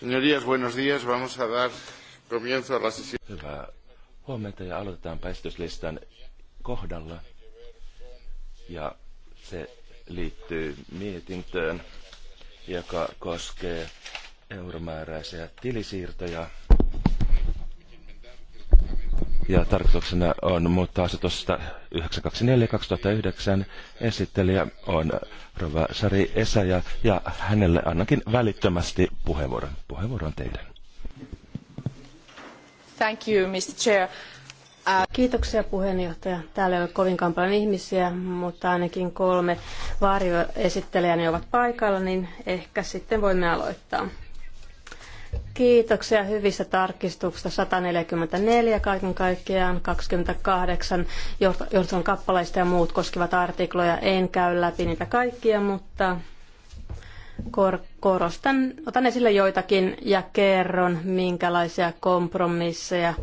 Señorías, buenos días. Vamos a dar comienzo a la sesión. Hyvää huomenta ja aloitetaan päästöslistan kohdalla. Ja se liittyy mietintöön, joka koskee euromääräisiä tilisiirtoja ja tarkoituksena on muuttaa asetusta 924-2009. Esittelijä on Rova Sari Esaja ja hänelle annankin välittömästi puheenvuoron. Puheenvuoro on teidän. Thank you, Mr. Chair. Uh, Kiitoksia puheenjohtaja. Täällä ei ole kovinkaan paljon ihmisiä, mutta ainakin kolme varjoesittelijäni ovat paikalla, niin ehkä sitten voimme aloittaa. Kiitoksia hyvistä tarkistuksista. 144 kaiken kaikkiaan, 28 johton kappaleista ja muut koskevat artikloja. En käy läpi niitä kaikkia, mutta korostan, otan esille joitakin ja kerron, minkälaisia kompromisseja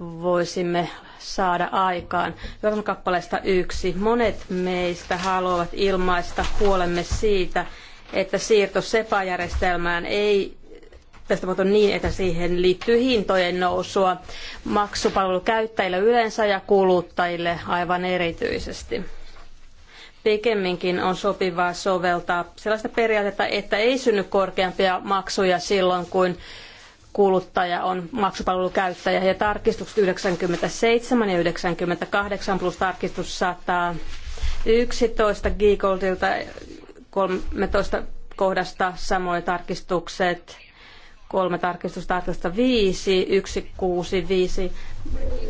voisimme saada aikaan. Johton kappaleesta yksi. Monet meistä haluavat ilmaista huolemme siitä, että siirto SEPA-järjestelmään ei on niin, että siihen liittyy hintojen nousua maksupalvelukäyttäjille yleensä ja kuluttajille aivan erityisesti. Pikemminkin on sopivaa soveltaa sellaista periaatetta, että ei synny korkeampia maksuja silloin, kun kuluttaja on maksupalvelukäyttäjä. Ja tarkistukset 97 ja 98 plus tarkistus 111 Giegoldilta 13 kohdasta samoin tarkistukset kolme tarkistusta, tarkistusta viisi, yksi, kuusi, viisi,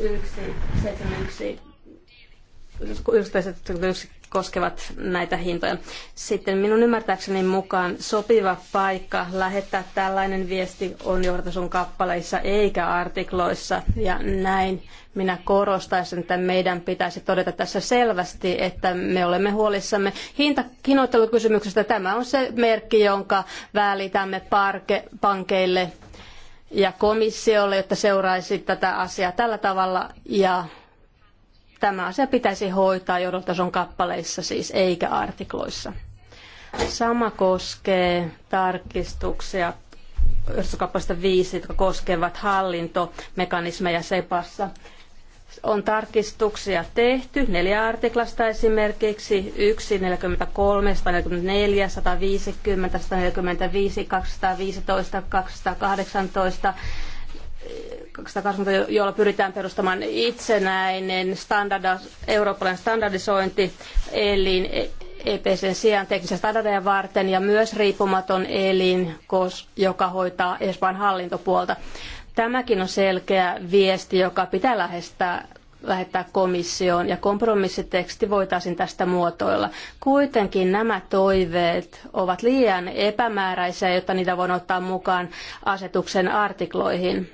yksi, seitsemän, yksi, yksittäiset yksi koskevat näitä hintoja. Sitten minun ymmärtääkseni mukaan sopiva paikka lähettää tällainen viesti on johdatasun kappaleissa eikä artikloissa. Ja näin minä korostaisin, että meidän pitäisi todeta tässä selvästi, että me olemme huolissamme hinta, hinnoittelukysymyksestä. Tämä on se merkki, jonka välitämme parke, pankeille ja komissiolle, jotta seuraisi tätä asiaa tällä tavalla ja Tämä asia pitäisi hoitaa johdontason kappaleissa siis, eikä artikloissa. Sama koskee tarkistuksia kappaleesta 5, jotka koskevat hallintomekanismeja SEPassa. On tarkistuksia tehty, neljä artiklasta esimerkiksi, 1, 43, 144, 150, 145, 215, 218, 280, jolla pyritään perustamaan itsenäinen standarda, eurooppalainen standardisointi, elin EPCn e sijaan teknisiä standardeja varten ja myös riippumaton elin, joka hoitaa Espanjan hallintopuolta. Tämäkin on selkeä viesti, joka pitää lähestää lähettää komissioon ja kompromissiteksti voitaisiin tästä muotoilla. Kuitenkin nämä toiveet ovat liian epämääräisiä, jotta niitä voidaan ottaa mukaan asetuksen artikloihin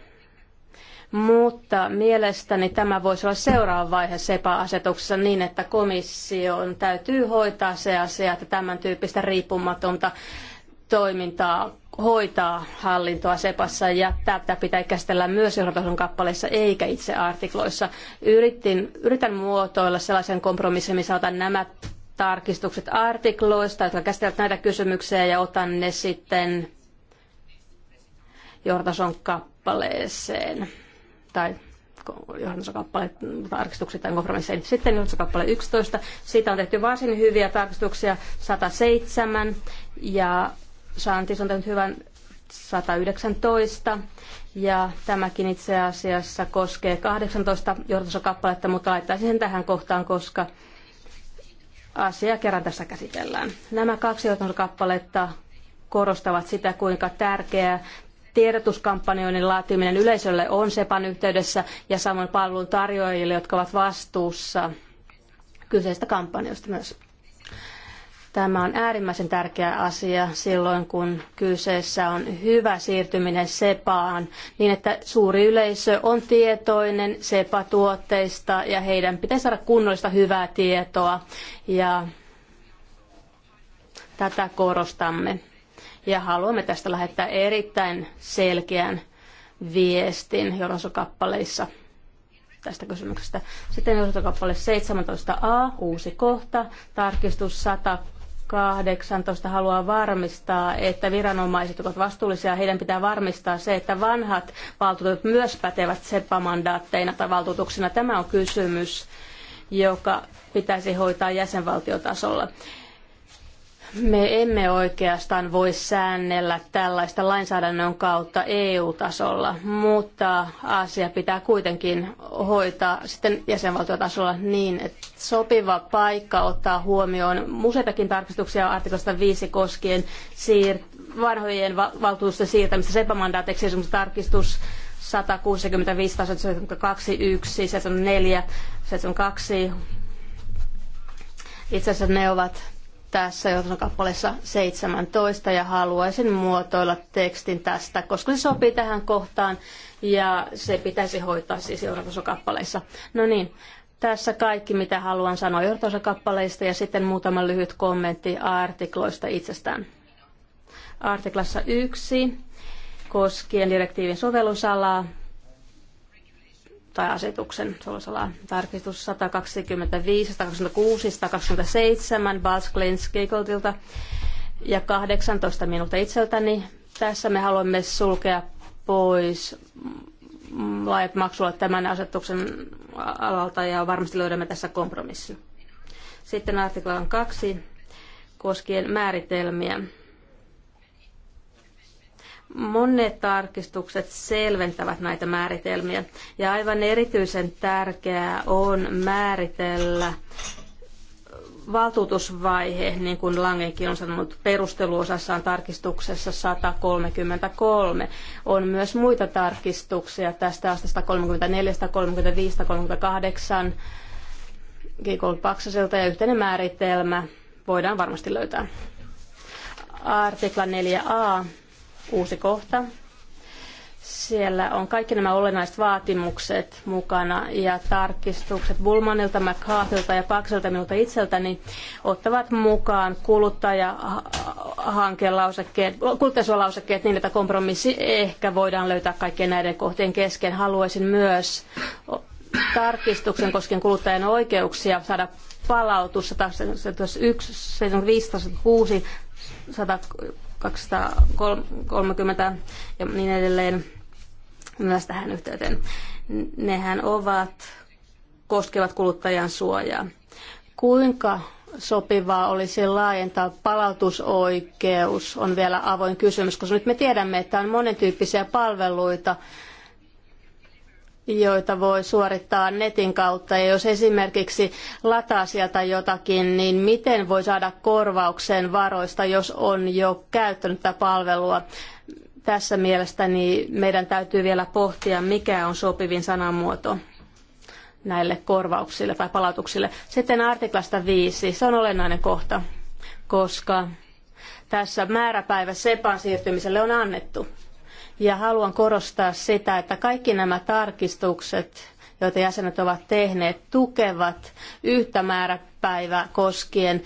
mutta mielestäni tämä voisi olla seuraava vaihe SEPA-asetuksessa niin, että komission täytyy hoitaa se asia, että tämän tyyppistä riippumatonta toimintaa hoitaa hallintoa SEPassa ja tätä pitää käsitellä myös johdatason kappaleissa eikä itse artikloissa. Yritin, yritän muotoilla sellaisen kompromissin, missä otan nämä tarkistukset artikloista, jotka käsittelevät näitä kysymyksiä ja otan ne sitten johdatason kappaleeseen tai johdantosakappale tarkistuksia tai kompromisseja. Sitten johdantokappale 11. Siitä on tehty varsin hyviä tarkistuksia 107 ja Santis on tehnyt hyvän 119 ja tämäkin itse asiassa koskee 18 johdantosakappaletta, mutta laittaisin sen tähän kohtaan, koska asia kerran tässä käsitellään. Nämä kaksi johdantosakappaletta korostavat sitä, kuinka tärkeää tiedotuskampanjoiden laatiminen yleisölle on SEPAn yhteydessä ja samoin palvelun tarjoajille, jotka ovat vastuussa kyseistä kampanjasta myös. Tämä on äärimmäisen tärkeä asia silloin, kun kyseessä on hyvä siirtyminen SEPAan, niin että suuri yleisö on tietoinen SEPA-tuotteista ja heidän pitäisi saada kunnollista hyvää tietoa ja tätä korostamme ja haluamme tästä lähettää erittäin selkeän viestin Jorosokappaleissa tästä kysymyksestä. Sitten Jorosokappale 17a, uusi kohta, tarkistus 100 18 haluaa varmistaa, että viranomaiset ovat vastuullisia. Heidän pitää varmistaa se, että vanhat valtuutetut myös pätevät SEPA-mandaatteina tai valtuutuksina. Tämä on kysymys, joka pitäisi hoitaa jäsenvaltiotasolla. Me emme oikeastaan voi säännellä tällaista lainsäädännön kautta EU-tasolla, mutta asia pitää kuitenkin hoitaa sitten jäsenvaltiotasolla niin, että sopiva paikka ottaa huomioon useitakin tarkistuksia artiklasta 5 koskien siir- vanhojen va- valtuusten siirtämistä sepamandaateiksi, esimerkiksi tarkistus 165, 172, 1, 74, 72. Itse asiassa ne ovat tässä johtuisen kappaleessa 17 ja haluaisin muotoilla tekstin tästä, koska se sopii tähän kohtaan ja se pitäisi hoitaa siis johtuisen kappaleissa. No niin, tässä kaikki mitä haluan sanoa johtuisen kappaleista ja sitten muutama lyhyt kommentti artikloista itsestään. Artiklassa yksi, koskien direktiivin sovellusalaa tai asetuksen suosalaan tarkistus 125, 126, 127 ja 18 minuutta itseltäni. Tässä me haluamme sulkea pois laajat maksua tämän asetuksen alalta ja varmasti löydämme tässä kompromissin. Sitten artiklaan kaksi koskien määritelmiä. Monet tarkistukset selventävät näitä määritelmiä ja aivan erityisen tärkeää on määritellä valtuutusvaihe, niin kuin Langekin on sanonut perusteluosassaan tarkistuksessa 133. On myös muita tarkistuksia tästä asteesta 34, 35, 38, Kiikolle Paksaselta ja yhteinen määritelmä voidaan varmasti löytää. Artikla 4a Uusi kohta. Siellä on kaikki nämä olennaiset vaatimukset mukana ja tarkistukset Bulmanilta, McCarthylta ja Pakselta minulta itseltäni ottavat mukaan kuluttajahankelausekkeet, kuluttajasuojalausekkeet niin, että kompromissi ehkä voidaan löytää kaikkien näiden kohtien kesken. Haluaisin myös tarkistuksen koskien kuluttajan oikeuksia saada palautus 175, 230 ja niin edelleen myös tähän yhteyteen. Nehän ovat, koskevat kuluttajan suojaa. Kuinka sopivaa olisi laajentaa palautusoikeus on vielä avoin kysymys, koska nyt me tiedämme, että on monentyyppisiä palveluita, joita voi suorittaa netin kautta. Ja jos esimerkiksi lataa sieltä jotakin, niin miten voi saada korvauksen varoista, jos on jo käyttänyt tätä palvelua? Tässä mielestäni meidän täytyy vielä pohtia, mikä on sopivin sanamuoto näille korvauksille tai palautuksille. Sitten artiklasta 5, se on olennainen kohta, koska tässä määräpäivä SEPAn siirtymiselle on annettu. Ja haluan korostaa sitä, että kaikki nämä tarkistukset, joita jäsenet ovat tehneet, tukevat yhtä määräpäivää koskien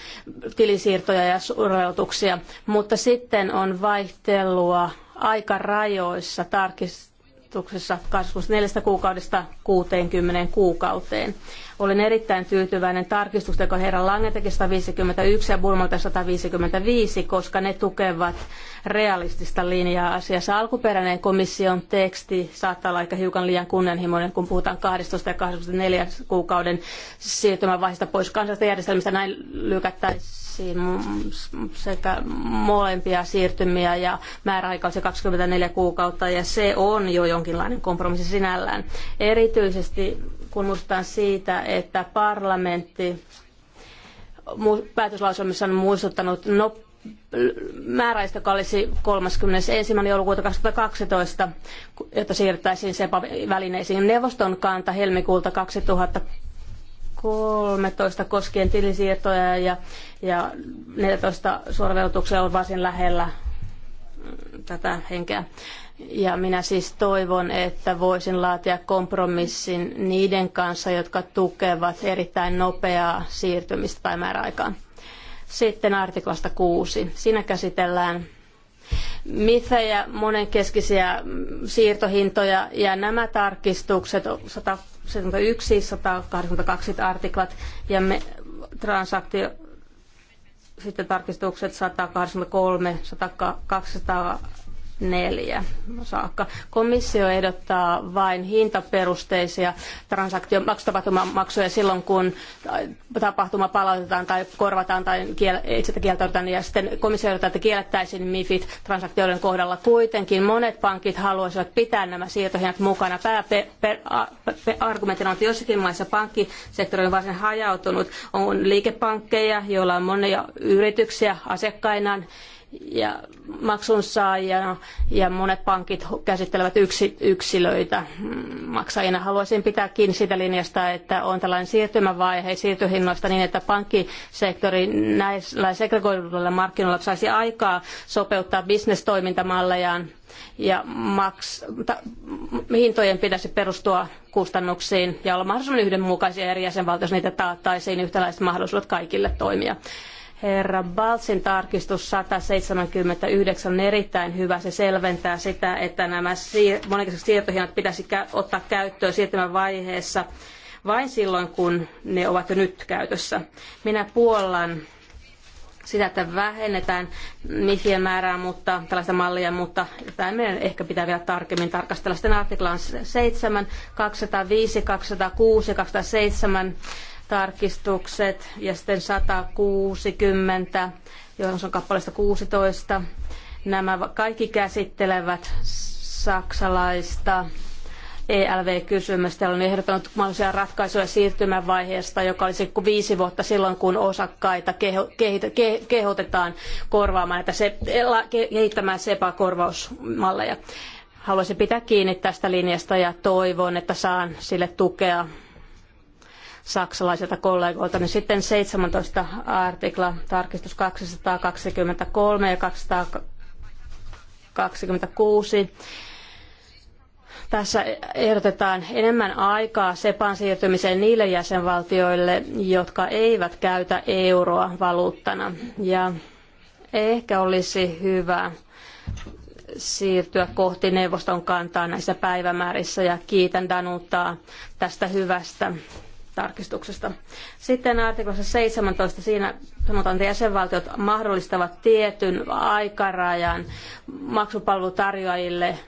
tilisiirtoja ja suorautuksia, mutta sitten on vaihtelua aikarajoissa tarkistuksissa ehdotuksessa 24 kuukaudesta 60 kuukauteen. Olen erittäin tyytyväinen tarkistusta, joka herra Langetekin 151 ja Bulmalta 155, koska ne tukevat realistista linjaa asiassa. Alkuperäinen komission teksti saattaa olla aika hiukan liian kunnianhimoinen, kun puhutaan 12 ja 24 kuukauden siirtymävaiheesta pois kansallisesta järjestelmistä. Näin lykättäisiin tuettaisiin sekä molempia siirtymiä ja määräaikaisia 24 kuukautta, ja se on jo jonkinlainen kompromissi sinällään. Erityisesti kun muistetaan siitä, että parlamentti päätöslausumissa on muistuttanut no, määräistä, joka olisi 31. joulukuuta 2012, jotta siirtäisiin SEPA-välineisiin. Neuvoston kanta helmikuulta 2012 13 koskien tilisiirtoja ja, ja 14 suoraveltuksia on varsin lähellä mm, tätä henkeä. Ja minä siis toivon, että voisin laatia kompromissin niiden kanssa, jotka tukevat erittäin nopeaa siirtymistä tai määräaikaan. Sitten artiklasta 6. Siinä käsitellään mitä ja monenkeskisiä siirtohintoja ja nämä tarkistukset 71, 182 artiklat ja me, transaktio, sitten tarkistukset 183, 100, 200, neljä saakka. Komissio ehdottaa vain hintaperusteisia transaktio- silloin, kun tapahtuma palautetaan tai korvataan tai kiel- itseltä kieltäytetään. Ja sitten komissio ehdottaa, että kiellettäisiin MIFID transaktioiden kohdalla. Kuitenkin monet pankit haluaisivat pitää nämä siirtohinnat mukana. Pääargumenttina on, että jossakin maissa pankkisektori on varsin hajautunut. On liikepankkeja, joilla on monia yrityksiä asiakkainaan ja maksun ja monet pankit käsittelevät yksi, yksilöitä maksajina. Haluaisin pitää kiinni siitä linjasta, että on tällainen siirtymävaihe siirtyhinnoista niin, että pankkisektori näillä segregoiduilla markkinoilla saisi aikaa sopeuttaa bisnestoimintamallejaan ja maks, ta, hintojen pitäisi perustua kustannuksiin ja olla mahdollisimman yhdenmukaisia eri jäsenvaltioissa, niitä taattaisiin yhtäläiset mahdollisuudet kaikille toimia. Herra Balsin tarkistus 179 on erittäin hyvä. Se selventää sitä, että nämä siir- siirtohinnat pitäisi ottaa käyttöön siirtymävaiheessa vain silloin, kun ne ovat jo nyt käytössä. Minä puollan sitä, että vähennetään mifien määrää, mutta tällaista mallia, mutta tämä meidän ehkä pitää vielä tarkemmin tarkastella. Sitten artikla on 7, 205, 206 ja 207 tarkistukset ja sitten 160, joissa on kappaleista 16. Nämä kaikki käsittelevät saksalaista ELV-kysymystä. Olen ehdottanut mahdollisia ratkaisuja siirtymävaiheesta, joka olisi viisi vuotta silloin, kun osakkaita keho, kehotetaan korvaamaan, että se, kehittämään SEPA-korvausmalleja. Haluaisin pitää kiinni tästä linjasta ja toivon, että saan sille tukea saksalaisilta kollegoilta. Niin sitten 17 artikla, tarkistus 223 ja 226. Tässä ehdotetaan enemmän aikaa SEPAn siirtymiseen niille jäsenvaltioille, jotka eivät käytä euroa valuuttana. Ja ehkä olisi hyvä siirtyä kohti neuvoston kantaa näissä päivämäärissä ja kiitän Danuttaa tästä hyvästä tarkistuksesta. Sitten artiklassa 17 siinä sanotaan, että jäsenvaltiot mahdollistavat tietyn aikarajan maksupalvelutarjoajille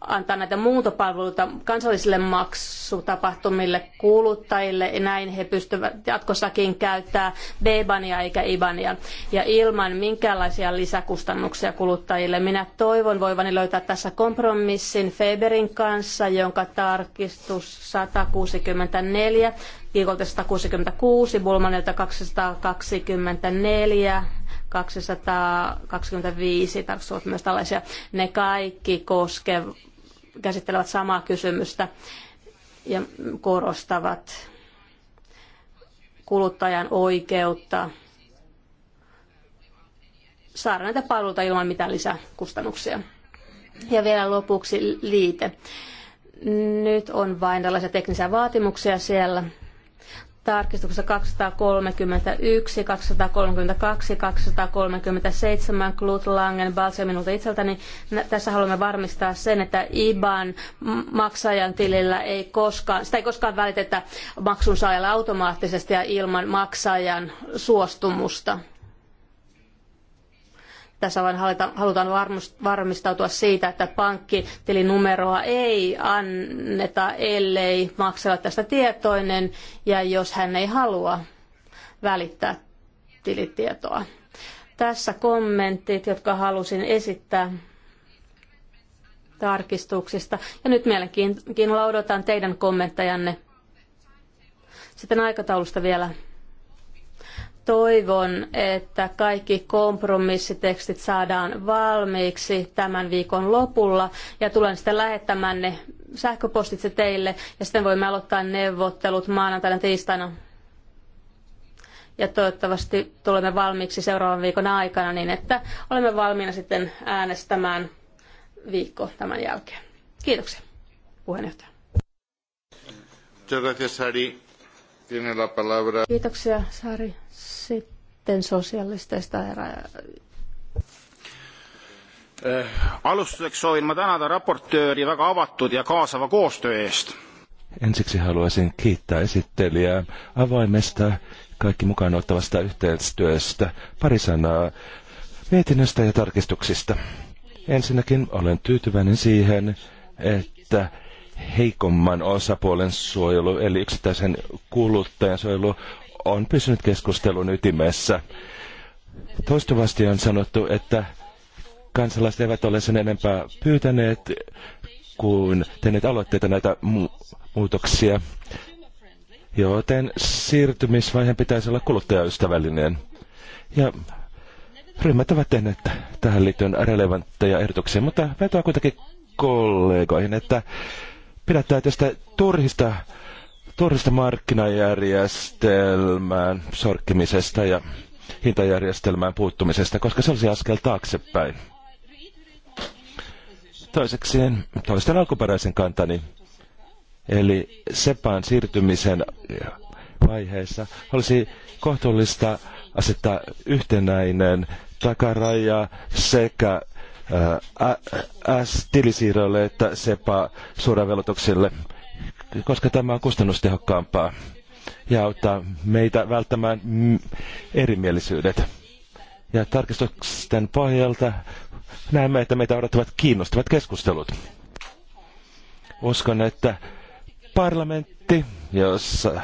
antaa näitä muuntopalveluita kansallisille maksutapahtumille kuluttajille ja näin he pystyvät jatkossakin käyttämään B-bania eikä IBania ja ilman minkäänlaisia lisäkustannuksia kuluttajille. Minä toivon voivani löytää tässä kompromissin Feberin kanssa, jonka tarkistus 164 Kiikolta 166, Bulmanilta 224, 225, tarkoittavat myös tällaisia. Ne kaikki koske, käsittelevät samaa kysymystä ja korostavat kuluttajan oikeutta saada näitä palveluita ilman mitään lisäkustannuksia. Ja vielä lopuksi liite. Nyt on vain tällaisia teknisiä vaatimuksia siellä tarkistuksessa 231, 232, 237 Klut Langen Balse minulta itseltäni. Tässä haluamme varmistaa sen, että IBAN maksajan tilillä ei koskaan, sitä ei koskaan välitetä maksun saajalle automaattisesti ja ilman maksajan suostumusta. Tässä vain halutaan varmistautua siitä, että pankkitilinumeroa ei anneta, ellei maksella tästä tietoinen ja jos hän ei halua välittää tilitietoa. Tässä kommentit, jotka halusin esittää tarkistuksista. Ja nyt mielenkiinnolla odotan teidän kommenttejanne. Sitten aikataulusta vielä Toivon, että kaikki kompromissitekstit saadaan valmiiksi tämän viikon lopulla ja tulen sitten lähettämään ne sähköpostitse teille ja sitten voimme aloittaa neuvottelut maanantaina tiistaina. Ja toivottavasti tulemme valmiiksi seuraavan viikon aikana niin, että olemme valmiina sitten äänestämään viikko tämän jälkeen. Kiitoksia, puheenjohtaja. Muchas gracias, Kiitoksia, Sari. Sitten sosialisteista herra. Eh, Alustuseks soovin ma tänada raportööri väga avatud ja kaasava koostöö eest. Ensiksi haluaisin kiittää esittelijää avoimesta, kaikki mukaan ottavasta yhteistyöstä. Pari sanaa mietinnöstä ja tarkistuksista. Ensinnäkin olen tyytyväinen siihen, että heikomman osapuolen suojelu, eli yksittäisen kuluttajan suojelu, on pysynyt keskustelun ytimessä. Toistuvasti on sanottu, että kansalaiset eivät ole sen enempää pyytäneet kuin tehneet aloitteita näitä mu muutoksia, joten siirtymisvaiheen pitäisi olla kuluttajaystävällinen. Ja ryhmät ovat tehneet tähän liittyen relevantteja ehdotuksia, mutta vetoa kuitenkin kollegoihin, että pidättää tästä turhista, turhista markkinajärjestelmään sorkkimisesta ja hintajärjestelmään puuttumisesta, koska se olisi askel taaksepäin. Toiseksi toistan alkuperäisen kantani, eli SEPAan siirtymisen vaiheessa olisi kohtuullista asettaa yhtenäinen takaraja sekä S-tilisiirroille että sepa suoravelotuksille, koska tämä on kustannustehokkaampaa ja auttaa meitä välttämään erimielisyydet. Ja tarkistusten pohjalta näemme, että meitä odottavat kiinnostavat keskustelut. Uskon, että parlamentti, jossa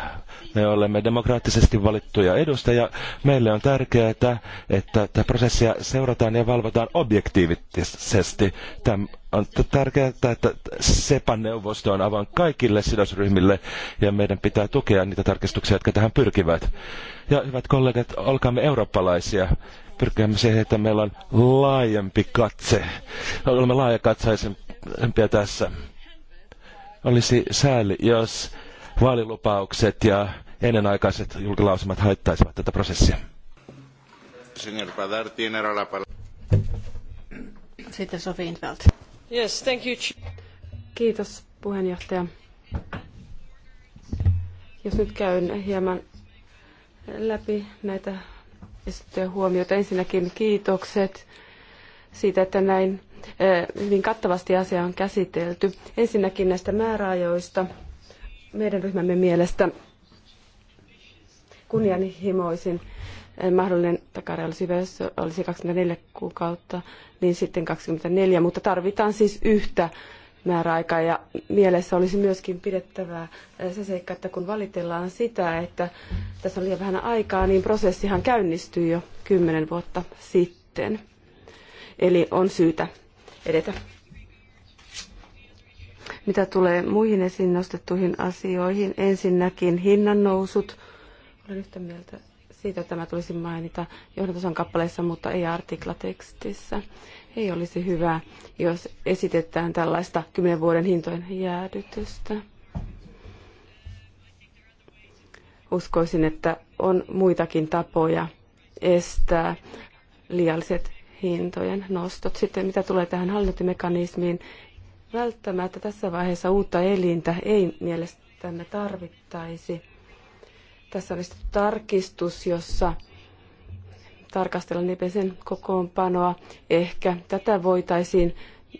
me olemme demokraattisesti valittuja edustajia. Meille on tärkeää, että, että tätä prosessia seurataan ja valvotaan objektiivisesti. Tämä on tärkeää, että SEPA-neuvosto on avoin kaikille sidosryhmille ja meidän pitää tukea niitä tarkistuksia, jotka tähän pyrkivät. Ja hyvät kollegat, olkaamme eurooppalaisia pyrkäämme siihen, että meillä on laajempi katse. Olemme laajakatsaisempia tässä. Olisi sääli, jos vaalilupaukset ja ennenaikaiset julkilausumat haittaisivat tätä prosessia. Sitten Sofi Intveld. Yes, thank you. Kiitos puheenjohtaja. Jos nyt käyn hieman läpi näitä esitettyjä huomioita. Ensinnäkin kiitokset siitä, että näin eh, hyvin kattavasti asia on käsitelty. Ensinnäkin näistä määräajoista meidän ryhmämme mielestä kunnianhimoisin eh, mahdollinen takaraja olisi, 24 kuukautta, niin sitten 24, mutta tarvitaan siis yhtä määräaikaa ja mielessä olisi myöskin pidettävää eh, se seikka, että kun valitellaan sitä, että tässä on liian vähän aikaa, niin prosessihan käynnistyy jo kymmenen vuotta sitten. Eli on syytä edetä mitä tulee muihin esiin nostettuihin asioihin, ensinnäkin hinnannousut. nousut. Olen yhtä mieltä siitä tämä tulisi mainita johdantosan kappaleessa, mutta ei artiklatekstissä. Ei olisi hyvä, jos esitetään tällaista kymmenen vuoden hintojen jäädytystä. Uskoisin, että on muitakin tapoja estää liialliset hintojen nostot. Sitten mitä tulee tähän hallintomekanismiin, Välttämättä tässä vaiheessa uutta elintä ei mielestämme tarvittaisi. Tässä olisi tarkistus, jossa tarkastellaan nipesen kokoonpanoa. Ehkä tätä voitaisiin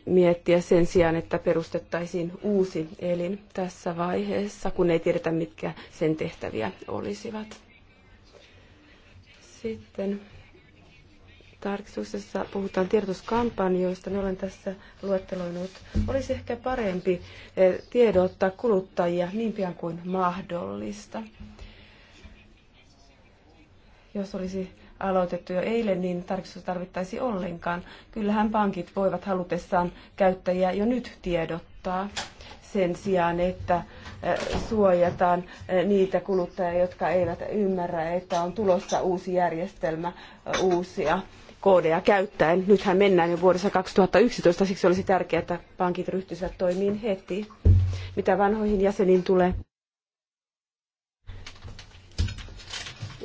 miettiä sen sijaan, että perustettaisiin uusi elin tässä vaiheessa, kun ei tiedetä, mitkä sen tehtäviä olisivat. Sitten tarkistuksessa puhutaan tiedotuskampanjoista, ne niin olen tässä luetteloinut. Olisi ehkä parempi eh, tiedottaa kuluttajia niin pian kuin mahdollista. Jos olisi aloitettu jo eilen, niin tarkistus tarvittaisi ollenkaan. Kyllähän pankit voivat halutessaan käyttäjiä jo nyt tiedottaa sen sijaan, että eh, suojataan eh, niitä kuluttajia, jotka eivät ymmärrä, että on tulossa uusi järjestelmä, uusia koodeja käyttäen. Nythän mennään jo vuodessa 2011, siksi olisi tärkeää, että pankit ryhtyisivät toimiin heti. Mitä vanhoihin jäseniin tulee?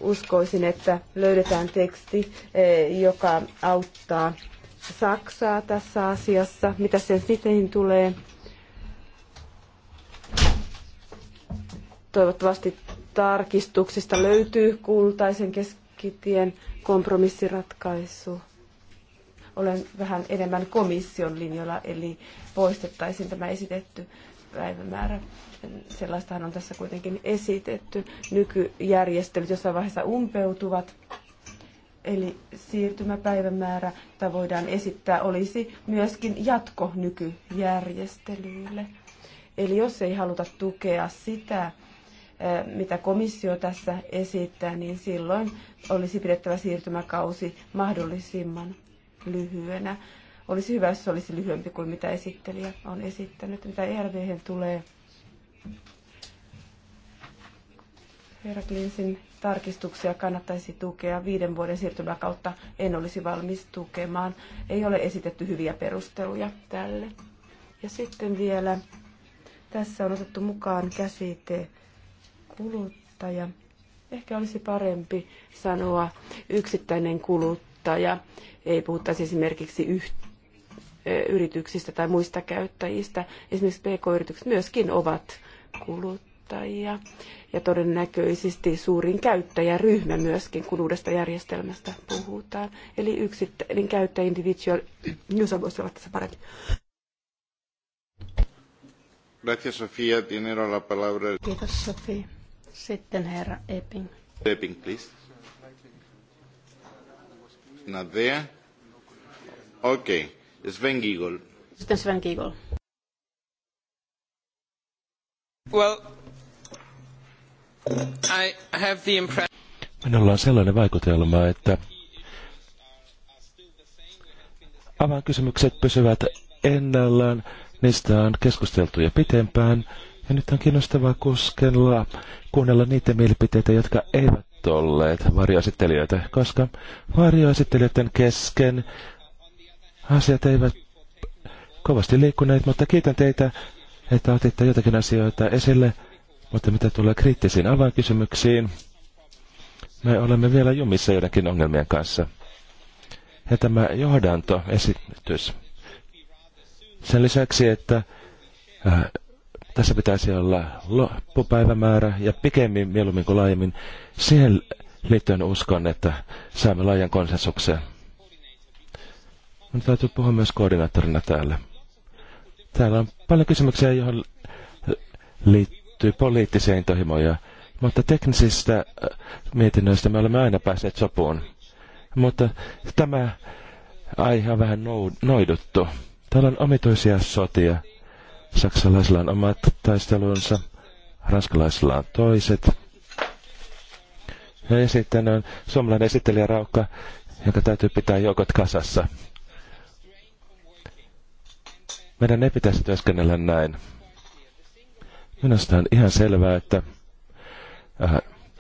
Uskoisin, että löydetään teksti, e, joka auttaa Saksaa tässä asiassa. Mitä sen sitten tulee? Toivottavasti tarkistuksista löytyy kultaisen kesk- pankkitien kompromissiratkaisu. Olen vähän enemmän komission linjalla, eli poistettaisiin tämä esitetty päivämäärä. Sellaistahan on tässä kuitenkin esitetty. Nykyjärjestelyt jossain vaiheessa umpeutuvat. Eli siirtymäpäivämäärä, jota voidaan esittää, olisi myöskin jatko nykyjärjestelyille. Eli jos ei haluta tukea sitä, mitä komissio tässä esittää, niin silloin olisi pidettävä siirtymäkausi mahdollisimman lyhyenä. Olisi hyvä, jos se olisi lyhyempi kuin mitä esittelijä on esittänyt. Mitä ERVhen tulee, Heraklinsin tarkistuksia kannattaisi tukea. Viiden vuoden siirtymäkautta en olisi valmis tukemaan. Ei ole esitetty hyviä perusteluja tälle. Ja sitten vielä tässä on otettu mukaan käsite kuluttaja. Ehkä olisi parempi sanoa yksittäinen kuluttaja. Ei puhuttaisi esimerkiksi yhteen yrityksistä tai muista käyttäjistä. Esimerkiksi PK-yritykset myöskin ovat kuluttajia ja todennäköisesti suurin käyttäjäryhmä myöskin, kun uudesta järjestelmästä puhutaan. Eli yksittäinen käyttäjä, individual user voisi olla tässä parempi. Gracias, Sofía. Tiene la palabra. Kiitos, Sofía. Sitten herra Epping. Epping, please. Not there. Okay. Sven Giegel. Sitten Sven Giegel. Well, I have the impression... Minulla on sellainen vaikutelma, että avainkysymykset pysyvät ennallaan, niistä on keskusteltu jo pitempään, ja nyt on kiinnostavaa kuskella, kuunnella niitä mielipiteitä, jotka eivät olleet varjoesittelijöitä, koska varjoesittelijöiden kesken asiat eivät kovasti liikkuneet, mutta kiitän teitä, että otitte jotakin asioita esille. Mutta mitä tulee kriittisiin avainkysymyksiin, me olemme vielä jumissa joidenkin ongelmien kanssa. Ja tämä johdantoesitys. Sen lisäksi, että äh, tässä pitäisi olla loppupäivämäärä ja pikemmin mieluummin kuin laajemmin. Siihen liittyen uskon, että saamme laajan konsensukseen. Minun täytyy puhua myös koordinaattorina täällä. Täällä on paljon kysymyksiä, joihin liittyy poliittisia intohimoja, mutta teknisistä äh, mietinnöistä me olemme aina päässeet sopuun. Mutta tämä aihe on vähän noiduttu. Täällä on omituisia sotia. Saksalaisilla on omat taistelunsa, ranskalaisilla on toiset. Ja sitten on suomalainen esittelijä Raukka, joka täytyy pitää joukot kasassa. Meidän ei pitäisi työskennellä näin. Minusta on ihan selvää, että äh,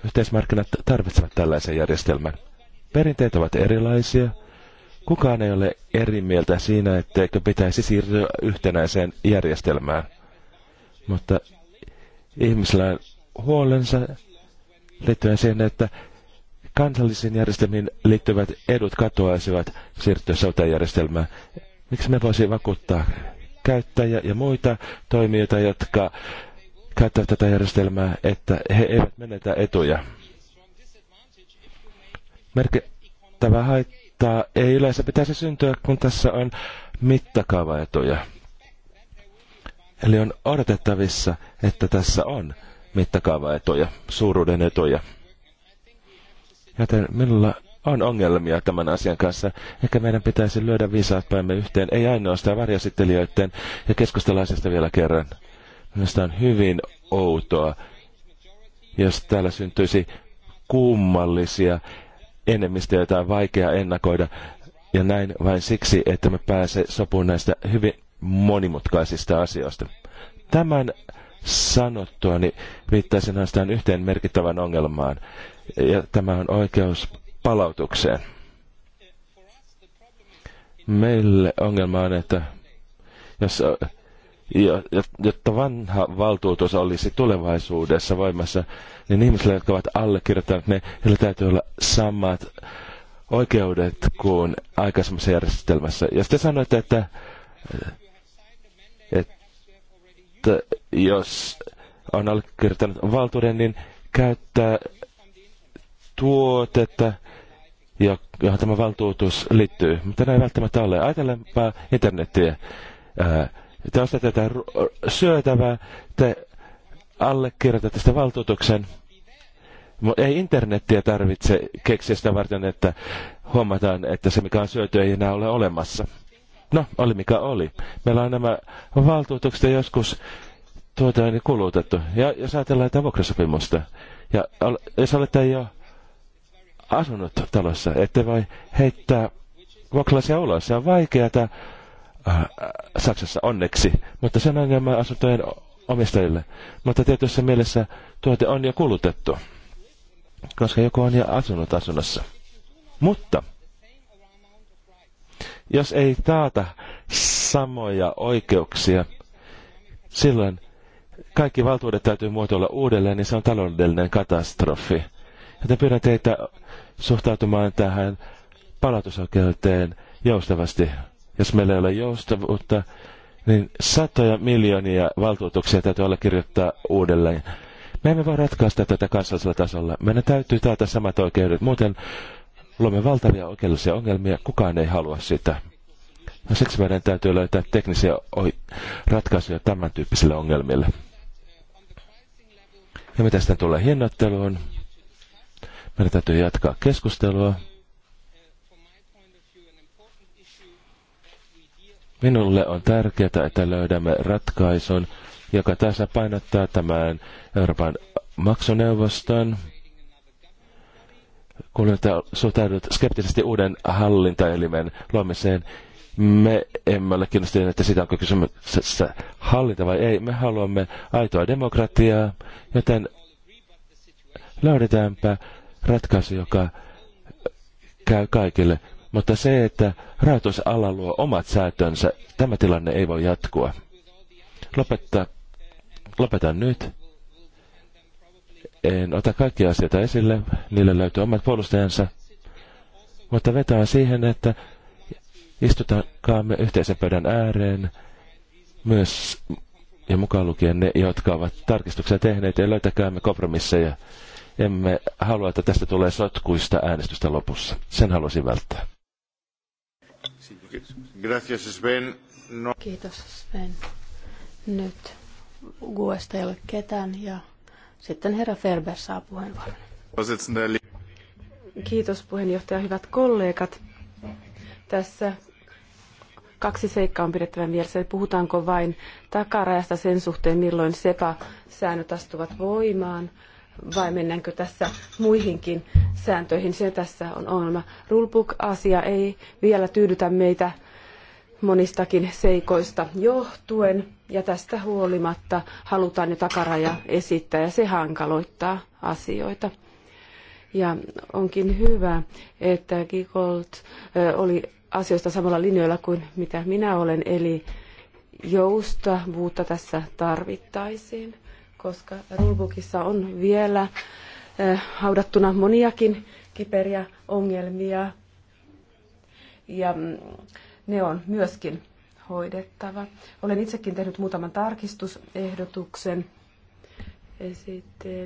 yhteismarkkinat tarvitsevat tällaisen järjestelmän. Perinteet ovat erilaisia, Kukaan ei ole eri mieltä siinä, etteikö pitäisi siirtyä yhtenäiseen järjestelmään. Mutta ihmisillä on huolensa liittyen siihen, että kansallisiin järjestelmiin liittyvät edut katoaisivat siirtyä sotajärjestelmään. Miksi me voisimme vakuuttaa käyttäjä ja muita toimijoita, jotka käyttävät tätä järjestelmää, että he eivät menetä etuja? Merkittävä haitta mutta ei yleensä pitäisi syntyä, kun tässä on mittakaavaetuja. Eli on odotettavissa, että tässä on mittakaavaetuja, suuruuden etuja. Joten minulla on ongelmia tämän asian kanssa. Ehkä meidän pitäisi lyödä viisaat päämme yhteen, ei ainoastaan varjasittelijöiden ja keskustalaisista vielä kerran. Minusta on hyvin outoa, jos täällä syntyisi kummallisia enemmistö, jota on vaikea ennakoida. Ja näin vain siksi, että me pääse sopuun näistä hyvin monimutkaisista asioista. Tämän sanottuani viittaisin ainoastaan yhteen merkittävän ongelmaan, ja tämä on oikeus palautukseen. Meille ongelma on, että jos jotta vanha valtuutus olisi tulevaisuudessa voimassa, niin ihmisillä, jotka ovat allekirjoittaneet ne, heillä täytyy olla samat oikeudet kuin aikaisemmassa järjestelmässä. Ja sitten sanoitte, että, että jos on allekirjoittanut valtuuden, niin käyttää tuotetta, johon tämä valtuutus liittyy. Mutta näin välttämättä ole. Ajatellaanpa internetiä te ostatte tätä syötävää, te allekirjoitatte sitä valtuutuksen. Ei internettiä tarvitse keksiä sitä varten, että huomataan, että se mikä on syöty ei enää ole olemassa. No, oli mikä oli. Meillä on nämä valtuutukset joskus tuota niin kulutettu. Ja jos ajatellaan tätä vuokrasopimusta, ja jos olette jo asunut talossa, ette voi heittää vuokralaisia ulos. Se on vaikeaa Äh, äh, Saksassa onneksi, mutta sen ongelma asuntojen omistajille. Mutta tietyssä mielessä tuote on jo kulutettu, koska joku on jo asunut asunnossa. Mutta jos ei taata samoja oikeuksia, silloin kaikki valtuudet täytyy muotoilla uudelleen, niin se on taloudellinen katastrofi. Joten pyydän teitä suhtautumaan tähän palautusoikeuteen joustavasti. Jos meillä ei ole joustavuutta, niin satoja miljoonia valtuutuksia täytyy allekirjoittaa uudelleen. Me emme voi ratkaista tätä kansallisella tasolla. Meidän täytyy taata samat oikeudet. Muuten luomme valtavia oikeudellisia ongelmia. Kukaan ei halua sitä. Ja no, siksi meidän täytyy löytää teknisiä ratkaisuja tämän tyyppisille ongelmille. Ja mitä sitten tulee hinnoitteluun? Meidän täytyy jatkaa keskustelua. Minulle on tärkeää, että löydämme ratkaisun, joka tässä painottaa tämän Euroopan maksuneuvoston, kun suhtaudut skeptisesti uuden hallintaelimen luomiseen, me emme ole kiinnostuneet, että sitä onko kysymyksessä hallinta vai ei. Me haluamme aitoa demokratiaa, joten löydetäänpä ratkaisu, joka käy kaikille. Mutta se, että rahoitusala luo omat säätönsä, tämä tilanne ei voi jatkua. Lopetta, lopetan nyt. En ota kaikkia asioita esille, niille löytyy omat puolustajansa, mutta vetää siihen, että istutaankaamme yhteisen pöydän ääreen myös ja mukaan lukien ne, jotka ovat tarkistuksia tehneet, ja löytäkäämme kompromisseja. Emme halua, että tästä tulee sotkuista äänestystä lopussa. Sen haluaisin välttää. Gracias, Sven. No. Kiitos, Sven. Nyt Guesta ei ole ketään ja sitten herra Ferber saa puheenvuoron. Kiitos puheenjohtaja, hyvät kollegat. Tässä kaksi seikkaa on pidettävä mielessä. Puhutaanko vain takarajasta sen suhteen, milloin SEPA-säännöt astuvat voimaan, vai mennäänkö tässä muihinkin sääntöihin? Se tässä on ongelma. Rulebook-asia ei vielä tyydytä meitä monistakin seikoista johtuen, ja tästä huolimatta halutaan jo takaraja esittää, ja se hankaloittaa asioita. Ja onkin hyvä, että Gikolt oli asioista samalla linjoilla kuin mitä minä olen, eli joustavuutta tässä tarvittaisiin, koska rulebookissa on vielä haudattuna moniakin kiperiä ongelmia. Ja mm, ne on myöskin hoidettava. Olen itsekin tehnyt muutaman tarkistusehdotuksen.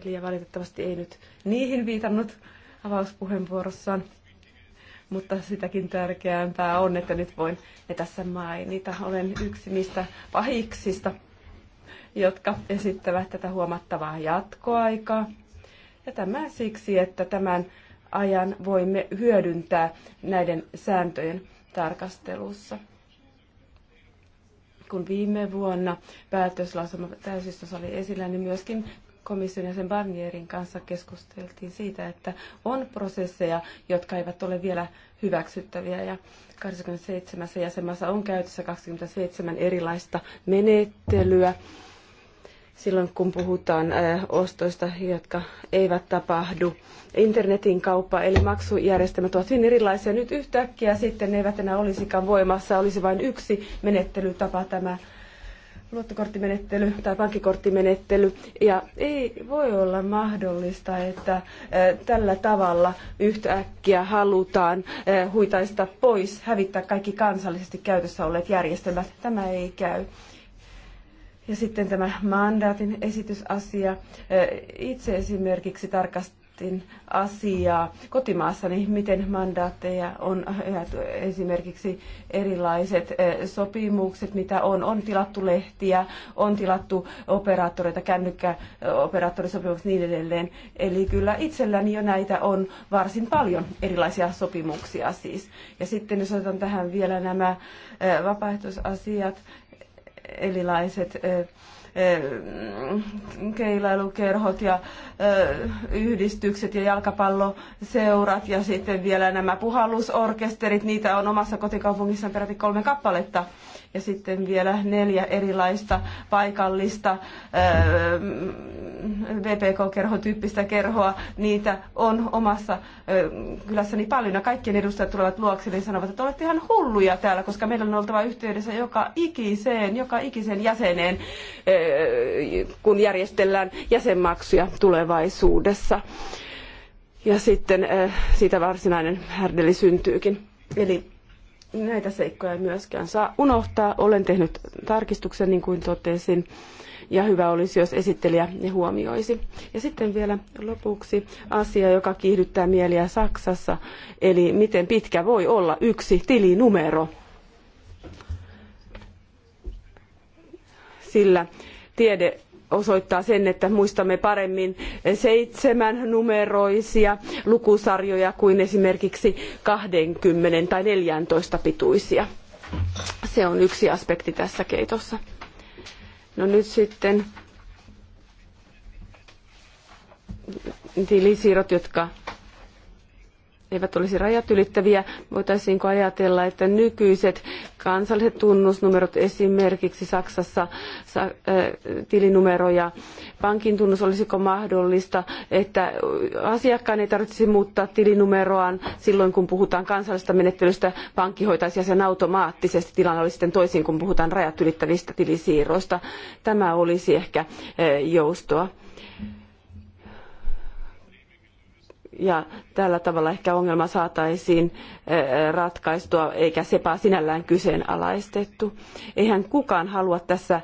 ja valitettavasti ei nyt niihin viitannut avauspuheenvuorossaan, mutta sitäkin tärkeämpää on, että nyt voin ne tässä mainita. Olen yksi niistä pahiksista, jotka esittävät tätä huomattavaa jatkoaikaa. Ja tämä siksi, että tämän ajan voimme hyödyntää näiden sääntöjen tarkastelussa. Kun viime vuonna päätöslausuma täysistössä oli esillä, niin myöskin komission ja sen Barnierin kanssa keskusteltiin siitä, että on prosesseja, jotka eivät ole vielä hyväksyttäviä ja 27 jäsenmaassa on käytössä 27 erilaista menettelyä silloin kun puhutaan ostoista, jotka eivät tapahdu internetin kauppa, eli maksujärjestelmät ovat hyvin erilaisia. Nyt yhtäkkiä sitten ne eivät enää olisikaan voimassa, olisi vain yksi menettelytapa tämä luottokorttimenettely tai pankkikorttimenettely. Ja ei voi olla mahdollista, että tällä tavalla yhtäkkiä halutaan huitaista pois, hävittää kaikki kansallisesti käytössä olleet järjestelmät. Tämä ei käy. Ja sitten tämä mandaatin esitysasia. Itse esimerkiksi tarkastin asiaa kotimaassani, niin miten mandaatteja on esimerkiksi erilaiset sopimukset, mitä on. On tilattu lehtiä, on tilattu operaattoreita, kännykkäoperaattorisopimukset niin edelleen. Eli kyllä itselläni jo näitä on varsin paljon erilaisia sopimuksia siis. Ja sitten jos otan tähän vielä nämä vapaaehtoisasiat, erilaiset keilailukerhot ja yhdistykset ja jalkapalloseurat ja sitten vielä nämä puhallusorkesterit, niitä on omassa kotikaupungissaan peräti kolme kappaletta ja sitten vielä neljä erilaista paikallista VPK-kerhotyyppistä kerhoa. Niitä on omassa kylässäni paljon ja kaikkien edustajat tulevat luokse niin sanovat, että olette ihan hulluja täällä, koska meillä on oltava yhteydessä joka ikiseen, joka ikisen jäseneen, kun järjestellään jäsenmaksuja tulevaisuudessa. Ja sitten siitä varsinainen härdeli syntyykin. Eli näitä seikkoja myöskään saa unohtaa. Olen tehnyt tarkistuksen, niin kuin totesin, ja hyvä olisi, jos esittelijä ne huomioisi. Ja sitten vielä lopuksi asia, joka kiihdyttää mieliä Saksassa, eli miten pitkä voi olla yksi tilinumero. Sillä tiede osoittaa sen, että muistamme paremmin seitsemän numeroisia lukusarjoja kuin esimerkiksi 20 tai 14 pituisia. Se on yksi aspekti tässä keitossa. No nyt sitten tilisiirrot, jotka eivät olisi rajat ylittäviä, voitaisiinko ajatella, että nykyiset kansalliset tunnusnumerot esimerkiksi Saksassa sa, äh, tilinumero ja pankin tunnus, olisiko mahdollista, että asiakkaan ei tarvitsisi muuttaa tilinumeroaan silloin, kun puhutaan kansallisesta menettelystä, pankki hoitaisi sen automaattisesti, tilanne olisi sitten toisin, kun puhutaan rajat ylittävistä tilisiirroista. Tämä olisi ehkä äh, joustoa ja tällä tavalla ehkä ongelma saataisiin eh, ratkaistua, eikä sepa sinällään kyseenalaistettu. Eihän kukaan halua tässä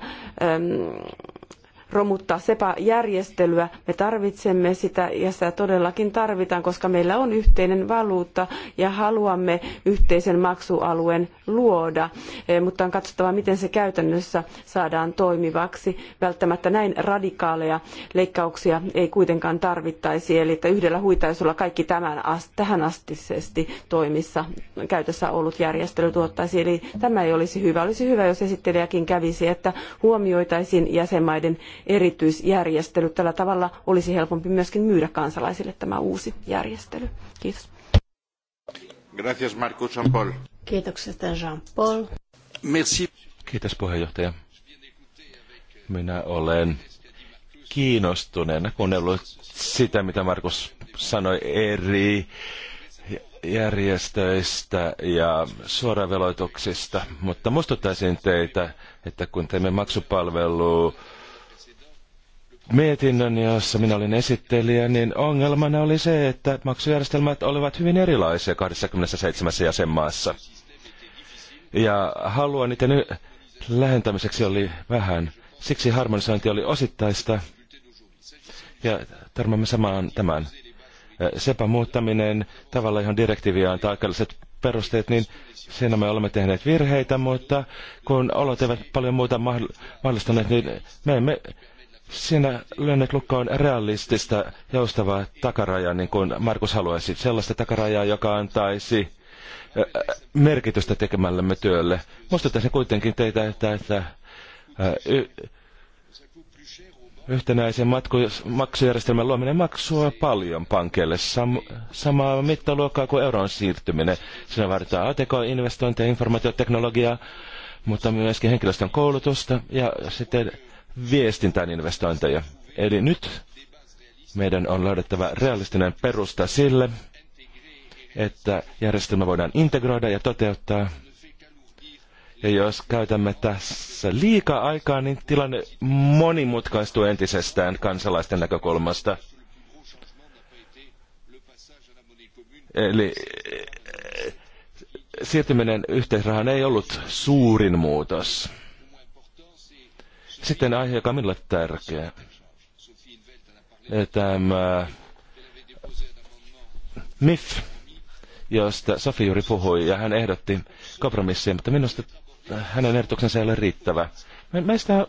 romuttaa SEPA-järjestelyä. Me tarvitsemme sitä ja sitä todellakin tarvitaan, koska meillä on yhteinen valuutta ja haluamme yhteisen maksualueen luoda, e, mutta on katsottava, miten se käytännössä saadaan toimivaksi. Välttämättä näin radikaaleja leikkauksia ei kuitenkaan tarvittaisi, eli että yhdellä huitaisulla kaikki tämän ast- tähän astisesti toimissa käytössä ollut järjestely tuottaisi. Eli tämä ei olisi hyvä. Olisi hyvä, jos esittelijäkin kävisi, että huomioitaisiin jäsenmaiden erityisjärjestely. Tällä tavalla olisi helpompi myöskin myydä kansalaisille tämä uusi järjestely. Kiitos. Gracias, Marcus Jean-Paul. Kiitokset, Jean-Paul. Merci. Kiitos, puheenjohtaja. Minä olen kiinnostuneena kuunnellut sitä, mitä Markus sanoi eri järjestöistä ja suoraveloituksista, mutta muistuttaisin teitä, että kun teemme maksupalvelu mietinnön, jossa minä olin esittelijä, niin ongelmana oli se, että maksujärjestelmät olivat hyvin erilaisia 27 jäsenmaassa. Ja halua niiden lähentämiseksi oli vähän. Siksi harmonisointi oli osittaista. Ja törmäämme samaan tämän. Sepä muuttaminen tavalla, johon direktiiviä antaa aikaiset perusteet, niin siinä me olemme tehneet virheitä, mutta kun olot eivät paljon muuta mahdollistaneet, niin me emme Siinä lönnet on realistista joustavaa takarajaa, niin kuin Markus haluaisi. Sellaista takarajaa, joka antaisi merkitystä tekemällemme työlle. Muistuttaisin kuitenkin teitä, että, että y- yhtenäisen matku- maksujärjestelmän luominen maksua paljon pankeille. Sam- samaa mittaluokkaa kuin euron siirtyminen. Siinä vaaditaan ATK-investointeja, informaatioteknologiaa, mutta myöskin henkilöstön koulutusta ja sitten viestintään investointeja. Eli nyt meidän on löydettävä realistinen perusta sille, että järjestelmä voidaan integroida ja toteuttaa. Ja jos käytämme tässä liikaa aikaa, niin tilanne monimutkaistuu entisestään kansalaisten näkökulmasta. Eli eh, siirtyminen yhteisrahan ei ollut suurin muutos. Sitten aihe, joka on minulle tärkeä. Tämä MIF, josta Sofi juuri puhui, ja hän ehdotti kompromissia, mutta minusta hänen ehdotuksensa ei ole riittävä. Meistä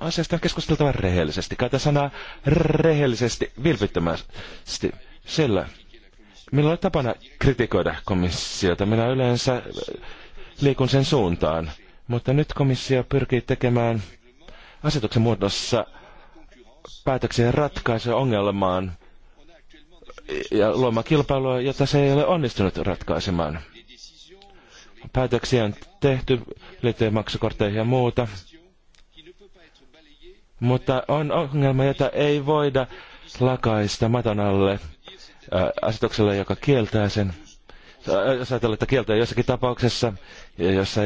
asiasta on keskusteltava rehellisesti. Käytä sanaa rehellisesti, vilpittömästi. Sillä minulla on tapana kritikoida komissiota. Minä yleensä liikun sen suuntaan. Mutta nyt komissio pyrkii tekemään asetuksen muodossa päätöksiä ratkaisuja ongelmaan ja luomaan kilpailua, jota se ei ole onnistunut ratkaisemaan. Päätöksiä on tehty liittyen maksukortteihin ja muuta, mutta on ongelma, jota ei voida lakaista maton alle äh, joka kieltää sen. Äh, jos ajatellaan, että kieltää jossakin tapauksessa, jossa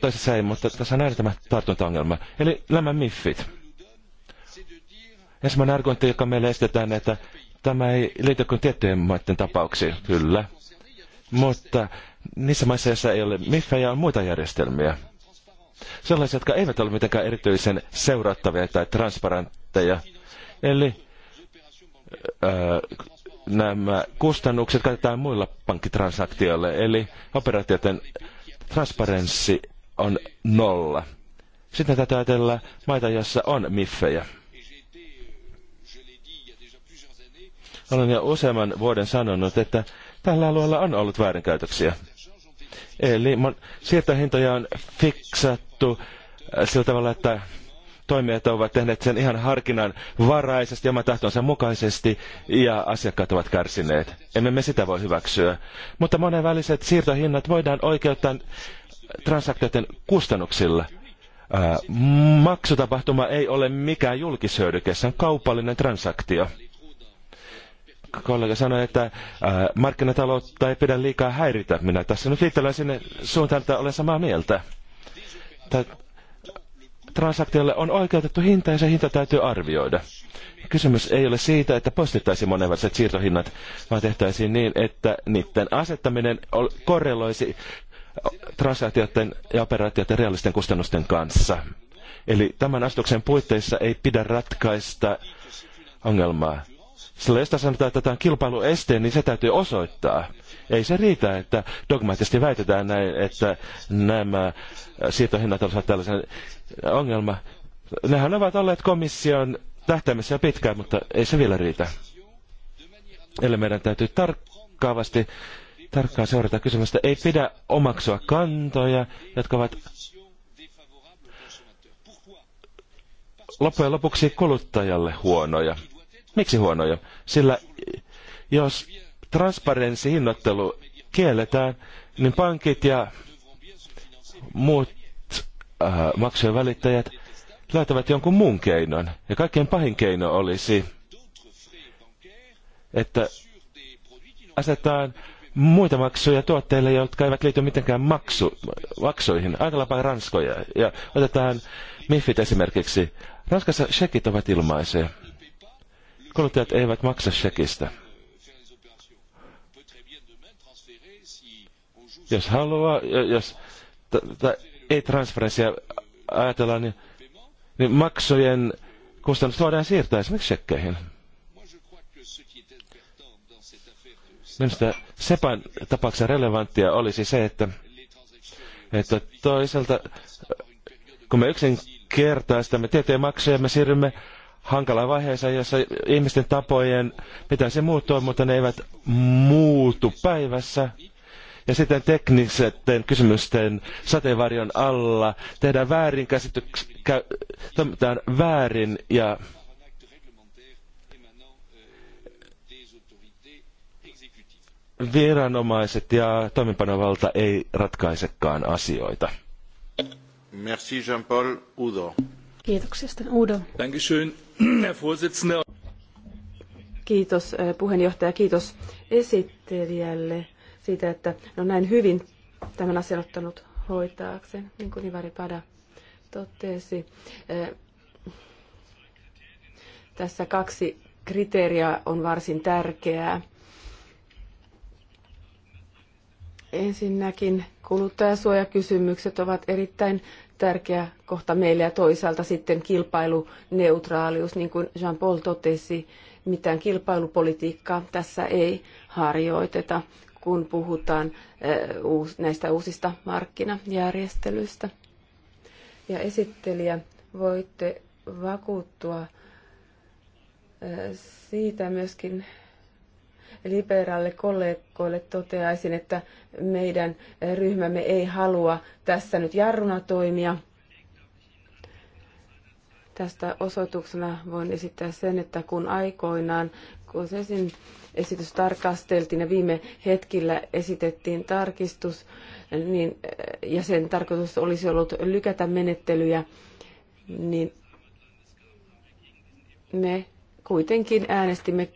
toisessa ei, mutta tässä on äärettömän tartuntaongelma. Eli nämä miffit. Ensimmäinen argumentti, joka meille estetään, että tämä ei liity kuin tiettyjen maiden tapauksiin, kyllä. Mutta niissä maissa, joissa ei ole miffejä, on muita järjestelmiä. Sellaisia, jotka eivät ole mitenkään erityisen seurattavia tai transparentteja. Eli öö, nämä kustannukset käytetään muilla pankkitransaktioilla, eli operaatioiden transparenssi on nolla. Sitten tätä ajatella maita, joissa on miffejä. Olen jo useamman vuoden sanonut, että tällä alueella on ollut väärinkäytöksiä. Eli siirtohintoja on fiksattu äh, sillä tavalla, että toimijat ovat tehneet sen ihan harkinnan varaisesti, oman tahtonsa mukaisesti, ja asiakkaat ovat kärsineet. Emme me sitä voi hyväksyä. Mutta monenväliset siirtohinnat voidaan oikeuttaa transaktioiden kustannuksilla. Ää, maksutapahtuma ei ole mikään julkishyödyke, se on kaupallinen transaktio. Kollega sanoi, että ää, markkinataloutta ei pidä liikaa häiritä. Minä tässä nyt liittelen sinne suuntaan, että olen samaa mieltä transaktiolle on oikeutettu hinta ja se hinta täytyy arvioida. Kysymys ei ole siitä, että postittaisiin monenväliset siirtohinnat, vaan tehtäisiin niin, että niiden asettaminen korreloisi transaktioiden ja operaatioiden reaalisten kustannusten kanssa. Eli tämän asetuksen puitteissa ei pidä ratkaista ongelmaa sillä jos sanotaan, että tämä on kilpailueste, niin se täytyy osoittaa. Ei se riitä, että dogmaattisesti väitetään näin, että nämä siirtohinnat olisivat tällaisen ongelma. Nehän ovat olleet komission tähtäimessä jo pitkään, mutta ei se vielä riitä. Eli meidän täytyy tarkkaavasti tarkkaan seurata kysymystä. Ei pidä omaksua kantoja, jotka ovat loppujen lopuksi kuluttajalle huonoja. Miksi huonoja? Sillä jos transparenssi hinnoittelu kielletään, niin pankit ja muut äh, maksujen välittäjät löytävät jonkun muun keinon. Ja kaikkein pahin keino olisi, että asetetaan muita maksuja tuotteille, jotka eivät liity mitenkään maksu, maksuihin. Ajatellaanpa Ranskoja ja otetaan Miffit esimerkiksi. Ranskassa shekit ovat ilmaisia kuluttajat eivät maksa shekistä. Jos haluaa, jos ei transferenssia ajatella, niin, niin maksujen kustannus voidaan siirtää esimerkiksi shekkeihin. Minusta SEPAn tapauksessa relevanttia olisi se, että, että toisaalta kun me yksinkertaistamme tietojen maksuja, me siirrymme hankala vaiheeseen, jossa ihmisten tapojen pitäisi muuttua, mutta ne eivät muutu päivässä. Ja sitten teknisten kysymysten sateenvarjon alla tehdään väärin käsityksiä, väärin ja viranomaiset ja toimipanovalta ei ratkaisekaan asioita. Merci Jean-Paul Udo. Kiitoksia Udo. Dankeschön. Kiitos eh, puheenjohtaja, kiitos esittelijälle siitä, että no näin hyvin tämän asian ottanut hoitaakseen, niin kuin Ivari Pada totesi. Eh, tässä kaksi kriteeriä on varsin tärkeää. Ensinnäkin kuluttajasuojakysymykset ovat erittäin tärkeä kohta meille ja toisaalta sitten kilpailuneutraalius, niin kuin Jean-Paul totesi, mitään kilpailupolitiikkaa tässä ei harjoiteta, kun puhutaan eh, näistä uusista markkinajärjestelyistä. Ja esittelijä, voitte vakuuttua eh, siitä myöskin liberaalille kollegoille toteaisin, että meidän ryhmämme ei halua tässä nyt jarruna toimia. Tästä osoituksena voin esittää sen, että kun aikoinaan kun Sesin esitys tarkasteltiin ja viime hetkillä esitettiin tarkistus, niin, ja sen tarkoitus olisi ollut lykätä menettelyjä, niin me kuitenkin äänestimme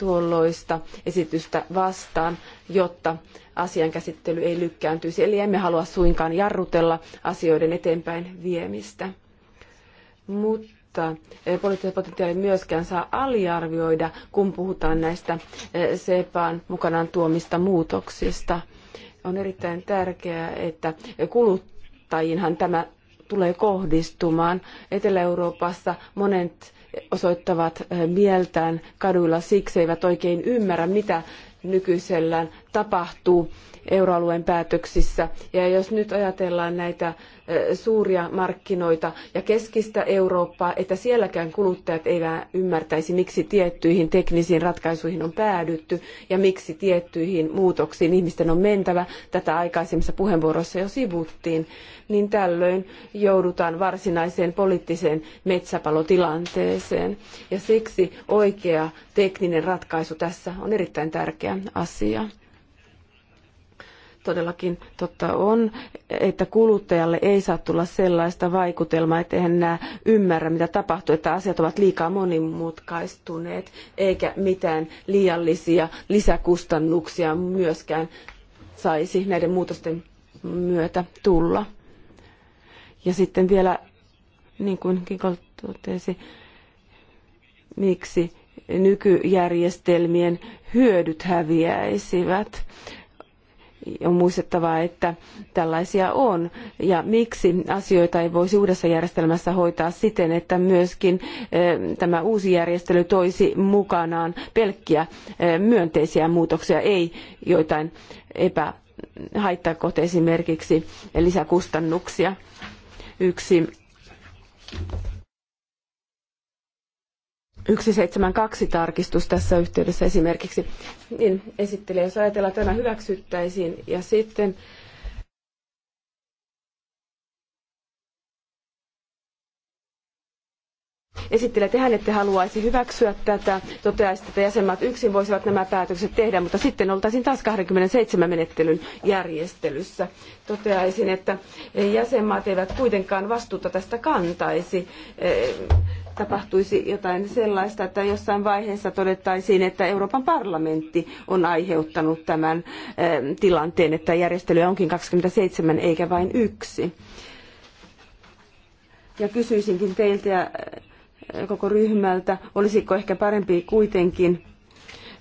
tuolloista esitystä vastaan, jotta asian käsittely ei lykkääntyisi. Eli emme halua suinkaan jarrutella asioiden eteenpäin viemistä. Mutta eh, poliittinen potentiaali myöskään saa aliarvioida, kun puhutaan näistä eh, SEPAan mukanaan tuomista muutoksista. On erittäin tärkeää, että kuluttajinhan tämä tulee kohdistumaan. Etelä-Euroopassa monet osoittavat eh, mieltään kaduilla siksi eivät oikein ymmärrä, mitä nykyisellään tapahtuu euroalueen päätöksissä. Ja jos nyt ajatellaan näitä suuria markkinoita ja keskistä Eurooppaa, että sielläkään kuluttajat eivät ymmärtäisi, miksi tiettyihin teknisiin ratkaisuihin on päädytty ja miksi tiettyihin muutoksiin ihmisten on mentävä. Tätä aikaisemmissa puheenvuoroissa jo sivuttiin. Niin tällöin joudutaan varsinaiseen poliittiseen metsäpalotilanteeseen. Ja siksi oikea tekninen ratkaisu tässä on erittäin tärkeä asia. Todellakin totta on, että kuluttajalle ei saa tulla sellaista vaikutelmaa, että hän enää ymmärrä, mitä tapahtuu, että asiat ovat liikaa monimutkaistuneet, eikä mitään liiallisia lisäkustannuksia myöskään saisi näiden muutosten myötä tulla. Ja sitten vielä, niin kuin Kikol totesi, miksi nykyjärjestelmien hyödyt häviäisivät on muistettava, että tällaisia on ja miksi asioita ei voisi uudessa järjestelmässä hoitaa siten, että myöskin eh, tämä uusi järjestely toisi mukanaan pelkkiä eh, myönteisiä muutoksia, ei joitain epähaittakohteita esimerkiksi lisäkustannuksia. Yksi 172 tarkistus tässä yhteydessä esimerkiksi, niin esittelee, jos ajatellaan, että tämä hyväksyttäisiin ja sitten esittelee, että hän ette haluaisi hyväksyä tätä, toteaisi, että jäsenmaat yksin voisivat nämä päätökset tehdä, mutta sitten oltaisiin taas 27 menettelyn järjestelyssä. Toteaisin, että jäsenmaat eivät kuitenkaan vastuuta tästä kantaisi tapahtuisi jotain sellaista, että jossain vaiheessa todettaisiin, että Euroopan parlamentti on aiheuttanut tämän eh, tilanteen, että järjestelyä onkin 27 eikä vain yksi. Ja kysyisinkin teiltä ja eh, koko ryhmältä, olisiko ehkä parempi kuitenkin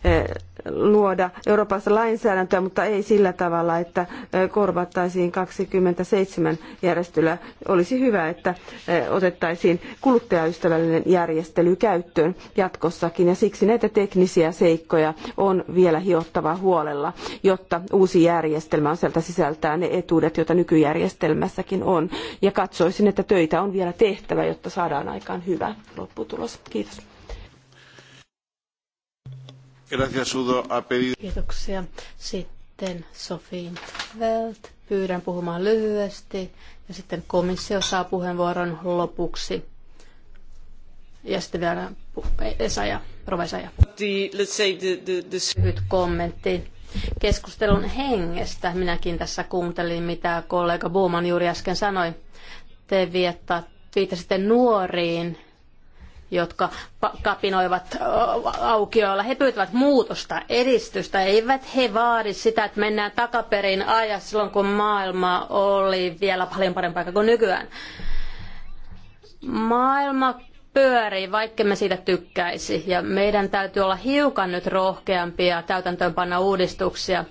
Eh, luoda Euroopassa lainsäädäntöä, mutta ei sillä tavalla, että eh, korvattaisiin 27 järjestelyä. Olisi hyvä, että eh, otettaisiin kuluttajaystävällinen järjestely käyttöön jatkossakin ja siksi näitä teknisiä seikkoja on vielä hiottava huolella, jotta uusi järjestelmä on sieltä sisältää ne etuudet, joita nykyjärjestelmässäkin on. Ja katsoisin, että töitä on vielä tehtävä, jotta saadaan aikaan hyvä lopputulos. Kiitos. Kiitoksia. Sitten Sofiin Welt. Pyydän puhumaan lyhyesti ja sitten komissio saa puheenvuoron lopuksi. Ja sitten vielä Esaja, Rova Esaja. Lyhyt kommentti keskustelun hengestä. Minäkin tässä kuuntelin, mitä kollega Booman juuri äsken sanoi. Te viittasitte nuoriin jotka kapinoivat aukioilla. He pyytävät muutosta, edistystä. Eivät he vaadi sitä, että mennään takaperin ajassa silloin, kun maailma oli vielä paljon parempaa kuin nykyään. Maailma pyörii, vaikka me siitä tykkäisi. Ja meidän täytyy olla hiukan nyt rohkeampia täytäntöönpanna uudistuksia.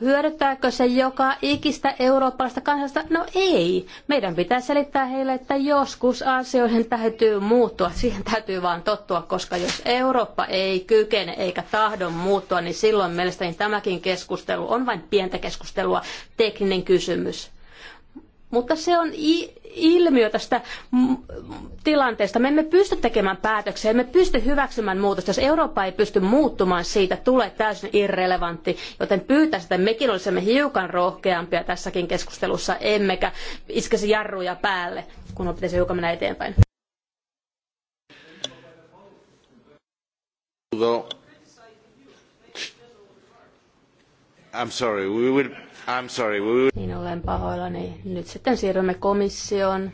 Hyödyttääkö se joka ikistä eurooppalaista kansasta? No ei. Meidän pitää selittää heille, että joskus asioihin täytyy muuttua. Siihen täytyy vaan tottua, koska jos Eurooppa ei kykene eikä tahdon muuttua, niin silloin mielestäni tämäkin keskustelu on vain pientä keskustelua, tekninen kysymys. Mutta se on ilmiö tästä tilanteesta. Me emme pysty tekemään päätöksiä, emme pysty hyväksymään muutosta. Jos Eurooppa ei pysty muuttumaan siitä, tulee täysin irrelevantti. Joten pyytää sitä, mekin olisimme hiukan rohkeampia tässäkin keskustelussa, emmekä iskisi jarruja päälle, kun pitäisi hiukan mennä eteenpäin. I'm sorry, we I'm sorry, we olen pahoillani. Nyt sitten siirrymme komissioon.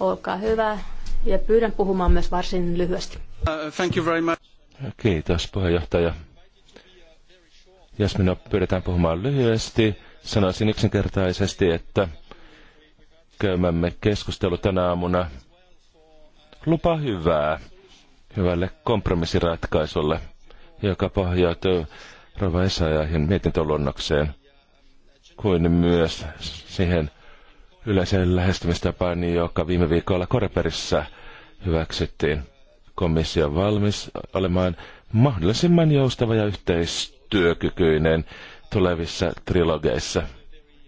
Olkaa hyvä ja pyydän puhumaan myös varsin lyhyesti. Uh, thank you very much. Kiitos puheenjohtaja. Jos minua pyydetään puhumaan lyhyesti, sanoisin yksinkertaisesti, että käymämme keskustelu tänä aamuna lupa hyvää hyvälle kompromissiratkaisulle, joka pohjautuu Rova Esaajahin mietintöluonnokseen kuin myös siihen yleiseen lähestymistapaan, joka viime viikolla Koreperissä hyväksyttiin. Komissio on valmis olemaan mahdollisimman joustava ja yhteistyökykyinen tulevissa trilogeissa.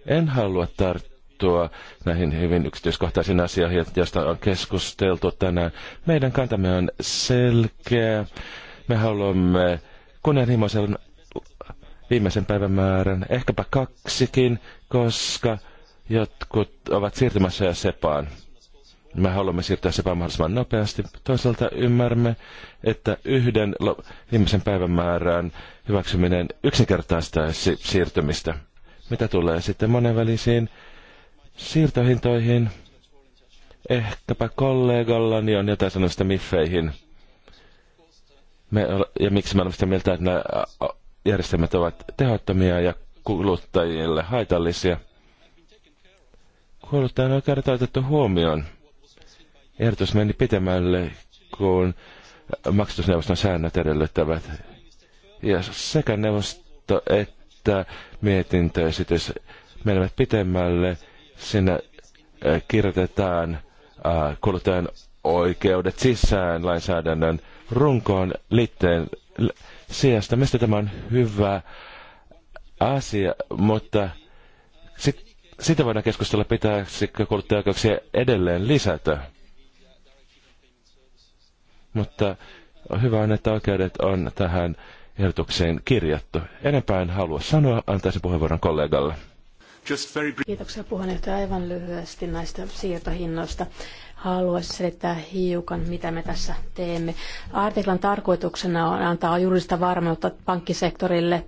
En halua tarttua näihin hyvin yksityiskohtaisiin asioihin, joista on keskusteltu tänään. Meidän kantamme on selkeä. Me haluamme kunnianhimoisen viimeisen päivämäärän, ehkäpä kaksikin, koska jotkut ovat siirtymässä ja sepaan. Me haluamme siirtyä sepaan mahdollisimman nopeasti. Toisaalta ymmärrämme, että yhden viimeisen päivämäärän hyväksyminen yksinkertaistaisi siirtymistä. Mitä tulee sitten monenvälisiin siirtohintoihin? Ehkäpä kollegallani on jotain sanoista miffeihin. Me, ja miksi me olemme sitä mieltä, että nämä järjestelmät ovat tehottomia ja kuluttajille haitallisia. Kuluttajan oikeudet on otettu huomioon. Ehdotus meni pitemmälle kuin maksatusneuvoston säännöt edellyttävät. Ja sekä neuvosto että mietintöesitys menevät pitemmälle. Siinä äh, kirjoitetaan äh, kuluttajan oikeudet sisään lainsäädännön runkoon liitteen sijasta. Mistä tämä on hyvä asia, mutta sit, sitä voidaan keskustella, pitääkö kuluttajakauksia edelleen lisätä. Mutta hyvä on, että oikeudet on tähän ehdotukseen kirjattu. Enempää en halua sanoa, antaisin puheenvuoron kollegalle. Kiitoksia puheenjohtaja aivan lyhyesti näistä siirtohinnoista. Haluaisin selittää hiukan, mitä me tässä teemme. Artiklan tarkoituksena on antaa juridista varmuutta pankkisektorille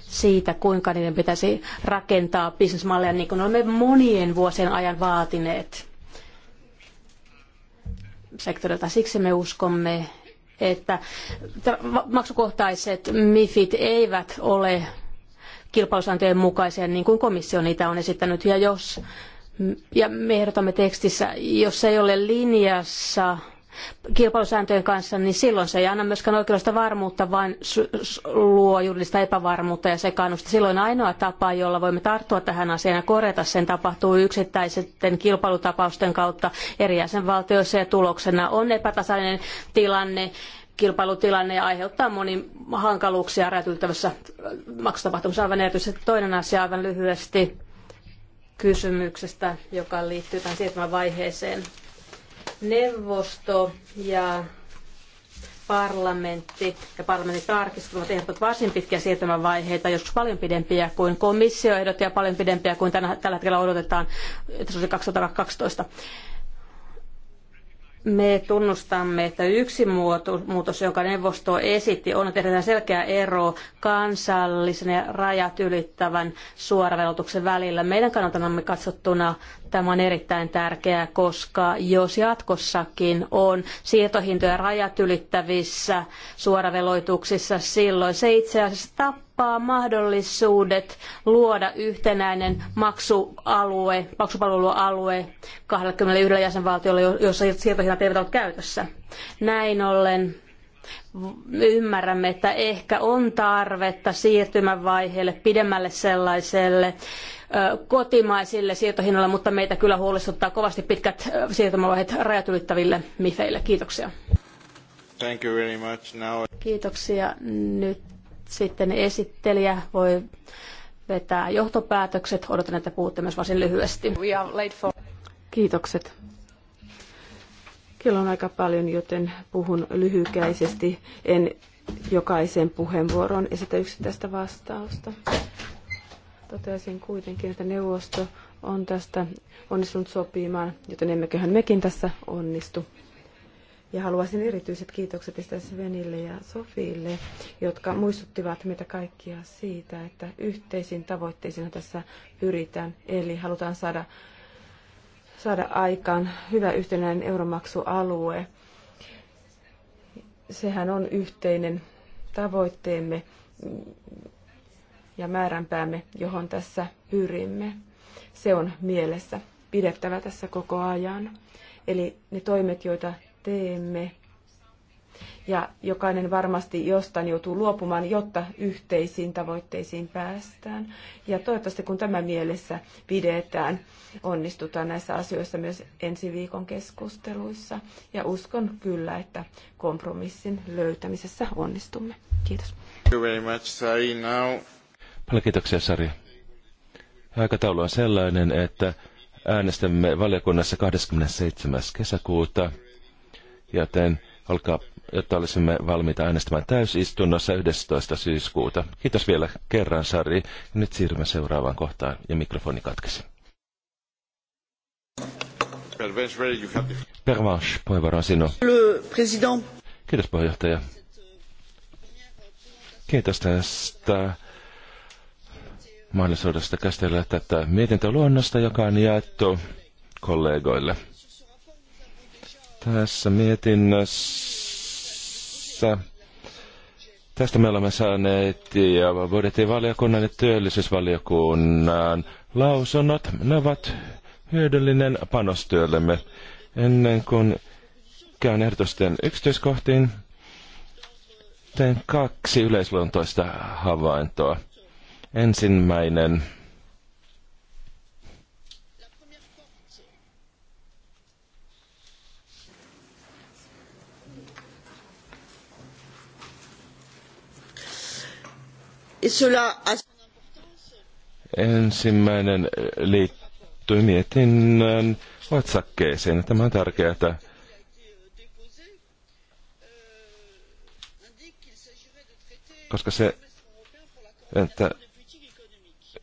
siitä, kuinka niiden pitäisi rakentaa bisnesmalleja, niin kuin olemme monien vuosien ajan vaatineet sektorilta. Siksi me uskomme, että maksukohtaiset MIFit eivät ole kilpailusääntöjen mukaisia, niin kuin komissio niitä on esittänyt. Ja jos ja me ehdotamme tekstissä, jos se ei ole linjassa kilpailusääntöjen kanssa, niin silloin se ei anna myöskään oikeudellista varmuutta, vaan luo juridista epävarmuutta ja sekaannusta. Silloin ainoa tapa, jolla voimme tarttua tähän asiaan ja korjata sen, tapahtuu yksittäisten kilpailutapausten kautta eri jäsenvaltioissa ja tuloksena on epätasainen tilanne, kilpailutilanne ja aiheuttaa moni hankaluuksia räätyltävässä maksutapahtumassa aivan erityisesti. Toinen asia aivan lyhyesti kysymyksestä, joka liittyy tähän siirtymävaiheeseen. Neuvosto ja parlamentti ja parlamentin tarkistelmat ehdottavat varsin pitkiä siirtymävaiheita, joskus paljon pidempiä kuin komissio ehdot ja paljon pidempiä kuin tänä, tällä hetkellä odotetaan, että se olisi 2012. Me tunnustamme, että yksi muutos, jonka neuvosto esitti, on tehdä selkeä ero kansallisen ja rajat ylittävän suoravelotuksen välillä. Meidän kannaltamme katsottuna Tämä on erittäin tärkeää, koska jos jatkossakin on siirtohintoja rajat ylittävissä suoraveloituksissa, silloin se itse asiassa tappaa mahdollisuudet luoda yhtenäinen maksualue, maksupalvelualue 21 jäsenvaltiolle, jossa siirtohinnat eivät ole käytössä. Näin ollen ymmärrämme, että ehkä on tarvetta siirtymävaiheelle, pidemmälle sellaiselle kotimaisille siirtohinnoille, mutta meitä kyllä huolestuttaa kovasti pitkät siirtymävaiheet rajat ylittäville MIFeille. Kiitoksia. Thank you very much. Now... Kiitoksia. Nyt sitten esittelijä voi vetää johtopäätökset. Odotan, että puhutte myös varsin lyhyesti. We are late for... Kiitokset. Kello on aika paljon, joten puhun lyhykäisesti. En jokaisen puheenvuoron esitä yksittäistä vastausta. Toteaisin kuitenkin, että neuvosto on tästä onnistunut sopimaan, joten emmeköhän mekin tässä onnistu. Ja haluaisin erityiset kiitokset pistää Svenille ja Sofiille, jotka muistuttivat meitä kaikkia siitä, että yhteisiin tavoitteisiin tässä pyritään. Eli halutaan saada saada aikaan hyvä yhtenäinen euromaksualue. Sehän on yhteinen tavoitteemme ja määränpäämme, johon tässä pyrimme. Se on mielessä pidettävä tässä koko ajan. Eli ne toimet, joita teemme, ja jokainen varmasti jostain joutuu luopumaan, jotta yhteisiin tavoitteisiin päästään. Ja toivottavasti kun tämä mielessä pidetään, onnistutaan näissä asioissa myös ensi viikon keskusteluissa. Ja uskon kyllä, että kompromissin löytämisessä onnistumme. Kiitos. Thank you very much, Sari. Now... Paljon kiitoksia, Sari. Aikataulu on sellainen, että äänestämme valiokunnassa 27. kesäkuuta, joten olkaa jotta olisimme valmiita äänestämään täysistunnossa 11. syyskuuta. Kiitos vielä kerran, Sari. Nyt siirrymme seuraavaan kohtaan ja mikrofoni katkesi. Pervanche, puheenvuoro on sinun. Kiitos puheenjohtaja. Kiitos tästä mahdollisuudesta käsitellä tätä mietintöluonnosta, joka on jaettu kollegoille. Tässä mietinnössä Tästä Tästä me olemme saaneet ja budjettivaliokunnan ja työllisyysvaliokunnan lausunnot. Ne ovat hyödyllinen panostyöllemme. Ennen kuin käyn ehdotusten yksityiskohtiin, teen kaksi yleisluontoista havaintoa. Ensimmäinen Ensimmäinen liittyy mietinnän otsakkeeseen. Tämä on tärkeää. Koska se, että,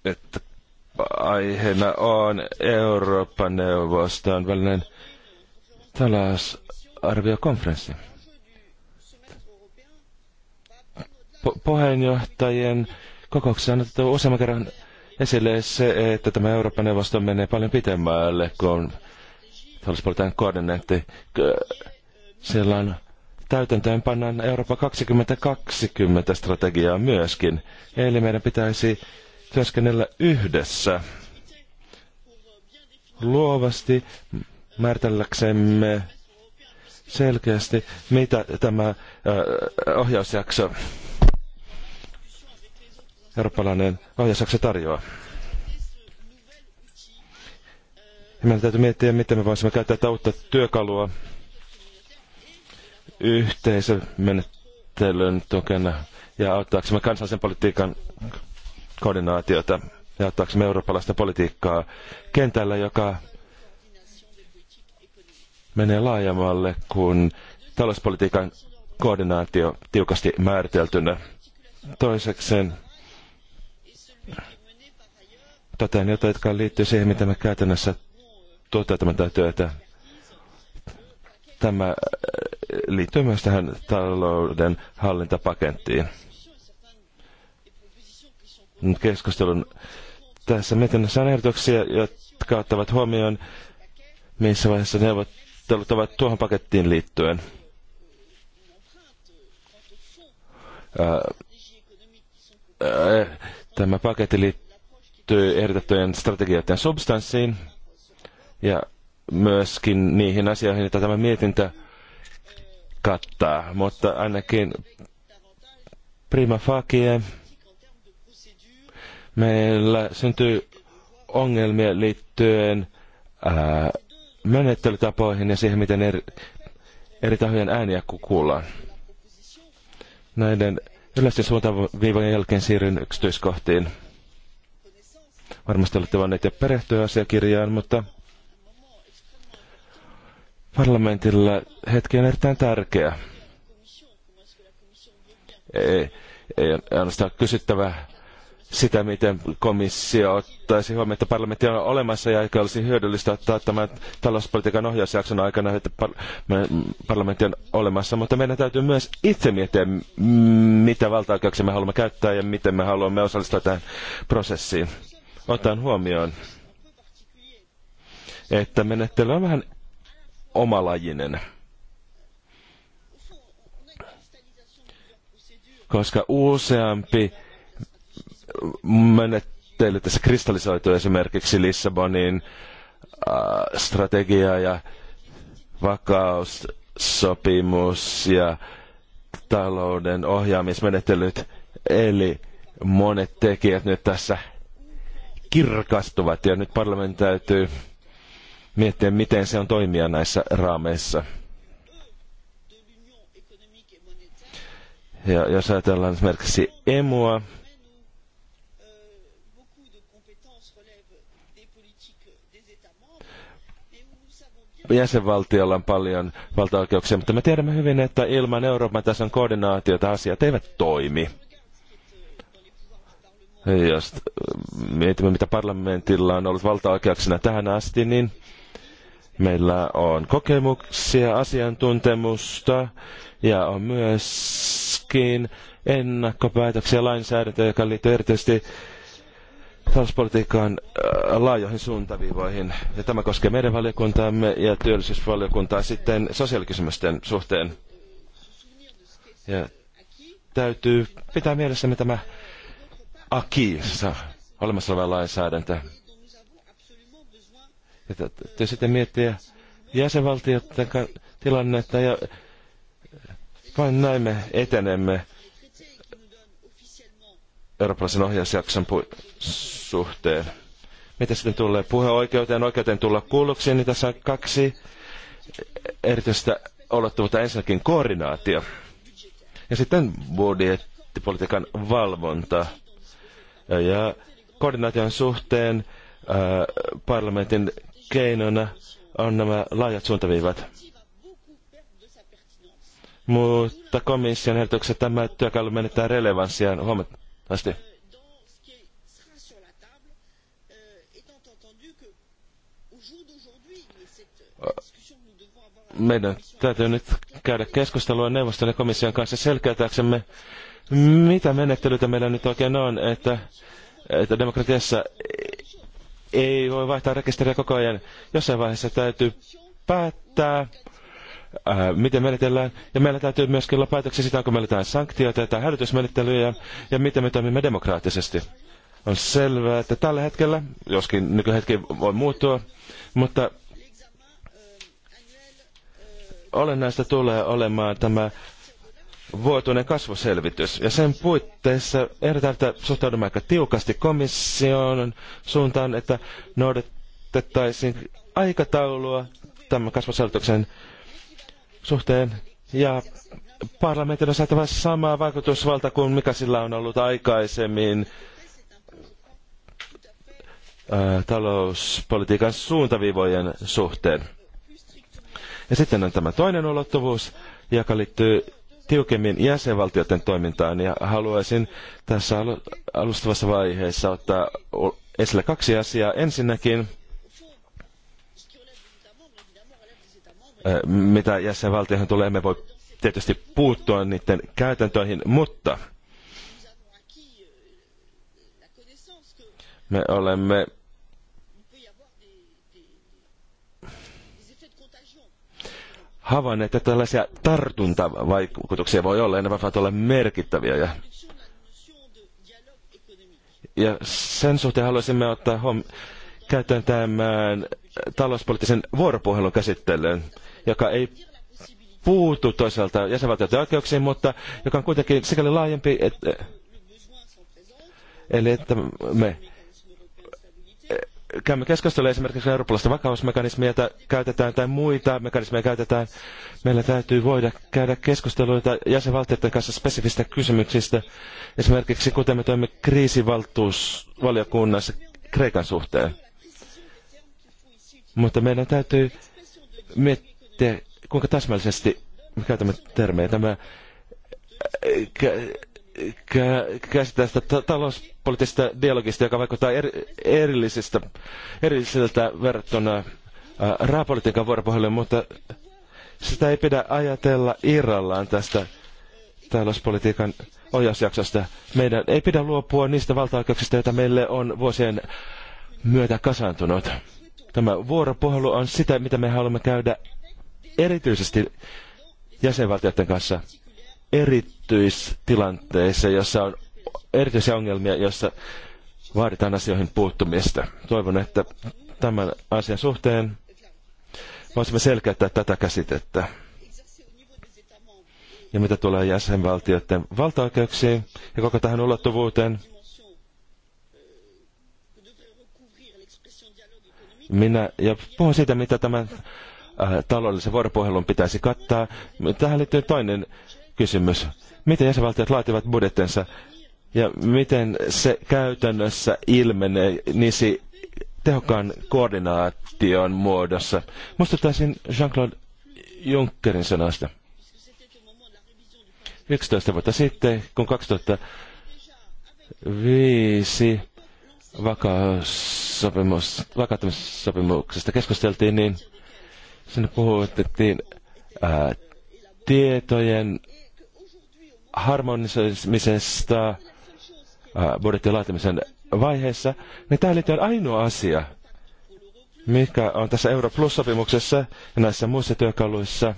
että aiheena on Euroopan neuvoston välinen talousarviokonferenssi. puheenjohtajien kokouksessa on otettu useamman kerran esille se, että tämä Euroopan neuvosto menee paljon pitemmälle kuin talouspolitiikan koordinaatti. Siellä on täytäntöön pannaan Eurooppa 2020 strategiaa myöskin. Eli meidän pitäisi työskennellä yhdessä luovasti määritelläksemme selkeästi, mitä tämä ohjausjakso eurooppalainen ohjausjakso tarjoaa. Ja meidän täytyy miettiä, miten me voisimme käyttää tätä uutta työkalua yhteisömenettelyn tukena ja auttaaksemme kansallisen politiikan koordinaatiota ja auttaaksemme eurooppalaista politiikkaa kentällä, joka menee laajemmalle kuin talouspolitiikan koordinaatio tiukasti määriteltynä. Toisekseen totean jotain, jotka liittyy siihen, mitä me käytännössä toteutamme tätä työtä. Tämä äh, liittyy myös tähän talouden hallintapakettiin. Keskustelun tässä mietinnössä on ehdotuksia, jotka ottavat huomioon, missä vaiheessa neuvottelut ovat tuohon pakettiin liittyen. Äh, äh, Tämä paketti liittyy ehdotettujen strategioiden substanssiin ja myöskin niihin asioihin, joita tämä mietintä kattaa, mutta ainakin prima facie meillä syntyy ongelmia liittyen ää, menettelytapoihin ja siihen, miten eri, eri tahojen ääniä kuullaan. Näiden Yleisten suuntaviivan jälkeen siirryn yksityiskohtiin. Varmasti olette voineet ja perehtyä asiakirjaan, mutta parlamentilla hetki on erittäin tärkeä. Ei, ei ainoastaan kysyttävä sitä, miten komissio ottaisi huomioon, että parlamentti on olemassa ja eikä olisi hyödyllistä ottaa tämän talouspolitiikan ohjausjakson aikana, että par- parlamentti on olemassa, mutta meidän täytyy myös itse miettiä, mitä valtaoikeuksia me haluamme käyttää ja miten me haluamme osallistua tähän prosessiin. Otan huomioon, että menettely on vähän omalajinen. Koska useampi menettely tässä kristallisoitu esimerkiksi Lissabonin äh, strategia ja vakaussopimus ja talouden ohjaamismenettelyt. Eli monet tekijät nyt tässä kirkastuvat ja nyt parlamentti täytyy miettiä, miten se on toimia näissä raameissa. Ja jos ajatellaan esimerkiksi emua, jäsenvaltiolla on paljon valtaoikeuksia, mutta me tiedämme hyvin, että ilman Euroopan tason koordinaatiota asiat eivät toimi. Jos mietimme, mitä parlamentilla on ollut valtaoikeuksena tähän asti, niin meillä on kokemuksia, asiantuntemusta ja on myöskin ennakkopäätöksiä lainsäädäntöä, joka liittyy erityisesti talouspolitiikan äh, laajoihin suuntaviivoihin. Ja tämä koskee meidän valiokuntaamme ja työllisyysvaliokuntaa sitten sosiaalikysymysten suhteen. Ja täytyy pitää mielessämme tämä aki, olemassa oleva lainsäädäntö. Ja täytyy sitten miettiä jäsenvaltioiden tilannetta ja vain näin me etenemme eurooppalaisen ohjausjakson suhteen. Mitä sitten tulee puheoikeuteen, oikeuteen tulla kuulluksi, niin tässä on kaksi erityistä ulottuvuutta. Ensinnäkin koordinaatio ja sitten budjettipolitiikan valvonta. Ja koordinaation suhteen ää, parlamentin keinona on nämä laajat suuntaviivat. Mutta komission ehdotuksessa tämä työkalu menettää relevanssiaan huomattavasti Restez. Meidän täytyy nyt käydä keskustelua neuvoston ja komission kanssa selkeytääksemme, mitä menettelytä meillä nyt oikein on, että, että demokratiassa ei voi vaihtaa rekisteriä koko ajan. Jossain vaiheessa täytyy päättää, ää, äh, miten menetellään. Ja meillä täytyy myöskin olla päätöksiä sitä, onko meillä sanktioita tai hälytysmenettelyjä ja miten me toimimme demokraattisesti. On selvää, että tällä hetkellä, joskin nykyhetki voi muuttua, mutta olennaista tulee olemaan tämä vuotuinen kasvuselvitys. Ja sen puitteissa ehdotan, että suhtaudumme aika tiukasti komission suuntaan, että noudatettaisiin aikataulua tämän kasvuselvityksen suhteen. Ja parlamentin on saatava samaa vaikutusvalta kuin mikä sillä on ollut aikaisemmin ää, talouspolitiikan suuntaviivojen suhteen. Ja sitten on tämä toinen ulottuvuus, joka liittyy tiukemmin jäsenvaltioiden toimintaan ja haluaisin tässä alustavassa vaiheessa ottaa esille kaksi asiaa. Ensinnäkin mitä jäsenvaltioihin tulee, emme voi tietysti puuttua niiden käytäntöihin, mutta me olemme havainneet, että tällaisia tartuntavaikutuksia voi olla, ja ne voivat olla merkittäviä. Ja, ja sen suhteen haluaisimme ottaa huomioon käytän tämän talouspoliittisen vuoropuhelun käsittelyn, joka ei puutu toisaalta jäsenvaltioiden oikeuksiin, mutta joka on kuitenkin sikäli laajempi, että, eli että me käymme keskustelua esimerkiksi eurooppalaista vakausmekanismia käytetään tai muita mekanismeja käytetään. Meillä täytyy voida käydä keskusteluita jäsenvaltioiden kanssa spesifistä kysymyksistä, esimerkiksi kuten me toimme kriisivaltuusvaliokunnassa Kreikan suhteen. Mutta meidän täytyy miettiä, kuinka täsmällisesti me käytämme termejä. Tämä käsittää sitä talouspoliittista dialogista, joka vaikuttaa er, erillisestä, erilliseltä verrattuna rahapolitiikan vuoropuhelle, mutta sitä ei pidä ajatella irrallaan tästä talouspolitiikan ojasjaksosta. Meidän ei pidä luopua niistä valtaoikeuksista, joita meille on vuosien myötä kasaantunut. Tämä vuoropuhelu on sitä, mitä me haluamme käydä erityisesti jäsenvaltioiden kanssa erityistilanteissa, jossa on erityisiä ongelmia, joissa vaaditaan asioihin puuttumista. Toivon, että tämän asian suhteen voisimme selkeyttää tätä käsitettä. Ja mitä tulee jäsenvaltioiden valtaoikeuksiin ja koko tähän ulottuvuuteen, Minä, ja puhun siitä, mitä tämän äh, taloudellisen vuoropuhelun pitäisi kattaa. Tähän liittyy toinen kysymys. Miten jäsenvaltiot laativat budjettensa ja miten se käytännössä ilmenee niisi tehokkaan koordinaation muodossa? Muistuttaisin Jean-Claude Junckerin sanasta. 11 vuotta sitten, kun 2005 vakauttamissopimuksesta keskusteltiin, niin sinne puhuttiin ää, tietojen harmonisoimisesta budjettien laatimisen vaiheessa, niin tämä liittyy ainoa asia, mikä on tässä Euro Plus-sopimuksessa ja näissä muissa työkaluissa,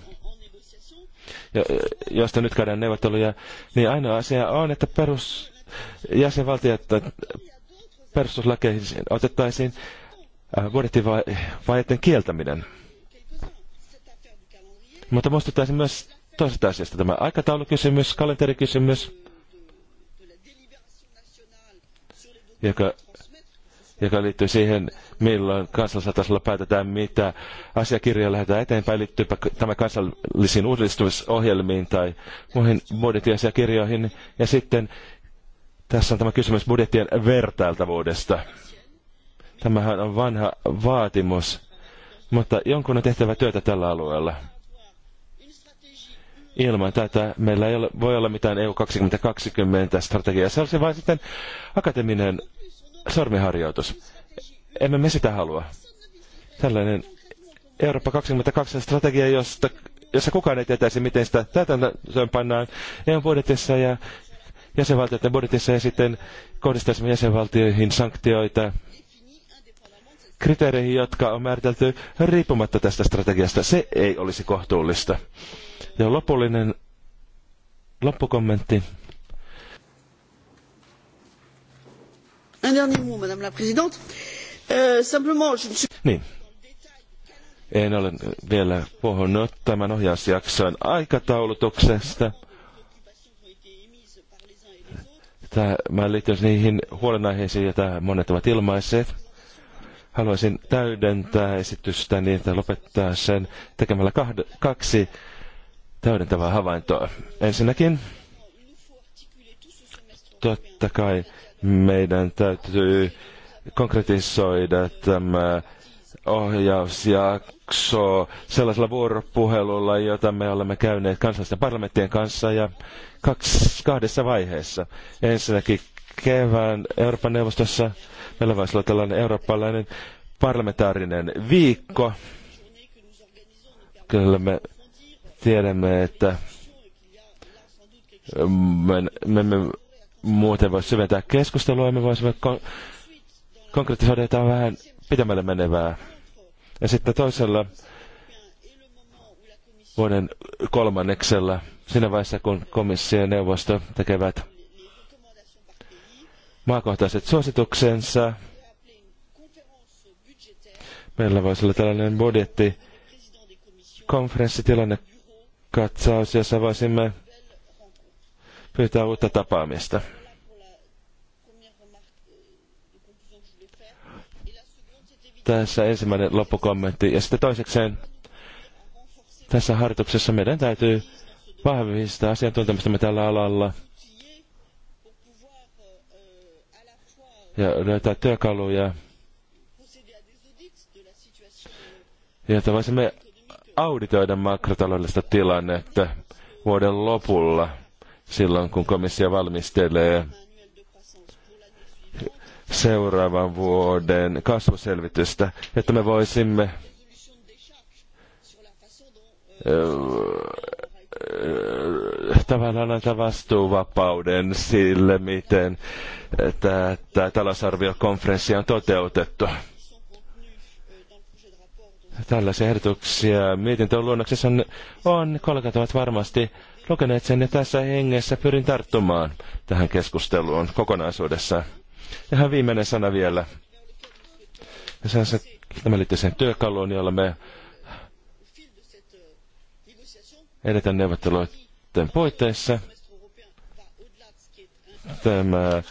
jo, josta nyt käydään neuvotteluja, niin ainoa asia on, että perus jäsenvaltiot perustuslakeihin otettaisiin äh, budjettivajeiden kieltäminen. Mutta muistuttaisin myös toisesta asiasta tämä aikataulukysymys, kalenterikysymys, joka, joka liittyy siihen, milloin kansallisella tasolla päätetään, mitä asiakirjoja lähdetään eteenpäin, liittyypä tämä kansallisiin uudistumisohjelmiin tai muihin budjettiasiakirjoihin, ja sitten tässä on tämä kysymys budjettien vertailtavuudesta. Tämähän on vanha vaatimus, mutta jonkun on tehtävä työtä tällä alueella. Ilman tätä meillä ei ole, voi olla mitään EU 2020 strategiaa. Se olisi vain sitten akateminen sormiharjoitus. Emme me sitä halua. Tällainen Eurooppa 2020 strategia, josta, jossa kukaan ei tietäisi, miten sitä täytäntöön pannaan on e budjetissa ja jäsenvaltioiden budjetissa ja sitten kohdistaisimme jäsenvaltioihin sanktioita kriteereihin, jotka on määritelty riippumatta tästä strategiasta. Se ei olisi kohtuullista. Ja lopullinen loppukommentti. Un dernier mot, Madame la Présidente. Euh, simplement, je Niin. En ole vielä puhunut tämän ohjausjakson aikataulutuksesta. Tämä liittyy niihin huolenaiheisiin, joita monet ovat ilmaisseet. Haluaisin täydentää esitystä niin, että lopettaa sen tekemällä kaksi täydentävää havaintoa. Ensinnäkin, totta kai meidän täytyy konkretisoida tämä ohjausjakso sellaisella vuoropuhelulla, jota me olemme käyneet kansallisten parlamenttien kanssa ja kaksi, kahdessa vaiheessa. Ensinnäkin kevään Euroopan neuvostossa meillä voisi olla tällainen eurooppalainen parlamentaarinen viikko. Kyllä me tiedämme, että me, emme muuten voi syventää keskustelua, me voisimme kon- konkretisoida jotain vähän pitämällä menevää. Ja sitten toisella vuoden kolmanneksella, siinä vaiheessa kun komissio ja neuvosto tekevät maakohtaiset suosituksensa, meillä voisi olla tällainen budjetti, konferenssitilanne katsaus, jossa voisimme pyytää uutta tapaamista. Tässä ensimmäinen loppukommentti. Ja sitten toisekseen, tässä harjoituksessa meidän täytyy vahvistaa me tällä alalla ja löytää työkaluja, jotta voisimme auditoida makrotaloudellista tilannetta vuoden lopulla silloin, kun komissio valmistelee seuraavan vuoden kasvuselvitystä, että me voisimme äh, tavallaan antaa vastuuvapauden sille, miten tämä talousarviokonferenssi on toteutettu. Tällaisia ehdotuksia mietintöön luonnoksessa on, on, kollegat ovat varmasti lukeneet sen ja tässä hengessä pyrin tarttumaan tähän keskusteluun kokonaisuudessaan. Ihan viimeinen sana vielä. Ja se, se, tämä liittyy sen työkaluun, jolla me edetään neuvotteluiden poitteissa. Tämä,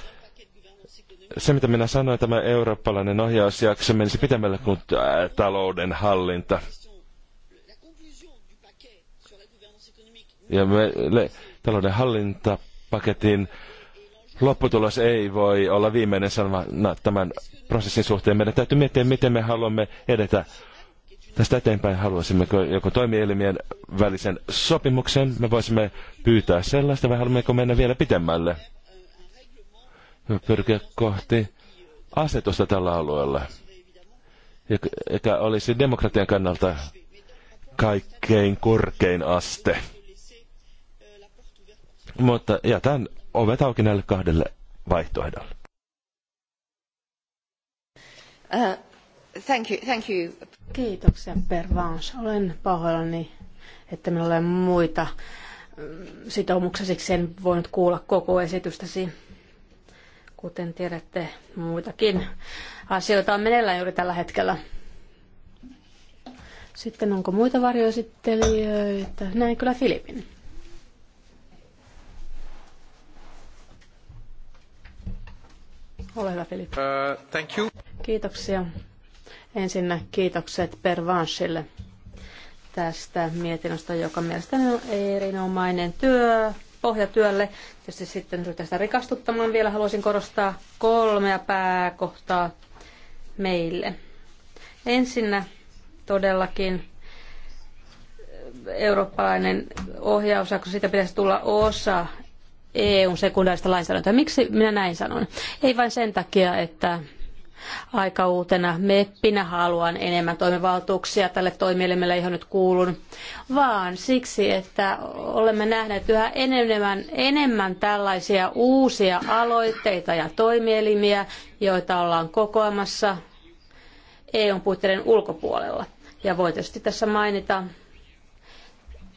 se, mitä minä sanoin, tämä eurooppalainen ohjausjakso menisi pitämällä kuin talouden hallinta. Ja me, le, talouden hallintapaketin lopputulos ei voi olla viimeinen sanoma no, tämän prosessin suhteen. Meidän täytyy miettiä, miten me haluamme edetä tästä eteenpäin. Haluaisimmeko joko toimielimien välisen sopimuksen, me voisimme pyytää sellaista, vai haluammeko mennä vielä pitemmälle? Pyrkiä kohti asetusta tällä alueella, joka olisi demokratian kannalta kaikkein korkein aste. Mutta jätän ovet auki näille kahdelle vaihtoehdolle. Uh, thank you, thank you. Kiitoksia Pervans. Olen pahoillani, että minulla ei muita mm, sitoumuksia, siksi en voinut kuulla koko esitystäsi. Kuten tiedätte, muitakin asioita on meneillään juuri tällä hetkellä. Sitten onko muita varjoesittelijöitä? Näin kyllä Filipin. Ole hyvä, Filip. Uh, thank you. Kiitoksia. Ensinnä kiitokset Pervanchille tästä mietinnöstä, joka mielestäni on erinomainen työ pohjatyölle. Tietysti sitten tästä rikastuttamaan vielä haluaisin korostaa kolmea pääkohtaa meille. Ensinnä todellakin eurooppalainen ohjausjakso, siitä pitäisi tulla osa EUn sekundaarista lainsäädäntöä. Miksi minä näin sanon? Ei vain sen takia, että aika uutena meppinä haluan enemmän toimivaltuuksia tälle toimielimelle, johon nyt kuulun, vaan siksi, että olemme nähneet yhä enemmän, enemmän tällaisia uusia aloitteita ja toimielimiä, joita ollaan kokoamassa EUn puitteiden ulkopuolella. Ja voi tietysti tässä mainita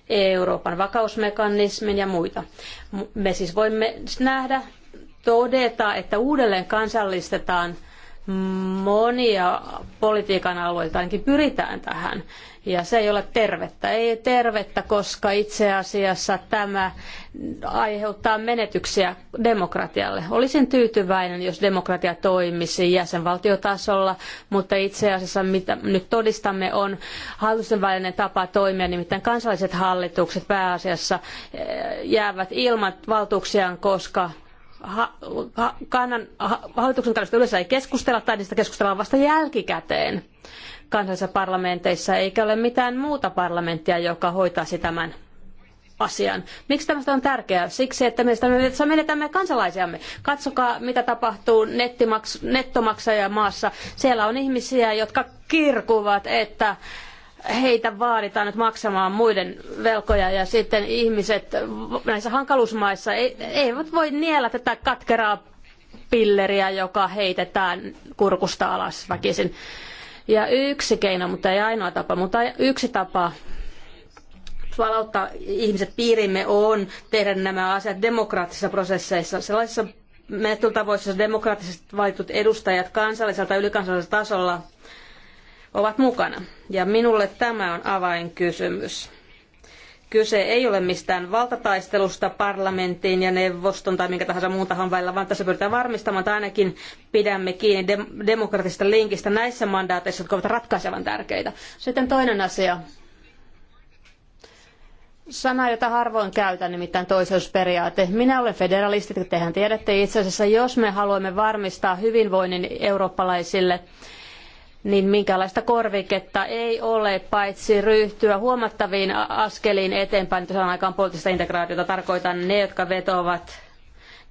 Euroopan vakausmekanismin ja muita. Me siis voimme nähdä, todeta, että uudelleen kansallistetaan monia politiikan alueita, ainakin pyritään tähän. Ja se ei ole tervettä. Ei tervettä, koska itse asiassa tämä aiheuttaa menetyksiä demokratialle. Olisin tyytyväinen, jos demokratia toimisi jäsenvaltiotasolla, mutta itse asiassa mitä nyt todistamme on hallitusten välinen tapa toimia, nimittäin kansalliset hallitukset pääasiassa eh, jäävät ilman valtuuksiaan, koska ha, ha, kannan, ha, hallituksen kanssa yleensä ei keskustella tai niistä keskustellaan vasta jälkikäteen kansallisissa parlamenteissa, eikä ole mitään muuta parlamenttia, joka hoitaisi tämän asian. Miksi tämä on tärkeää? Siksi, että me menetämme kansalaisiamme. Katsokaa, mitä tapahtuu nettimaks, nettomaksajamaassa. Siellä on ihmisiä, jotka kirkuvat, että heitä vaaditaan nyt maksamaan muiden velkoja ja sitten ihmiset näissä hankaluusmaissa eivät voi niellä tätä katkeraa pilleriä, joka heitetään kurkusta alas väkisin. Mm ja yksi keino, mutta ei ainoa tapa, mutta yksi tapa palauttaa ihmiset piirimme on tehdä nämä asiat demokraattisissa prosesseissa, sellaisissa menettelytavoissa, joissa demokraattisesti valitut edustajat kansallisella tai ylikansallisella tasolla ovat mukana. Ja minulle tämä on avainkysymys. Kyse ei ole mistään valtataistelusta parlamenttiin ja neuvoston tai minkä tahansa muun tahon välillä, vaan tässä pyritään varmistamaan, että ainakin pidämme kiinni dem- linkistä näissä mandaateissa, jotka ovat ratkaisevan tärkeitä. Sitten toinen asia. Sana, jota harvoin käytän, nimittäin toiseusperiaate. Minä olen federalisti, tehän tiedätte itse asiassa, jos me haluamme varmistaa hyvinvoinnin eurooppalaisille, niin minkälaista korviketta ei ole paitsi ryhtyä huomattaviin askeliin eteenpäin, tuossa saadaan aikaan poliittista integraatiota. Tarkoitan ne, jotka vetovat,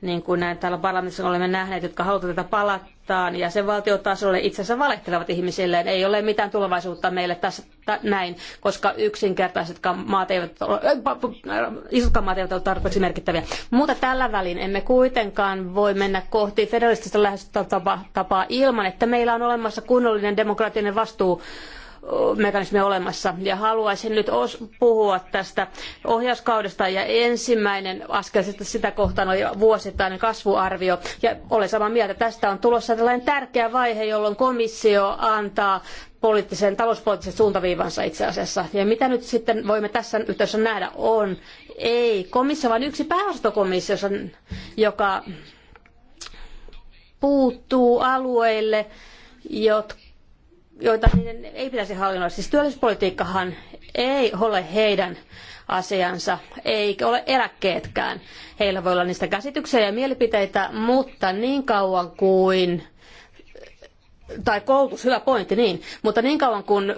niin kuin näin täällä parlamentissa olemme nähneet, jotka haluavat tätä palataan ja sen valtiotasolle itse asiassa valehtelevat ihmisille, Ei ole mitään tulevaisuutta meille tässä näin, koska yksinkertaiset maat eivät ole, äh, äh, isotkaan maat eivät ole tarpeeksi merkittäviä. Mutta tällä välin emme kuitenkaan voi mennä kohti federalistista lähestymistapaa ilman, että meillä on olemassa kunnollinen demokraattinen vastuu mekanismi olemassa. Ja haluaisin nyt puhua tästä ohjauskaudesta. Ja ensimmäinen askel sitä kohtaan oli vuosittainen kasvuarvio. Ja olen samaa mieltä, tästä on tulossa tällainen tärkeä vaihe, jolloin komissio antaa poliittisen, talouspoliittisen suuntaviivansa itse asiassa. Ja mitä nyt sitten voimme tässä yhteydessä nähdä on, ei komissio, vaan yksi pääosastokomissio, joka puuttuu alueille, jotka joita niiden ei pitäisi hallinnoida. Siis työllisyyspolitiikkahan ei ole heidän asiansa, eikä ole eläkkeetkään. Heillä voi olla niistä käsityksiä ja mielipiteitä, mutta niin kauan kuin tai koulutus, hyvä pointti, niin. Mutta niin kauan kun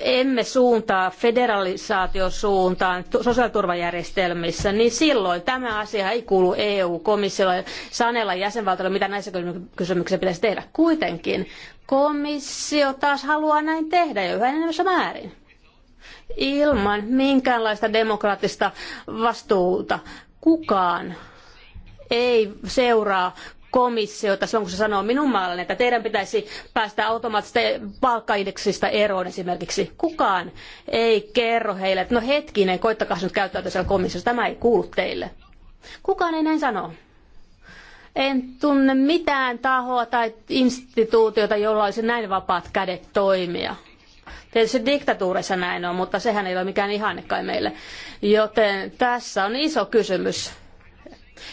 emme suuntaa federalisaatiosuuntaan sosiaaliturvajärjestelmissä, niin silloin tämä asia ei kuulu EU-komissiolle sanella jäsenvaltiolle, mitä näissä kysymyksissä pitäisi tehdä. Kuitenkin komissio taas haluaa näin tehdä jo yhä enemmässä määrin ilman minkäänlaista demokraattista vastuuta. Kukaan ei seuraa komissiota silloin, kun se sanoo minun maallani, että teidän pitäisi päästä automaattisesta palkkaindeksistä eroon esimerkiksi. Kukaan ei kerro heille, että no hetkinen, koittakaa nyt käyttäytyä siellä komissiossa, tämä ei kuulu teille. Kukaan ei näin sano. En tunne mitään tahoa tai instituutiota, jolla olisi näin vapaat kädet toimia. Tietysti diktatuurissa näin on, mutta sehän ei ole mikään ihanne kai meille. Joten tässä on iso kysymys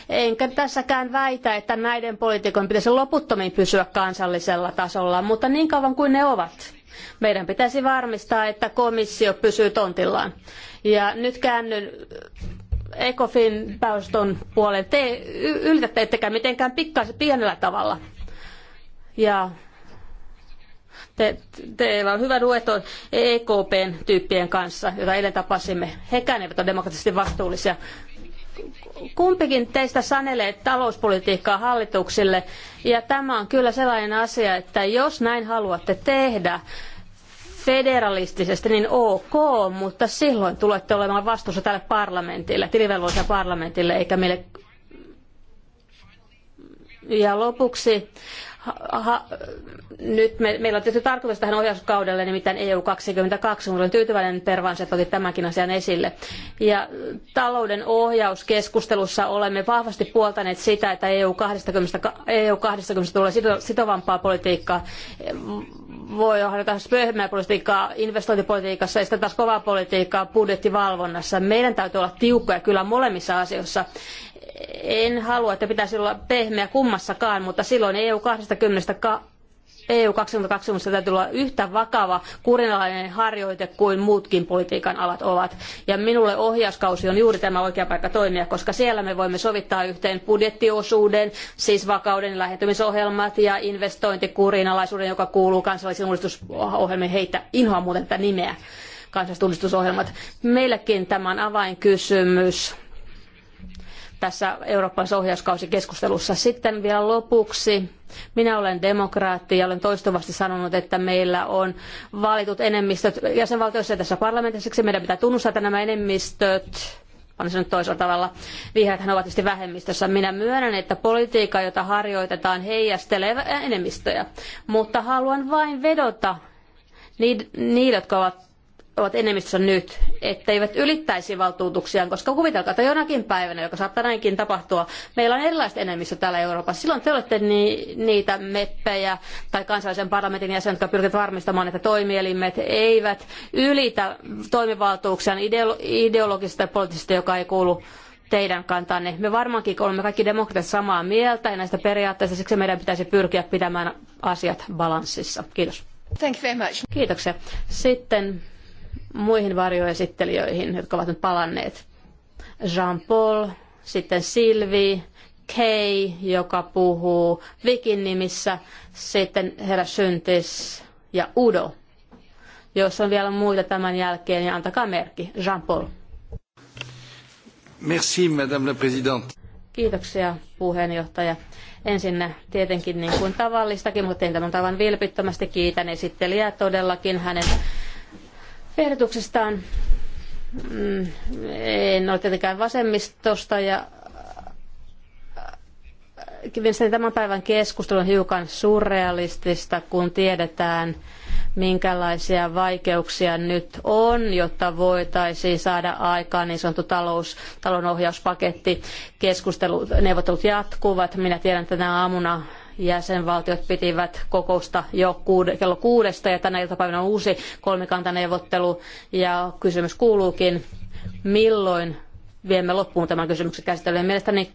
Enkä tässäkään väitä, että näiden poliitikon pitäisi loputtomiin pysyä kansallisella tasolla, mutta niin kauan kuin ne ovat, meidän pitäisi varmistaa, että komissio pysyy tontillaan. Ja nyt käännyn äh, ECOFIN pääoston puoleen. Te ylitätte ettekä mitenkään pikkaisen pienellä tavalla. Ja te, teillä on hyvä dueto EKPn tyyppien kanssa, jota eilen tapasimme. Hekään eivät ole demokraattisesti vastuullisia kumpikin teistä sanelee talouspolitiikkaa hallituksille, ja tämä on kyllä sellainen asia, että jos näin haluatte tehdä, federalistisesti, niin ok, mutta silloin tulette olemaan vastuussa tälle parlamentille, tilivelvolliselle parlamentille, eikä meille... Ja lopuksi nyt me, meillä on tietysti tarkoitus tähän ohjauskaudelle, nimittäin EU 22, mutta olen tyytyväinen että että otit tämänkin asian esille. Ja talouden ohjauskeskustelussa olemme vahvasti puoltaneet sitä, että EU 20, EU 20 tulee sitovampaa politiikkaa. Voi harjoittaa pöhmää politiikkaa investointipolitiikassa ja sitten taas kovaa politiikkaa budjettivalvonnassa. Meidän täytyy olla tiukkoja kyllä molemmissa asioissa en halua, että pitäisi olla pehmeä kummassakaan, mutta silloin EU 20 EU 2020 täytyy olla yhtä vakava kurinalainen harjoite kuin muutkin politiikan alat ovat. Ja minulle ohjauskausi on juuri tämä oikea paikka toimia, koska siellä me voimme sovittaa yhteen budjettiosuuden, siis vakauden lähentymisohjelmat ja investointikurinalaisuuden, joka kuuluu kansallisiin uudistusohjelmiin heitä inhoa muuten tätä nimeä kansallistunnistusohjelmat. Meillekin tämä on avainkysymys tässä Euroopan ohjauskausikeskustelussa. Sitten vielä lopuksi. Minä olen demokraatti ja olen toistuvasti sanonut, että meillä on valitut enemmistöt jäsenvaltioissa ja tässä parlamentissa. Siksi meidän pitää tunnustaa, että nämä enemmistöt on se nyt toisella tavalla. Vihreäthän ovat tietysti vähemmistössä. Minä myönnän, että politiikka, jota harjoitetaan, heijastelee enemmistöjä. Mutta haluan vain vedota niiden, jotka ovat ovat enemmistössä nyt, etteivät ylittäisi valtuutuksiaan, koska kuvitelkaa, että jonakin päivänä, joka saattaa näinkin tapahtua, meillä on erilaiset enemmistö täällä Euroopassa. Silloin te olette ni- niitä meppejä tai kansallisen parlamentin jäseniä jotka pyrkivät varmistamaan, että toimielimet eivät ylitä toimivaltuuksiaan ideolo- ideologisesti tai poliittisesti, joka ei kuulu teidän kantanne. Me varmaankin olemme kaikki demokratit samaa mieltä ja näistä periaatteista, siksi meidän pitäisi pyrkiä pitämään asiat balanssissa. Kiitos. Thank you very much. Kiitoksia. Sitten muihin varjoesittelijöihin, jotka ovat nyt palanneet. Jean-Paul, sitten Silvi, Kay, joka puhuu Vikin nimissä, sitten herra Syntis ja Udo. Jos on vielä muita tämän jälkeen, niin antakaa merkki. Jean-Paul. Merci, Madame la Présidente. Kiitoksia puheenjohtaja. Ensinnä tietenkin niin kuin tavallistakin, mutta tein tämän tavan vilpittömästi. Kiitän esittelijää todellakin hänen ehdotuksestaan. Mm, en ole tietenkään vasemmistosta ja äh, mielestäni tämän päivän keskustelu on hiukan surrealistista, kun tiedetään, minkälaisia vaikeuksia nyt on, jotta voitaisiin saada aikaan niin sanottu talous, talonohjauspaketti. Keskustelu, neuvottelut jatkuvat. Minä tiedän, että tänä aamuna jäsenvaltiot pitivät kokousta jo kuude, kello kuudesta ja tänä iltapäivänä on uusi kolmikantaneuvottelu ja kysymys kuuluukin, milloin viemme loppuun tämän kysymyksen käsittelyyn. Mielestäni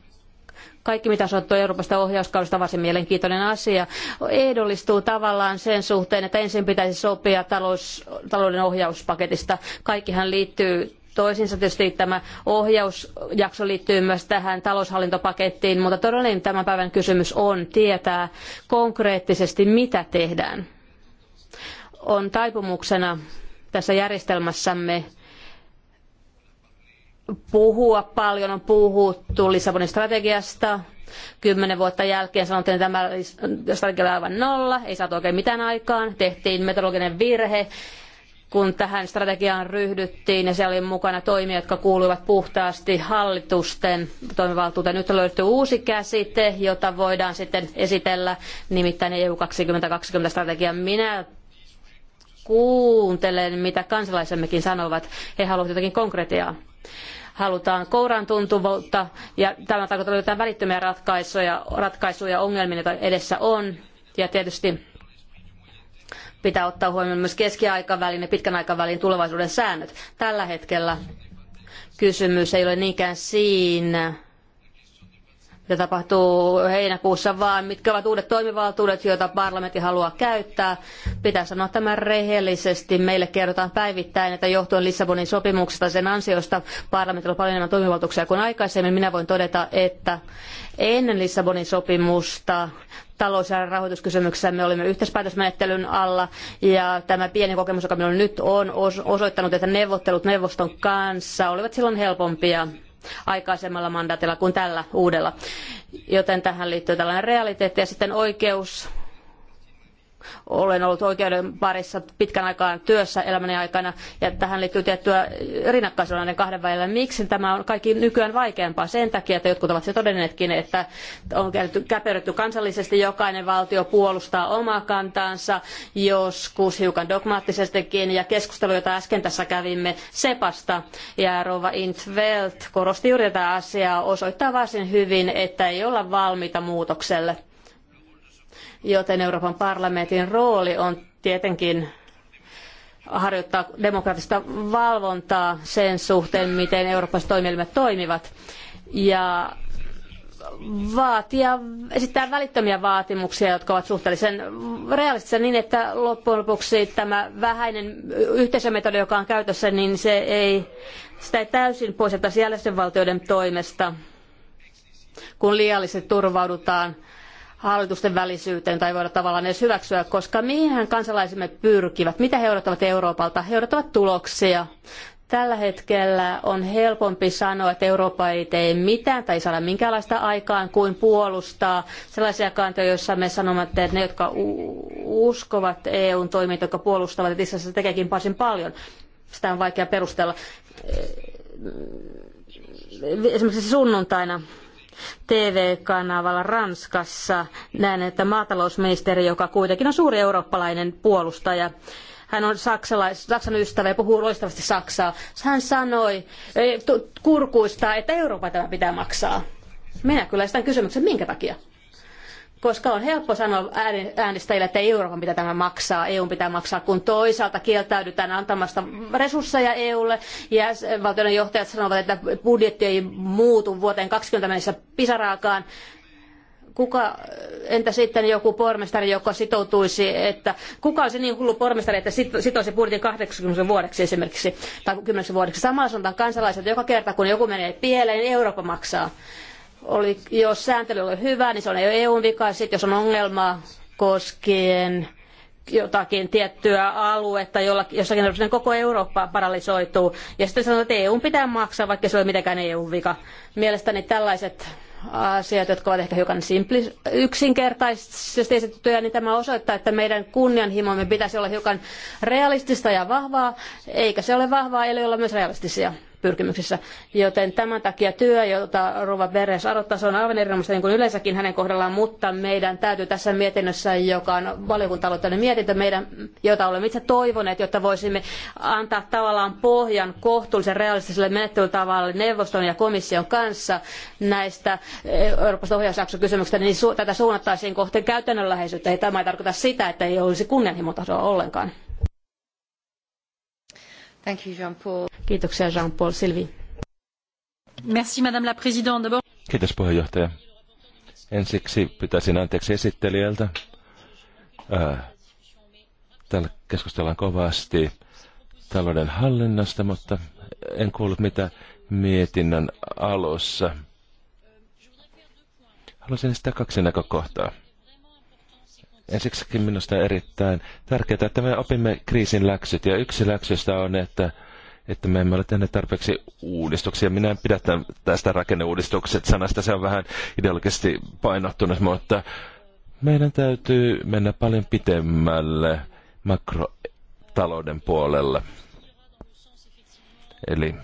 kaikki mitä sanottu Euroopasta ohjauskaudesta varsin mielenkiintoinen asia, ehdollistuu tavallaan sen suhteen, että ensin pitäisi sopia talous, talouden ohjauspaketista. Kaikkihan liittyy toisinsa. Tietysti tämä ohjausjakso liittyy myös tähän taloushallintopakettiin, mutta todellinen tämän päivän kysymys on tietää konkreettisesti, mitä tehdään. On taipumuksena tässä järjestelmässämme puhua paljon, on puhuttu Lissabonin strategiasta. Kymmenen vuotta jälkeen sanottiin, että tämä strategia oli aivan nolla, ei saatu oikein mitään aikaan, tehtiin metodologinen virhe, kun tähän strategiaan ryhdyttiin ja siellä oli mukana toimia, jotka kuuluivat puhtaasti hallitusten toimivaltuuteen. Nyt on löytyy uusi käsite, jota voidaan sitten esitellä, nimittäin EU 2020 strategia. Minä kuuntelen, mitä kansalaisemmekin sanovat. He haluavat jotakin konkretiaa. Halutaan kouran tuntuvuutta ja tämä tarkoittaa välittömiä ratkaisuja, ratkaisuja ongelmiin, joita edessä on. Ja tietysti Pitää ottaa huomioon myös keskiaikavälin ja pitkän aikavälin tulevaisuuden säännöt. Tällä hetkellä kysymys ei ole niinkään siinä, mitä tapahtuu heinäkuussa, vaan mitkä ovat uudet toimivaltuudet, joita parlamentti haluaa käyttää. Pitää sanoa tämän rehellisesti. Meille kerrotaan päivittäin, että johtuen Lissabonin sopimuksesta sen ansiosta parlamentilla on paljon enemmän toimivaltuuksia kuin aikaisemmin. Minä voin todeta, että ennen Lissabonin sopimusta talous- ja rahoituskysymyksessä me olimme yhteispäätösmenettelyn alla ja tämä pieni kokemus, joka minulla nyt on, osoittanut, että neuvottelut neuvoston kanssa olivat silloin helpompia aikaisemmalla mandaatilla kuin tällä uudella. Joten tähän liittyy tällainen realiteetti ja sitten oikeus olen ollut oikeuden parissa pitkän aikaa työssä elämäni aikana ja tähän liittyy tiettyä rinnakkaisuutta näiden kahden välillä. Miksi tämä on kaikki nykyään vaikeampaa? Sen takia, että jotkut ovat jo todenneetkin, että on käperrytty kansallisesti, jokainen valtio puolustaa omaa kantaansa, joskus hiukan dogmaattisestikin ja keskustelu, jota äsken tässä kävimme Sepasta ja Rova Intveld korosti juuri tätä asiaa, osoittaa varsin hyvin, että ei olla valmiita muutokselle joten Euroopan parlamentin rooli on tietenkin harjoittaa demokraattista valvontaa sen suhteen, miten eurooppalaiset toimielimet toimivat. Ja vaatia, esittää välittömiä vaatimuksia, jotka ovat suhteellisen realistisia niin, että loppujen lopuksi tämä vähäinen yhteisömetodi, joka on käytössä, niin se ei, sitä ei täysin poisteta jäsenvaltioiden toimesta, kun liiallisesti turvaudutaan hallitusten välisyyteen tai voida tavallaan edes hyväksyä, koska mihin kansalaisimme pyrkivät, mitä he odottavat Euroopalta, he odottavat tuloksia. Tällä hetkellä on helpompi sanoa, että Eurooppa ei tee mitään tai ei saada minkäänlaista aikaan kuin puolustaa sellaisia kantoja, joissa me sanomme, että ne, jotka uskovat EUn toimintaa, jotka puolustavat, että itse asiassa tekeekin varsin paljon. Sitä on vaikea perustella. Esimerkiksi sunnuntaina TV-kanavalla Ranskassa. Näen, että maatalousministeri, joka kuitenkin on suuri eurooppalainen puolustaja, hän on saksalais, Saksan ystävä ja puhuu loistavasti Saksaa. Hän sanoi e, kurkuista, että Euroopan tämä pitää maksaa. Minä kyllä esitän kysymyksen, minkä takia? koska on helppo sanoa äänestäjille, että Euroopan pitää tämä maksaa, EU pitää maksaa, kun toisaalta kieltäydytään antamasta resursseja EUlle. Ja valtioiden johtajat sanovat, että budjetti ei muutu vuoteen 20 mennessä pisaraakaan kuka, entä sitten joku pormestari, joka sitoutuisi, että kuka olisi niin hullu pormestari, että sitoisi budjetin 80 vuodeksi esimerkiksi, tai 10 vuodeksi. Samalla sanotaan kansalaiset, että joka kerta kun joku menee pieleen, niin Eurooppa maksaa oli, jos sääntely oli hyvä, niin se on EUn vika. Sitten jos on ongelma koskien jotakin tiettyä aluetta, jolla, jossakin niin koko Eurooppa paralysoituu. Ja sitten sanotaan, että EUn pitää maksaa, vaikka se ei ole mitenkään EUn vika. Mielestäni tällaiset asiat, jotka ovat ehkä hiukan simpli, yksinkertaisesti esitettyjä, niin tämä osoittaa, että meidän kunnianhimomme pitäisi olla hiukan realistista ja vahvaa, eikä se ole vahvaa, eli olla myös realistisia pyrkimyksissä. Joten tämän takia työ, jota Rova Beres aloittaa, se on aivan erinomaista niin kuin yleensäkin hänen kohdallaan, mutta meidän täytyy tässä mietinnössä, joka on valiokunta mietintö, meidän, jota olemme itse toivoneet, jotta voisimme antaa tavallaan pohjan kohtuullisen realistiselle menettelytavalle neuvoston ja komission kanssa näistä eh, Euroopan ohjausjakson kysymyksistä, niin su- tätä suunnattaisiin kohti käytännönläheisyyttä. Ei tämä ei tarkoita sitä, että ei olisi kunnianhimotasoa ollenkaan. Thank you, Jean-Paul. Kiitoksia Jean-Paul. Silvi. Merci, Madame la Présidente. Kiitos puheenjohtaja. Ensiksi pitäisin anteeksi esittelijältä. Äh, täällä keskustellaan kovasti talouden hallinnasta, mutta en kuullut mitä mietinnän alussa. Haluaisin esittää kaksi näkökohtaa. Ensiksikin minusta erittäin tärkeää, että me opimme kriisin läksyt. Ja yksi läksystä on, että, että me emme ole tehneet tarpeeksi uudistuksia. Minä en pidä tästä rakenneuudistukset sanasta. Se on vähän ideologisesti painottunut, mutta meidän täytyy mennä paljon pitemmälle makrotalouden puolelle. Eli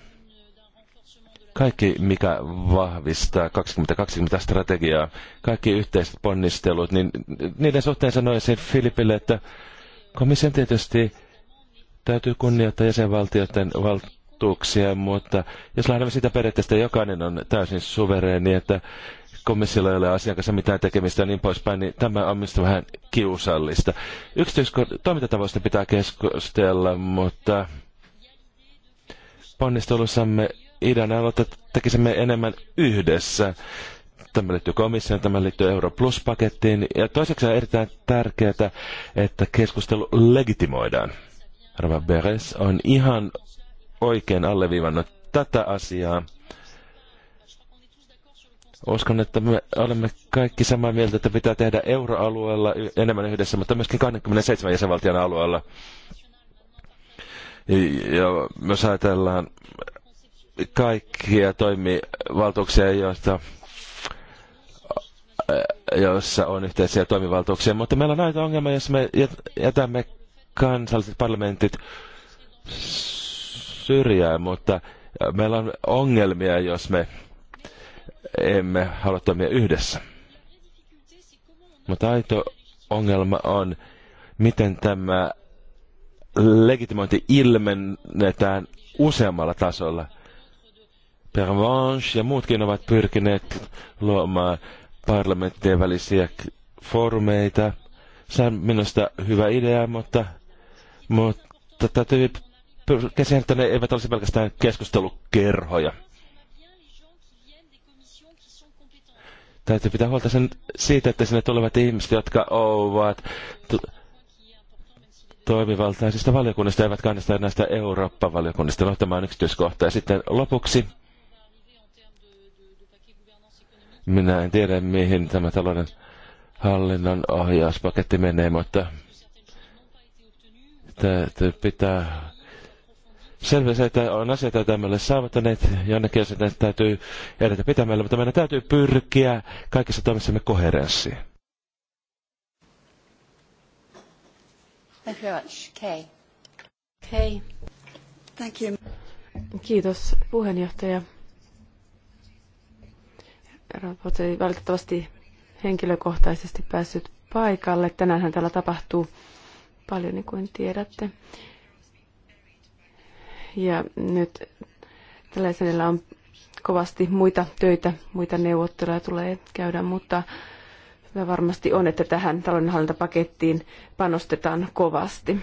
kaikki, mikä vahvistaa 2020-strategiaa, kaikki yhteiset ponnistelut, niin niiden suhteen sanoisin Filipille, että komission tietysti täytyy kunnioittaa jäsenvaltioiden valtuuksia, mutta jos lähdemme sitä periaatteesta, jokainen on täysin suvereeni, että komissiolla ei ole asian kanssa mitään tekemistä ja niin poispäin, niin tämä on minusta vähän kiusallista. Yksityistoimintatavoista pitää keskustella, mutta ponnistelussamme ideana on, että tekisimme enemmän yhdessä. Tämä liittyy komissioon, tämä liittyy Euro Plus-pakettiin. Ja toiseksi on erittäin tärkeää, että keskustelu legitimoidaan. Rava Beres on ihan oikein alleviivannut tätä asiaa. Uskon, että me olemme kaikki samaa mieltä, että pitää tehdä euroalueella enemmän yhdessä, mutta myöskin 27 jäsenvaltion alueella. Ja jos ajatellaan kaikkia toimivaltuuksia, joista joissa on yhteisiä toimivaltuuksia, mutta meillä on aito ongelma, jos me jätämme kansalliset parlamentit syrjään, mutta meillä on ongelmia, jos me emme halua toimia yhdessä. Mutta aito ongelma on, miten tämä legitimointi ilmennetään useammalla tasolla – Pervanche ja muutkin ovat pyrkineet luomaan parlamenttien välisiä foorumeita. Se on minusta hyvä idea, mutta, mutta täytyy käsiä, että ne eivät olisi pelkästään keskustelukerhoja. Täytyy pitää huolta sen, siitä, että sinne tulevat ihmiset, jotka ovat toimivaltaisista valiokunnista, eivät kannasta näistä Eurooppa-valiokunnista. No, tämä on yksityiskohta. Ja sitten lopuksi minä en tiedä, mihin tämä talouden hallinnon ohjauspaketti menee, mutta täytyy pitää selvästi, että on asioita, joita emme ole saavuttaneet, jonnekin asioita täytyy edetä pitämällä, mutta meidän täytyy pyrkiä kaikissa toimissamme koherenssiin. Thank you very much. Kay. Kay. Thank you. Kiitos puheenjohtaja. Rapot ei valitettavasti henkilökohtaisesti päässyt paikalle. Tänäänhän täällä tapahtuu paljon, niin kuin tiedätte. Ja nyt tällaisella on kovasti muita töitä, muita neuvotteluja tulee käydä, mutta hyvä varmasti on, että tähän taloudenhallintapakettiin panostetaan kovasti.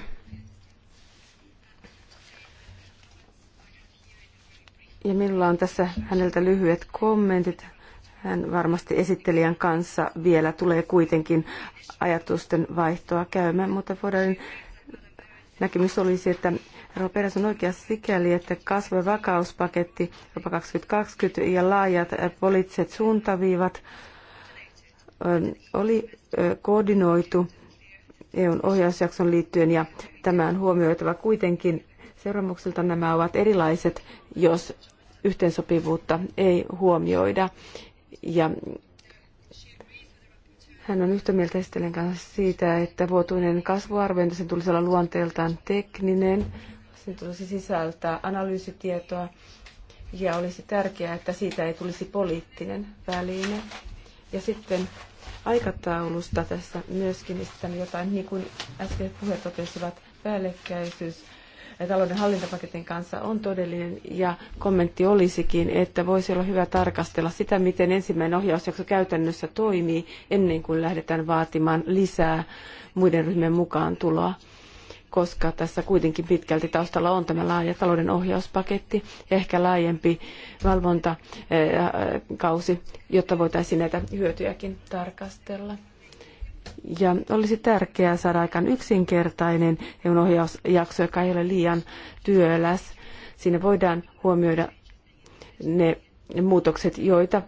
Ja minulla on tässä häneltä lyhyet kommentit. Hän varmasti esittelijän kanssa vielä tulee kuitenkin ajatusten vaihtoa käymään, mutta voidaan näkemys olisi, että Roperes on oikeassa sikäli, että kasvu- ja vakauspaketti, jopa 2020 ja laajat poliittiset suuntaviivat oli koordinoitu EUn ohjausjakson liittyen ja tämä on huomioitava kuitenkin. Seuraamuksilta nämä ovat erilaiset, jos yhteensopivuutta ei huomioida ja hän on yhtä mieltä Estelen kanssa siitä, että vuotuinen kasvuarviointi sen tulisi olla luonteeltaan tekninen, sen tulisi sisältää analyysitietoa ja olisi tärkeää, että siitä ei tulisi poliittinen väline. Ja sitten aikataulusta tässä myöskin jotain, niin kuin äsken puheet totesivat, päällekkäisyys talouden hallintapaketin kanssa on todellinen ja kommentti olisikin, että voisi olla hyvä tarkastella sitä, miten ensimmäinen ohjausjakso käytännössä toimii ennen kuin lähdetään vaatimaan lisää muiden ryhmien mukaan tuloa koska tässä kuitenkin pitkälti taustalla on tämä laaja talouden ohjauspaketti ja ehkä laajempi valvontakausi, jotta voitaisiin näitä hyötyjäkin tarkastella. Ja olisi tärkeää saada aikaan yksinkertainen EUn ohjausjakso, joka ei ole liian työläs. Siinä voidaan huomioida ne muutokset, joita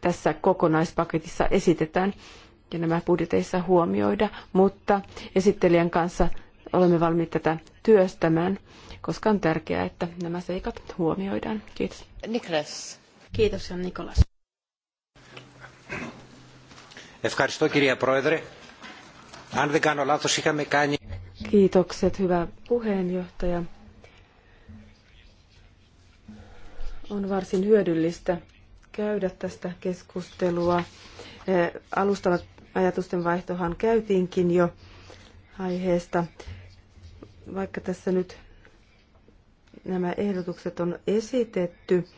tässä kokonaispaketissa esitetään ja nämä budjeteissa huomioida, mutta esittelijän kanssa olemme valmiit tätä työstämään, koska on tärkeää, että nämä seikat huomioidaan. Kiitos. Niklas. Kiitos, Nikolas. Ευχαριστώ κυρία Πρόεδρε. Αν δεν κάνω λάθος, είχαμε κάνει... Kiitokset, hyvä puheenjohtaja. On varsin hyödyllistä käydä tästä keskustelua. Eh, alustavat ajatusten vaihtohan käytiinkin jo aiheesta. Vaikka tässä nyt nämä ehdotukset on esitetty,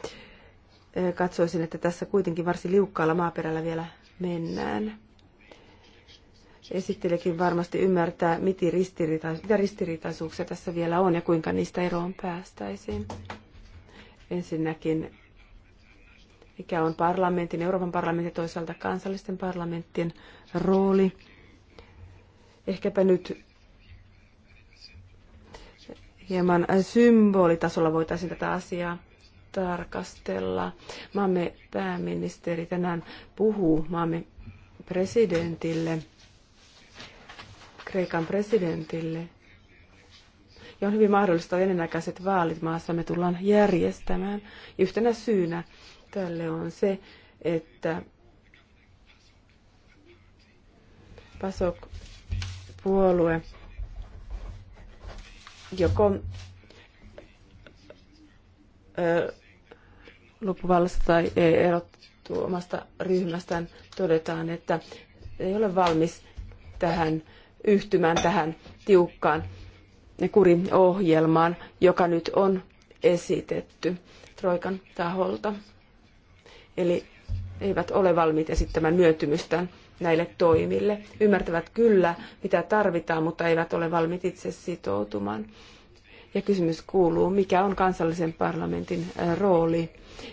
eh, katsoisin, että tässä kuitenkin varsin liukkaalla maaperällä vielä mennään esittelekin varmasti ymmärtää, mitä, ristiriita- mitä ristiriitaisuuksia tässä vielä on ja kuinka niistä eroon päästäisiin. Ensinnäkin, mikä on parlamentin, Euroopan parlamentin ja toisaalta kansallisten parlamenttien rooli. Ehkäpä nyt hieman symbolitasolla voitaisiin tätä asiaa tarkastella. Maamme pääministeri tänään puhuu maamme presidentille – Kreikan presidentille. Ja on hyvin mahdollista, että ennenaikaiset vaalit me tullaan järjestämään. Yhtenä syynä tälle on se, että PASOK-puolue joko loppuvallasta tai tai erottu omasta ryhmästään, todetaan, että ei ole valmis tähän yhtymään tähän tiukkaan kuriohjelmaan, joka nyt on esitetty Troikan taholta. Eli eivät ole valmiit esittämään myötymystään näille toimille. Ymmärtävät kyllä, mitä tarvitaan, mutta eivät ole valmiit itse sitoutumaan. Ja kysymys kuuluu, mikä on kansallisen parlamentin rooli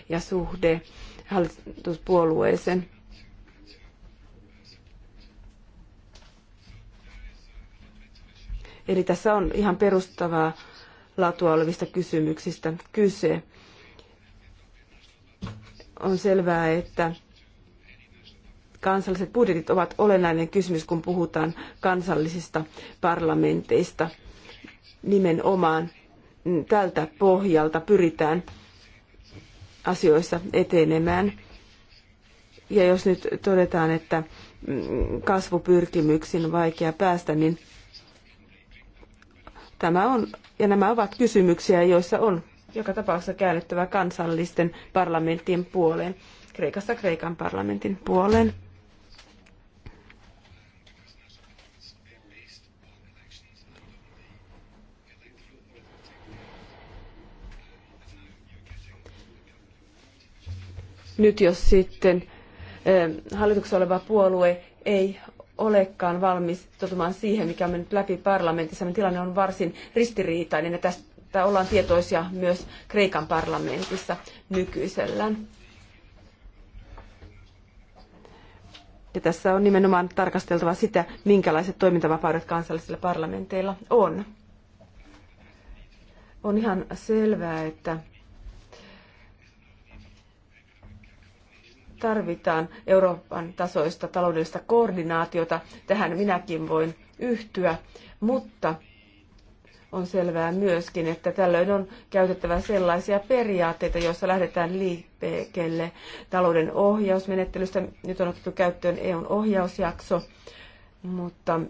ja suhde hallituspuolueeseen. Eli tässä on ihan perustavaa laatua olevista kysymyksistä kyse. On selvää, että kansalliset budjetit ovat olennainen kysymys, kun puhutaan kansallisista parlamenteista. Nimenomaan tältä pohjalta pyritään asioissa etenemään. Ja jos nyt todetaan, että kasvupyrkimyksiin on vaikea päästä, niin Tämä on, ja nämä ovat kysymyksiä, joissa on joka tapauksessa käännettävä kansallisten parlamenttien puoleen, Kreikassa Kreikan parlamentin puoleen. Nyt jos sitten eh, hallituksessa oleva puolue ei olekaan valmis totumaan siihen, mikä on mennyt läpi parlamentissa. Tilanne on varsin ristiriitainen ja tästä ollaan tietoisia myös Kreikan parlamentissa nykyisellään. Ja tässä on nimenomaan tarkasteltava sitä, minkälaiset toimintavapaudet kansallisilla parlamenteilla on. On ihan selvää, että tarvitaan Euroopan tasoista taloudellista koordinaatiota. Tähän minäkin voin yhtyä, mutta on selvää myöskin, että tällöin on käytettävä sellaisia periaatteita, joissa lähdetään liikkeelle talouden ohjausmenettelystä. Nyt on otettu käyttöön EUn ohjausjakso, mutta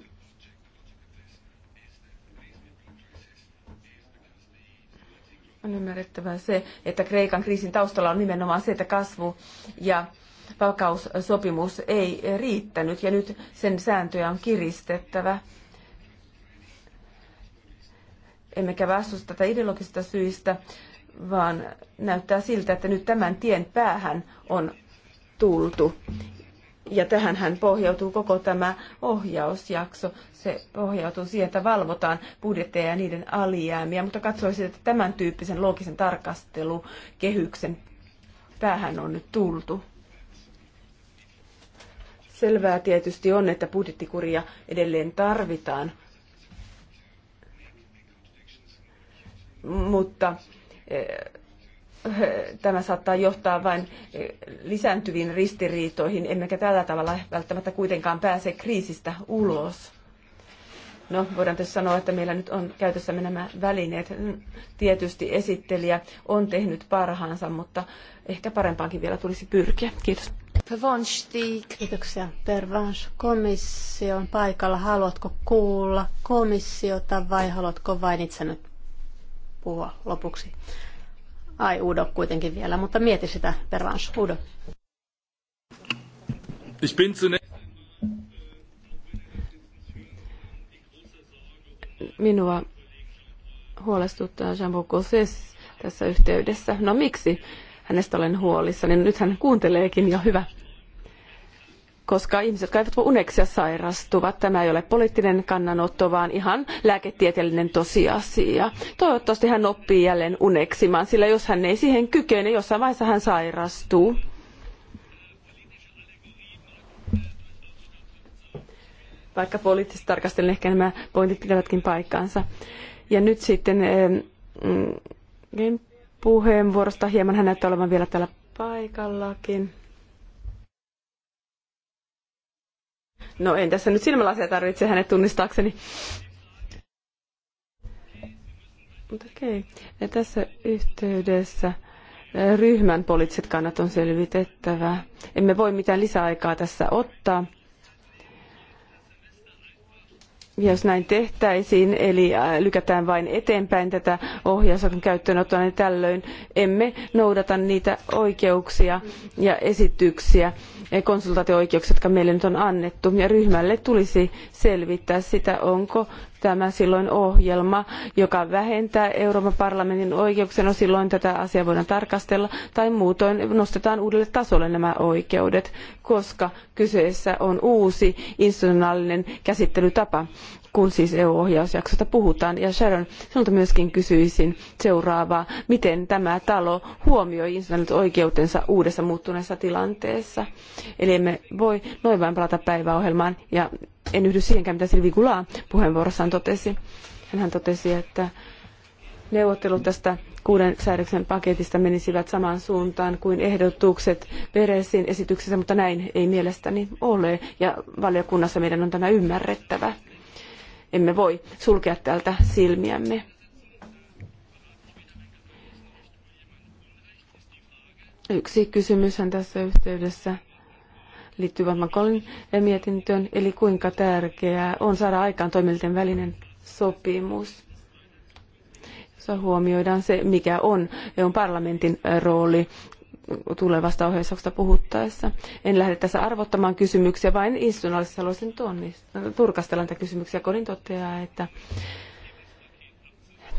on ymmärrettävää se, että Kreikan kriisin taustalla on nimenomaan se, että kasvu ja vakaussopimus ei riittänyt ja nyt sen sääntöjä on kiristettävä. Emmekä vastusta tätä ideologisista syistä, vaan näyttää siltä, että nyt tämän tien päähän on tultu. Ja tähän hän pohjautuu koko tämä ohjausjakso. Se pohjautuu siihen, että valvotaan budjetteja ja niiden alijäämiä, mutta katsoisin, että tämän tyyppisen loogisen tarkastelukehyksen päähän on nyt tultu. Selvää tietysti on, että budjettikuria edelleen tarvitaan, mutta eh, tämä saattaa johtaa vain eh, lisääntyviin ristiriitoihin, emmekä tällä tavalla välttämättä kuitenkaan pääse kriisistä ulos. No, voidaan tässä siis sanoa, että meillä nyt on käytössämme nämä välineet. Tietysti esittelijä on tehnyt parhaansa, mutta ehkä parempaankin vielä tulisi pyrkiä. Kiitos. Kiitoksia. Pervans, komissio on paikalla. Haluatko kuulla komissiota vai haluatko vain itse nyt puhua lopuksi? Ai Udo kuitenkin vielä, mutta mieti sitä, Pervans. Udo. Ich bin minua huolestuttaa Jean Bocuse tässä yhteydessä. No miksi? hänestä olen huolissani. Niin nyt hän kuunteleekin jo hyvä. Koska ihmiset, jotka eivät voi uneksia, sairastuvat. Tämä ei ole poliittinen kannanotto, vaan ihan lääketieteellinen tosiasia. Toivottavasti hän oppii jälleen uneksimaan, sillä jos hän ei siihen kykene, jossain vaiheessa hän sairastuu. Vaikka poliittisesti tarkastellen ehkä nämä pointit pitävätkin paikkaansa. Ja nyt sitten... Eh, mm, puheenvuorosta. Hieman hän näyttää olevan vielä täällä paikallakin. No en tässä nyt silmälasia tarvitse hänet tunnistaakseni. Mutta okei. Ja tässä yhteydessä ryhmän poliittiset kannat on selvitettävä. Emme voi mitään lisäaikaa tässä ottaa jos näin tehtäisiin, eli äh, lykätään vain eteenpäin tätä ohjausakon käyttöönottoa, niin tällöin emme noudata niitä oikeuksia ja esityksiä, konsultaatio-oikeuksia, jotka meille nyt on annettu. Ja ryhmälle tulisi selvittää sitä, onko tämä silloin ohjelma, joka vähentää Euroopan parlamentin oikeuksia, no silloin tätä asiaa voidaan tarkastella, tai muutoin nostetaan uudelle tasolle nämä oikeudet, koska kyseessä on uusi institutionaalinen käsittelytapa kun siis EU-ohjausjaksosta puhutaan. Ja Sharon, sinulta myöskin kysyisin seuraavaa. Miten tämä talo huomioi insinöörit oikeutensa uudessa muuttuneessa tilanteessa? Eli emme voi noin vain palata päiväohjelmaan, ja en yhdy siihenkään, mitä Silvi Gula puheenvuorossaan totesi. Hän totesi, että neuvottelut tästä kuuden säädöksen paketista menisivät samaan suuntaan kuin ehdotukset Beresin esityksessä, mutta näin ei mielestäni ole, ja valiokunnassa meidän on tämä ymmärrettävä emme voi sulkea tältä silmiämme. Yksi kysymys tässä yhteydessä liittyy varmaan Kolin mietintöön, eli kuinka tärkeää on saada aikaan toimielinten välinen sopimus jossa huomioidaan se, mikä on eu parlamentin rooli tulevasta ohjeistuksesta puhuttaessa. En lähde tässä arvottamaan kysymyksiä, vain istunnallisesti haluaisin tunnista, turkastella näitä kysymyksiä. Kodin toteaa, että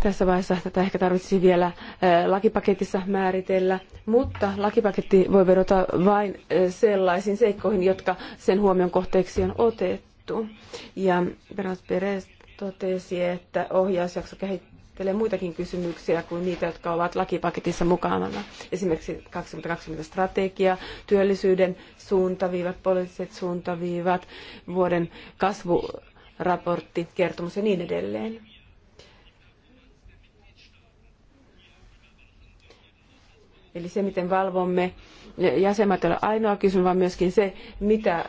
tässä vaiheessa tätä ehkä tarvitsisi vielä lakipaketissa määritellä, mutta lakipaketti voi vedota vain sellaisiin seikkoihin, jotka sen huomion kohteeksi on otettu. Ja Bernard Perez totesi, että ohjausjakso käsittelee muitakin kysymyksiä kuin niitä, jotka ovat lakipaketissa mukana. Esimerkiksi 2020 strategia, työllisyyden suuntaviivat, poliittiset suuntaviivat, vuoden kasvuraportti, kertomus ja niin edelleen. Eli se, miten valvomme jäsenmaat ei ole ainoa kysymys, vaan myöskin se, mitä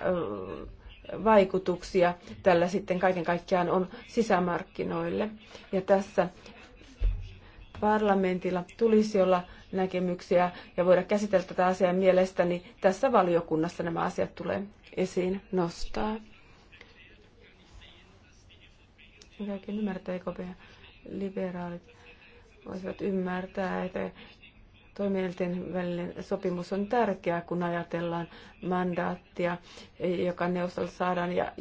vaikutuksia tällä sitten kaiken kaikkiaan on sisämarkkinoille. Ja tässä parlamentilla tulisi olla näkemyksiä ja voida käsitellä tätä asiaa mielestäni tässä valiokunnassa nämä asiat tulee esiin nostaa. Kaikki ymmärtää EKP liberaalit voisivat ymmärtää, että toimielinten välinen sopimus on tärkeää, kun ajatellaan mandaattia, joka neuvostolta saadaan ja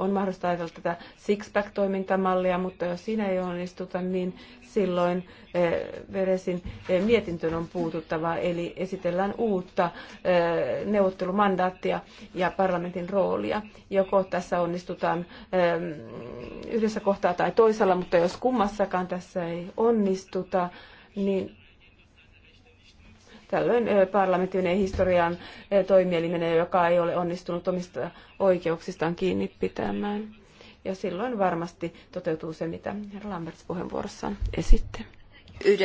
on mahdollista ajatella tätä six-pack-toimintamallia, mutta jos siinä ei onnistuta, niin silloin eh, Veresin eh, mietintöön on puututtava, eli esitellään uutta eh, neuvottelumandaattia ja parlamentin roolia. Joko tässä onnistutaan yhdessä kohtaa tai toisella, mutta jos kummassakaan tässä ei onnistuta, niin Tällöin parlamentti menee historian toimielimenä, joka ei ole onnistunut omista oikeuksistaan kiinni pitämään. Ja silloin varmasti toteutuu se, mitä herra Lamberts puheenvuorossaan esitti. Uh,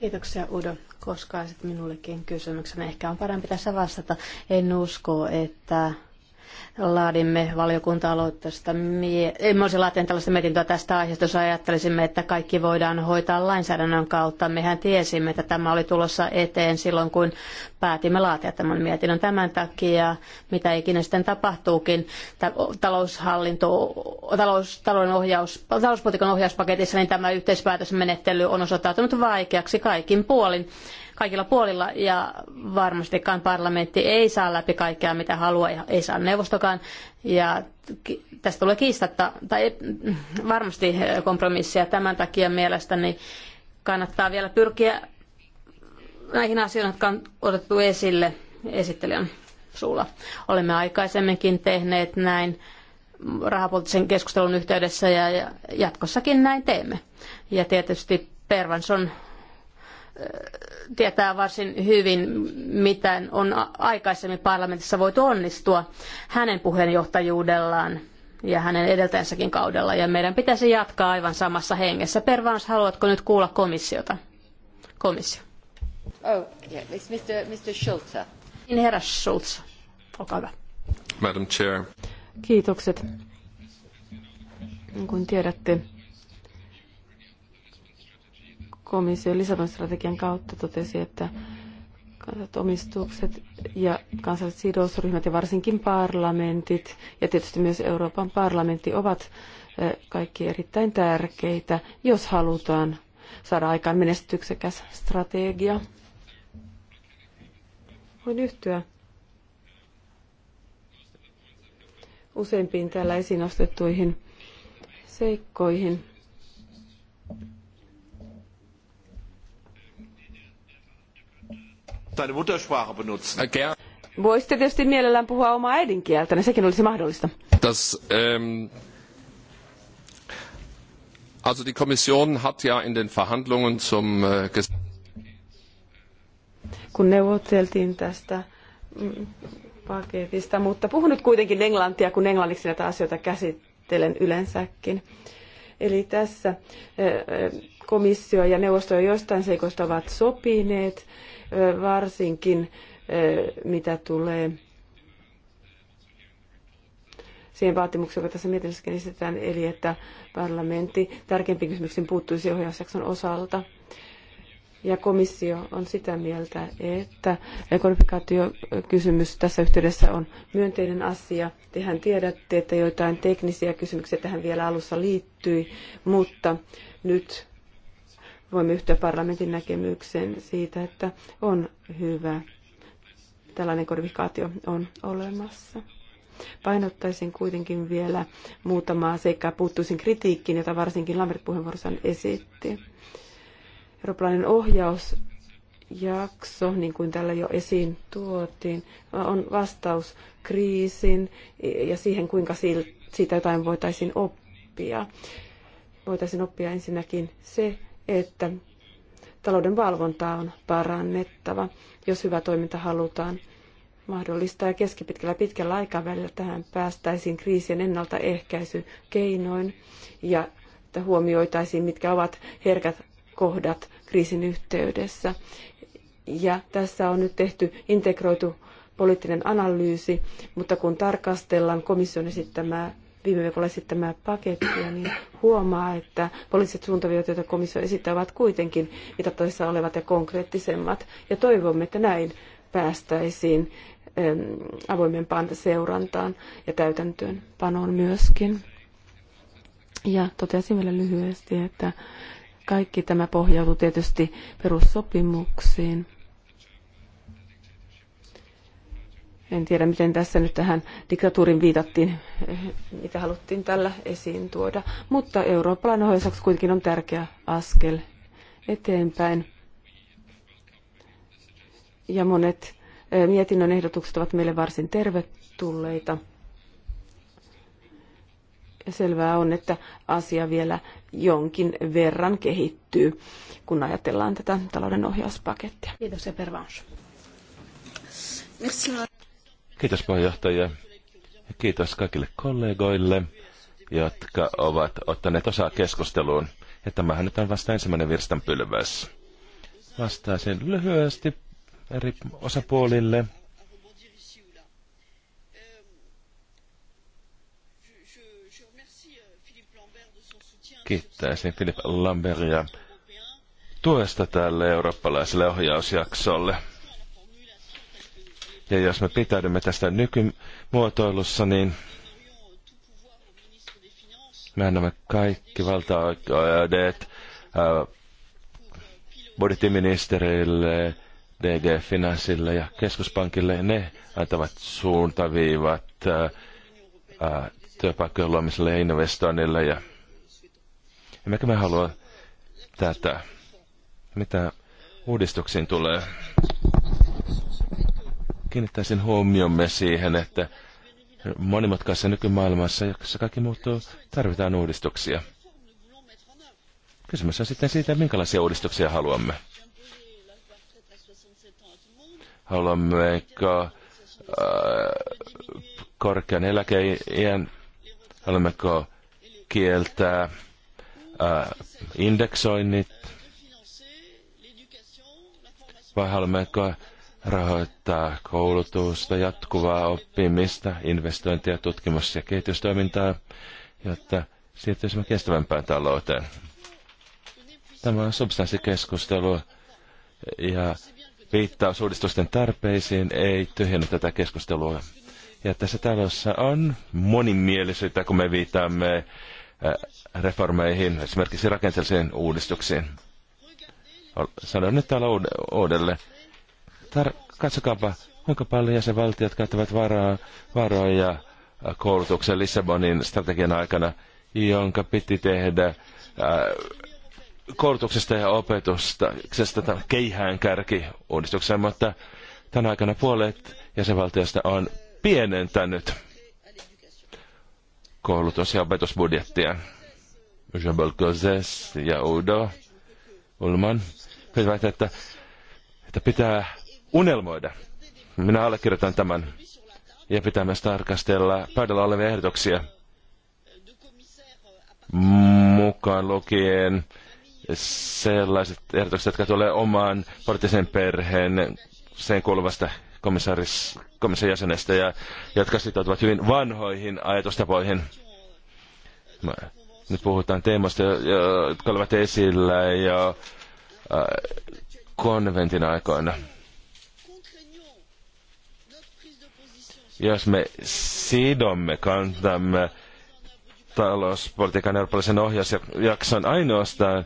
Kiitoksia Udo, koska minullekin kysymyksen. Ehkä on parempi tässä vastata. En usko, että laadimme valiokunta-aloitteesta, emme olisi laatineet tällaista mietintöä tästä aiheesta, jos ajattelisimme, että kaikki voidaan hoitaa lainsäädännön kautta. Mehän tiesimme, että tämä oli tulossa eteen silloin, kun päätimme laatia tämän mietinnön. Tämän takia, mitä ikinä sitten tapahtuukin, taloushallinto, talous, talouden ohjaus, talouspolitiikan ohjauspaketissa, niin tämä yhteispäätösmenettely on osoittautunut vaikeaksi kaikin puolin kaikilla puolilla ja varmastikaan parlamentti ei saa läpi kaikkea mitä haluaa ja ei saa neuvostokaan ja tästä tulee kiistatta tai varmasti kompromissia tämän takia mielestäni kannattaa vielä pyrkiä näihin asioihin, jotka on otettu esille esittelijän suulla. Olemme aikaisemminkin tehneet näin rahapoliittisen keskustelun yhteydessä ja jatkossakin näin teemme. Ja tietysti pervan on tietää varsin hyvin, miten on aikaisemmin parlamentissa voitu onnistua hänen puheenjohtajuudellaan ja hänen edeltäjänsäkin kaudella. Ja meidän pitäisi jatkaa aivan samassa hengessä. Pervans, haluatko nyt kuulla komissiota? Komissio. Oh, yeah, it's Mr. Mr. Schulz, Niin herra Schulz, olkaa hyvä. Madam Chair. Kiitokset. Niin kuin tiedätte, komissio Lisabon strategian kautta totesi, että kansalliset omistukset ja kansalliset sidosryhmät ja varsinkin parlamentit ja tietysti myös Euroopan parlamentti ovat kaikki erittäin tärkeitä, jos halutaan saada aikaan menestyksekäs strategia. Voin yhtyä useimpiin täällä esiin nostettuihin seikkoihin. Deine Muttersprache benutzen. Voisitte tietysti mielellään puhua omaa äidinkieltä, niin sekin olisi mahdollista. Das, ähm, also die Kommission hat ja in den Verhandlungen zum äh, kun neuvoteltiin tästä mm, paketista, mutta puhun nyt kuitenkin englantia, kun englanniksi näitä asioita käsittelen yleensäkin. Eli tässä äh, äh, komissio ja neuvosto jo jostain seikoista ovat sopineet varsinkin mitä tulee siihen vaatimukseen, joka tässä mietinnössä esitetään, eli että parlamentti tärkeimpiin kysymyksiin puuttuisi ohjausjakson osalta. Ja komissio on sitä mieltä, että kodifikaatiokysymys tässä yhteydessä on myönteinen asia. Tehän tiedätte, että joitain teknisiä kysymyksiä tähän vielä alussa liittyi, mutta nyt voimme yhtyä parlamentin näkemykseen siitä, että on hyvä. Tällainen kodifikaatio on olemassa. Painottaisin kuitenkin vielä muutamaa seikkaa, puuttuisin kritiikkiin, jota varsinkin Lambert puheenvuorossaan esitti. Eurooppalainen ohjaus jakso, niin kuin tällä jo esiin tuotiin, on vastaus kriisin ja siihen, kuinka siitä jotain voitaisiin oppia. Voitaisiin oppia ensinnäkin se, että talouden valvontaa on parannettava, jos hyvä toiminta halutaan mahdollistaa. Ja keskipitkällä pitkällä aikavälillä tähän päästäisiin kriisien ennaltaehkäisykeinoin ja että huomioitaisiin, mitkä ovat herkät kohdat kriisin yhteydessä. Ja tässä on nyt tehty integroitu poliittinen analyysi, mutta kun tarkastellaan komission esittämää viime viikolla esittämää pakettia, niin huomaa, että poliittiset suuntaviot, joita komissio esittää, ovat kuitenkin mitattavissa olevat ja konkreettisemmat. Ja toivomme, että näin päästäisiin avoimempaan seurantaan ja täytäntöönpanoon myöskin. Ja totesin vielä lyhyesti, että kaikki tämä pohjautuu tietysti perussopimuksiin – En tiedä, miten tässä nyt tähän diktatuurin viitattiin, mitä haluttiin tällä esiin tuoda. Mutta eurooppalainen ohjausjakso kuitenkin on tärkeä askel eteenpäin. Ja monet eh, mietinnön ehdotukset ovat meille varsin tervetulleita. Selvää on, että asia vielä jonkin verran kehittyy, kun ajatellaan tätä talouden ohjauspakettia. Kiitos ja pervaus. Kiitos puheenjohtaja ja kiitos kaikille kollegoille, jotka ovat ottaneet osaa keskusteluun. Ja tämähän nyt on vasta ensimmäinen pylväs. Vastaisin lyhyesti eri osapuolille. Kiittäisin Philip Lamberia tuesta tälle eurooppalaiselle ohjausjaksolle. Ja jos me pitäydymme tästä nykymuotoilussa, niin me annamme kaikki valtaoikeudet äh, budjettiministerille, DG Finansille ja keskuspankille. Ne antavat suuntaviivat äh, äh, työpaikkojen luomiselle ja investoinnille. Ja Emmekä me halua tätä. Mitä uudistuksiin tulee? kiinnittäisin huomiomme siihen, että monimutkaisessa nykymaailmassa, jossa kaikki muuttuu, tarvitaan uudistuksia. Kysymys on sitten siitä, minkälaisia uudistuksia haluamme. Haluammeko äh, korkean eläkeiän, haluammeko kieltää äh, indeksoinnit, vai haluammeko rahoittaa koulutusta, jatkuvaa oppimista, investointia, tutkimus- ja kehitystoimintaa, jotta siirtyisimme kestävämpään talouteen. Tämä on substanssikeskustelu ja viittaus uudistusten tarpeisiin ei tyhjennä tätä keskustelua. Ja tässä talossa on monimielisyyttä, kun me viitaamme äh, reformeihin, esimerkiksi rakenteellisiin uudistuksiin. Sanon nyt täällä uudelleen Tar- katsokaapa, kuinka paljon jäsenvaltiot käyttävät varaa, varoja äh, koulutuksen Lissabonin strategian aikana, jonka piti tehdä ää, äh, koulutuksesta ja opetuksesta keihään kärki uudistuksen, mutta tänä aikana puolet jäsenvaltiosta on pienentänyt koulutus- ja opetusbudjettia. Jean-Paul ja Udo Ulman pitävät, että, että pitää unelmoida. Minä allekirjoitan tämän. Ja pitää myös tarkastella pöydällä olevia ehdotuksia. Mukaan lukien sellaiset ehdotukset, jotka tulee omaan poliittisen perheen sen kuuluvasta komission jäsenestä ja jotka sitoutuvat hyvin vanhoihin ajatustapoihin. Nyt puhutaan teemoista, jotka olivat esillä jo äh, konventin aikoina. Jos me sidomme kantamme talouspolitiikan eurooppalaisen ohjausjakson ainoastaan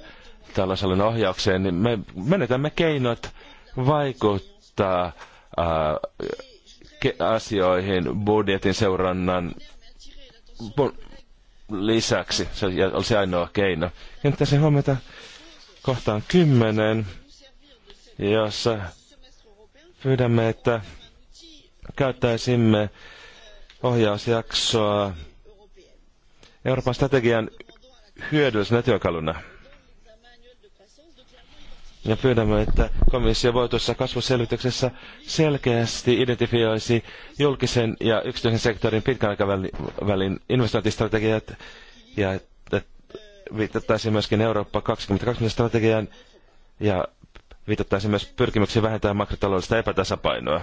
tällaisen ohjaukseen, niin me menetämme keinot vaikuttaa ää, äh, asioihin budjetin seurannan lisäksi. Se olisi ainoa keino. Kenttäisin huomiota kohtaan kymmenen, jossa pyydämme, että käyttäisimme ohjausjaksoa Euroopan strategian hyödyllisenä työkaluna. Ja pyydämme, että komissio voi tuossa kasvuselvityksessä selkeästi identifioisi julkisen ja yksityisen sektorin pitkän aikavälin investointistrategiat ja että viitattaisiin myöskin Eurooppa 2020 strategian ja viitattaisiin myös pyrkimyksiin vähentää makrotaloudellista epätasapainoa.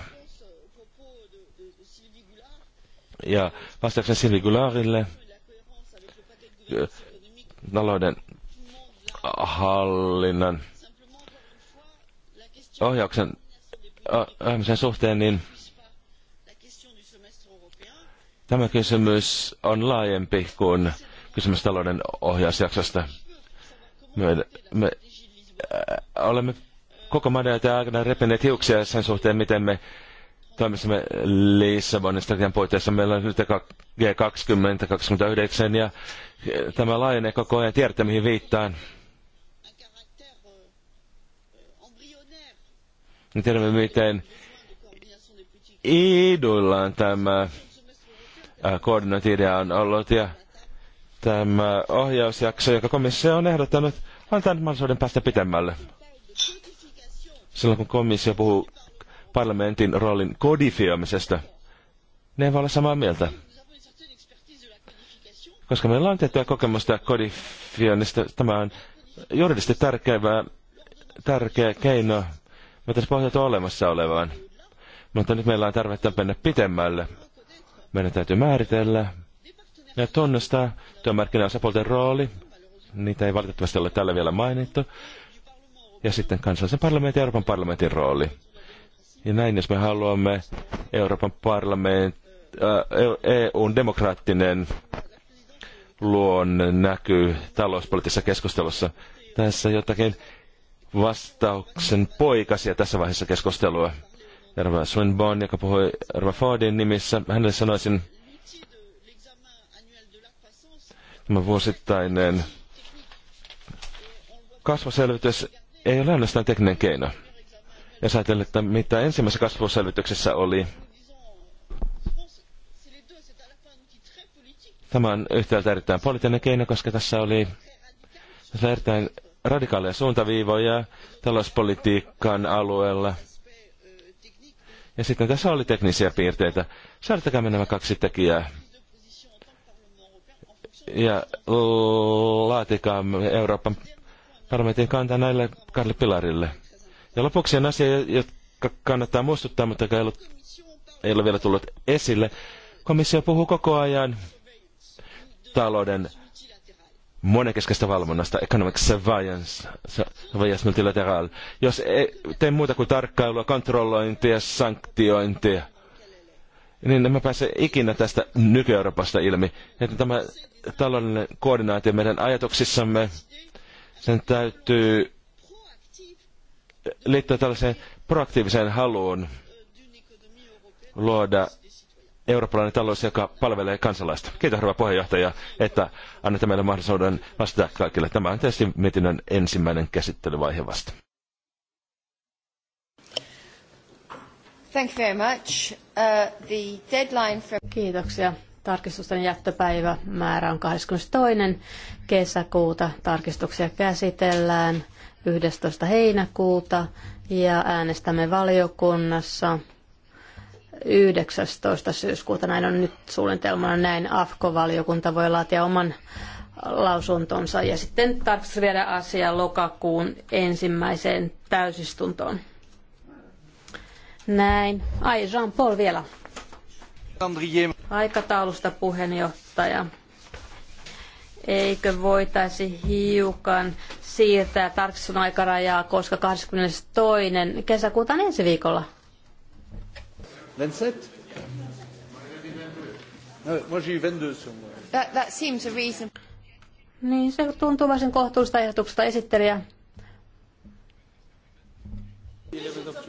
Ja vastauksena Sylvi Gularille talouden hallinnan ohjauksen äh, ohjaamisen suhteen, niin tämä kysymys on laajempi kuin kysymys talouden ohjausjaksosta. Me, me äh, olemme koko maailman aikana repineet hiuksia sen suhteen, miten me toimisimme Lissabonin strategian puitteissa. Meillä on nyt G20, 29 ja tämä laajenee koko ajan. Tiedätte, mihin viittaan. Me tiedämme, miten iduillaan tämä koordinointi-idea on ollut ja tämä ohjausjakso, joka komissio on ehdottanut, antaa mahdollisuuden päästä pitemmälle. Silloin kun komissio puhuu parlamentin roolin kodifioimisesta, ne eivät ole samaa mieltä. Koska meillä on tiettyä kokemusta kodifioinnista, tämä on juridisesti tärkeä, tärkeä keino, mitä se pohjautuu olemassa olevaan. Mutta nyt meillä on tarvetta mennä pitemmälle. Meidän täytyy määritellä ja tunnustaa työmarkkinaosapuolten rooli. Niitä ei valitettavasti ole tällä vielä mainittu. Ja sitten kansallisen parlamentin ja Euroopan parlamentin rooli. Ja näin, jos me haluamme Euroopan parlamentin, äh, EUn e demokraattinen luonne näkyy talouspoliittisessa keskustelussa. Tässä jotakin vastauksen poikasia tässä vaiheessa keskustelua. Erva Swinburne, joka puhui Erva Fordin nimissä, hänelle sanoisin, tämä vuosittainen kasvaselvitys ei ole ainoastaan tekninen keino jos ajatellaan, että mitä ensimmäisessä kasvuselvityksessä oli, Tämä on yhtäältä erittäin poliittinen keino, koska tässä oli erittäin radikaaleja suuntaviivoja talouspolitiikan alueella. Ja sitten tässä oli teknisiä piirteitä. Säädettäkäämme nämä kaksi tekijää. Ja laatikaamme Euroopan parlamentin kanta näille kahdelle pilarille. Ja lopuksi on asia, jotka kannattaa muistuttaa, mutta joka ei, ollut, ei ole vielä tullut esille. Komissio puhuu koko ajan talouden monenkeskeistä valvonnasta, economic surveillance, surveillance multilateral. Jos ei tee muuta kuin tarkkailua, kontrollointia, sanktiointia, niin emme pääse ikinä tästä nyky-Euroopasta ilmi. Että tämä taloudellinen koordinaatio meidän ajatuksissamme, sen täytyy liittyy tällaiseen proaktiiviseen haluun luoda eurooppalainen talous, joka palvelee kansalaista. Kiitos, hyvä puheenjohtaja, että annatte meille mahdollisuuden vastata kaikille. Tämä on tietysti mietinnön ensimmäinen käsittelyvaihe vasta. Thank you very much. Uh, the deadline for... Kiitoksia. Tarkistusten jättöpäivä määrä on 22. kesäkuuta. Tarkistuksia käsitellään 11. heinäkuuta ja äänestämme valiokunnassa 19. syyskuuta. Näin on nyt suunnitelmana. Näin AFKO-valiokunta voi laatia oman lausuntonsa ja sitten tarvitsisi viedä asia lokakuun ensimmäiseen täysistuntoon. Näin. Ai Jean-Paul vielä. Aikataulusta puheenjohtaja. Eikö voitaisi hiukan siirtää tarkistuksen aikarajaa, koska 22. kesäkuuta on ensi viikolla. No, that, that seems a reason. Niin, se tuntuu varsin kohtuullista ehdotuksesta esittelijä. 11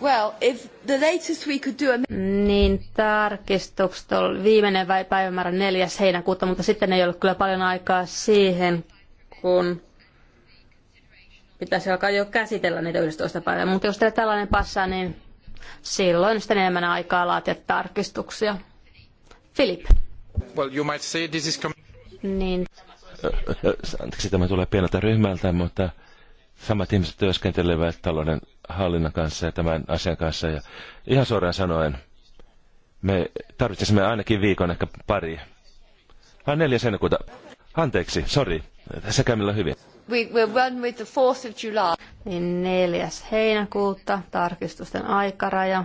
Well, if the latest we could do a... Niin tarkistukset oli viimeinen päivämäärä 4. heinäkuuta, mutta sitten ei ollut kyllä paljon aikaa siihen, kun pitäisi alkaa jo käsitellä niitä 11 päivää. Mutta jos teillä tällainen passaa, niin silloin sitten enemmän aikaa laatia tarkistuksia. Filip. Well, you might say this is... Niin. Äh, äh, anteeksi, tämä tulee pieneltä ryhmältä, mutta samat ihmiset työskentelevät talouden hallinnan kanssa ja tämän asian kanssa. Ja ihan suoraan sanoen, me tarvitsisimme ainakin viikon, ehkä pari. Ah, neljä senakuuta. Anteeksi, sori. Sekä millä hyvin we will run with the 4th of July. Niin 4. heinäkuuta tarkistusten aikaraja.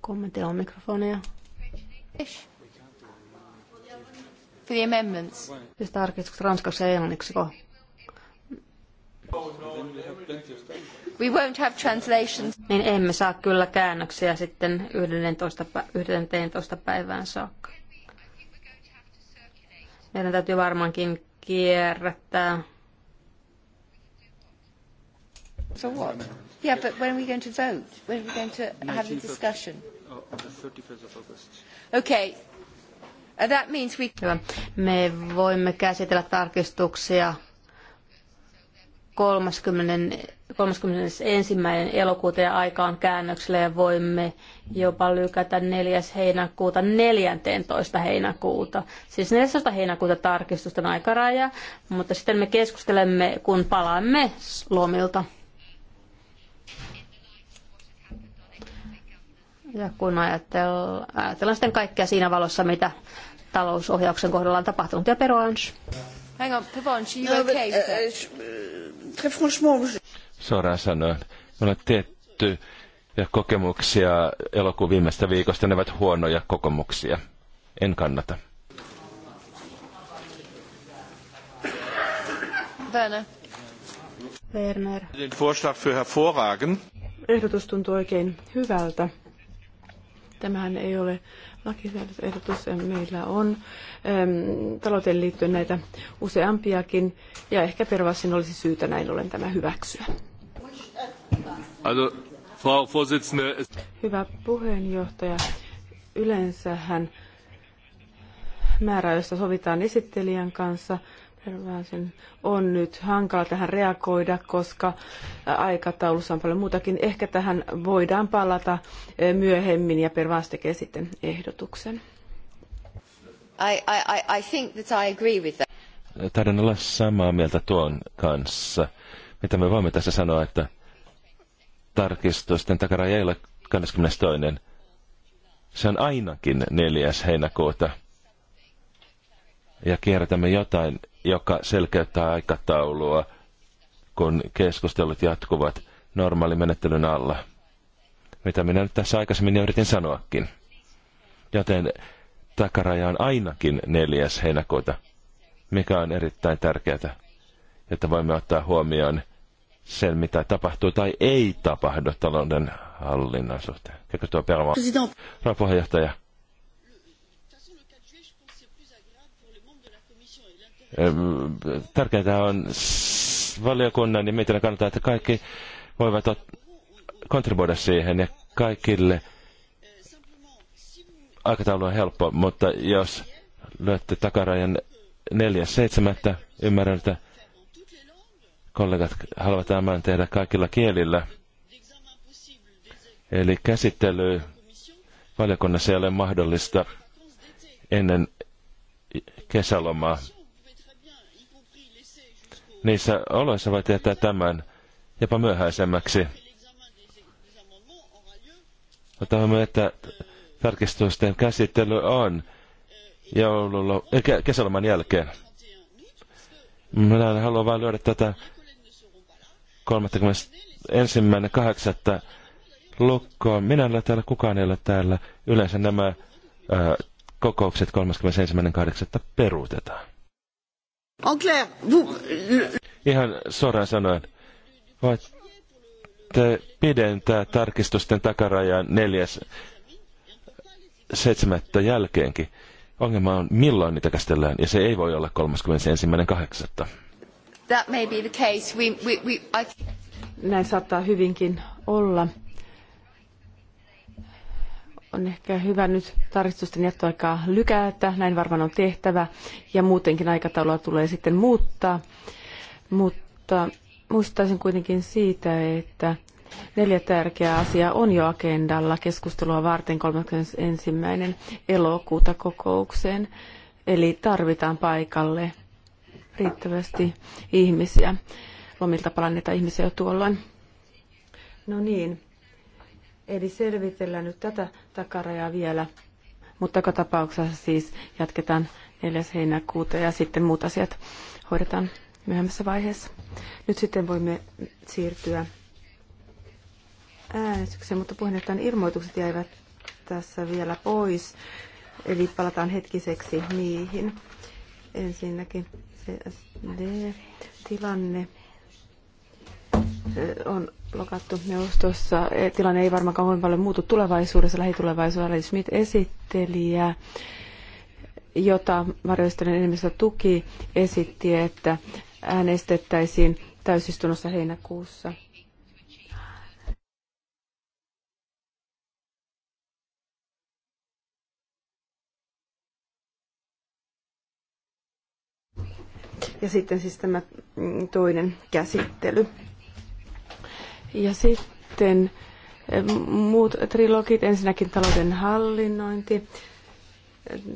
Kommentti on mikrofonia. For the amendments. Siis tarkistukset ranskaksi ja englanniksi. We won't have translations. Niin emme saa kyllä käännöksiä sitten 11, pä- 11 päivään saakka. Meidän täytyy varmaankin kierrättää. So what? Yeah, but when are we going to vote? When are we going to have a discussion? On the 31st of August. Okay. Uh, that means we... Hyvä. Me voimme käsitellä tarkistuksia 30 31. elokuuta ja aikaan käännöksellä ja voimme jopa lykätä 4. heinäkuuta 14. heinäkuuta. Siis 14. heinäkuuta tarkistusten aikaraja, mutta sitten me keskustelemme, kun palaamme lomilta. Ja kun ajatellaan, ajatellaan sitten kaikkea siinä valossa, mitä talousohjauksen kohdalla on tapahtunut. Ja Peruans. Hang on, Peruans, you no, okay? but, uh, suoraan sanoen. Me ollaan tietty ja kokemuksia elokuun viimeistä viikosta, ne ovat huonoja kokemuksia. En kannata. Werner. Werner. Den Vorschlag für hervorragend. Ehdotus tuntuu oikein hyvältä. Tämähän ei ole lakisäädösehdotus. Meillä on äm, talouteen liittyen näitä useampiakin, ja ehkä Pervassin olisi syytä näin ollen tämä hyväksyä. Hyvä puheenjohtaja. Yleensähän määräystä sovitaan esittelijän kanssa. Perväisen on nyt hankala tähän reagoida, koska aikataulussa on paljon muutakin. Ehkä tähän voidaan palata eh, myöhemmin ja Pervaas tekee sitten ehdotuksen. I, I, I think that I agree with that. Taidan olla samaa mieltä tuon kanssa. Mitä me voimme tässä sanoa, että tarkistusten takaraja ei ole 22. Se on ainakin 4. heinäkuuta. Ja kierrätämme jotain, joka selkeyttää aikataulua, kun keskustelut jatkuvat normaalimenettelyn alla. Mitä minä nyt tässä aikaisemmin jo yritin sanoakin. Joten takaraja on ainakin 4. heinäkuuta, mikä on erittäin tärkeää, että voimme ottaa huomioon sen, mitä tapahtuu tai ei tapahdu talouden hallinnan suhteen. Eikö tuo pelmaa? Rouva puheenjohtaja. Tärkeintä on valiokunnan ja mietinnän kannalta, että kaikki voivat kontribuoida siihen ja kaikille aikataulu on helppo, mutta jos löytte takarajan 4.7. ymmärrän, että kollegat haluavat tämän tehdä kaikilla kielillä. Eli käsittely valiokunnassa ei ole mahdollista ennen kesälomaa. Niissä oloissa voi tehdä tämän jopa myöhäisemmäksi. Otamme, että tarkistusten käsittely on joululo- eh, kesäloman jälkeen. Minä haluan vain lyödä tätä 31.8. lukkoon. Minä en ole täällä, kukaan ei ole täällä. Yleensä nämä ää, kokoukset 31.8. peruutetaan. En clair, vous... Ihan suoraan sanoen, voitte pidentää tarkistusten takarajan 4.7. jälkeenkin. Ongelma on, milloin niitä käsitellään, ja se ei voi olla 31.8. That may be the case. We, we, we, I... Näin saattaa hyvinkin olla. On ehkä hyvä nyt tarkistusten jättöaikaa lykätä, näin varmaan on tehtävä, ja muutenkin aikataulua tulee sitten muuttaa. Mutta muistaisin kuitenkin siitä, että neljä tärkeää asiaa on jo agendalla keskustelua varten 31. elokuuta kokoukseen, eli tarvitaan paikalle riittävästi ihmisiä. Lomilta palanneita ihmisiä jo tuolloin. No niin. Eli selvitellään nyt tätä takarajaa vielä. Mutta joka tapauksessa siis jatketaan 4. heinäkuuta ja sitten muut asiat hoidetaan myöhemmässä vaiheessa. Nyt sitten voimme siirtyä äänestykseen, mutta puheenjohtajan ilmoitukset jäivät tässä vielä pois. Eli palataan hetkiseksi niihin. Ensinnäkin tilanne eh, on lokattu neuvostossa. Eh, tilanne ei varmaan kauhean paljon muutu tulevaisuudessa, lähitulevaisuudessa. Eli Smith esittelijä, jota varjoistelijan enemmistö tuki, esitti, että äänestettäisiin täysistunnossa heinäkuussa – ja sitten siis tämä mm, toinen käsittely. Ja sitten eh, muut trilogit, ensinnäkin talouden hallinnointi.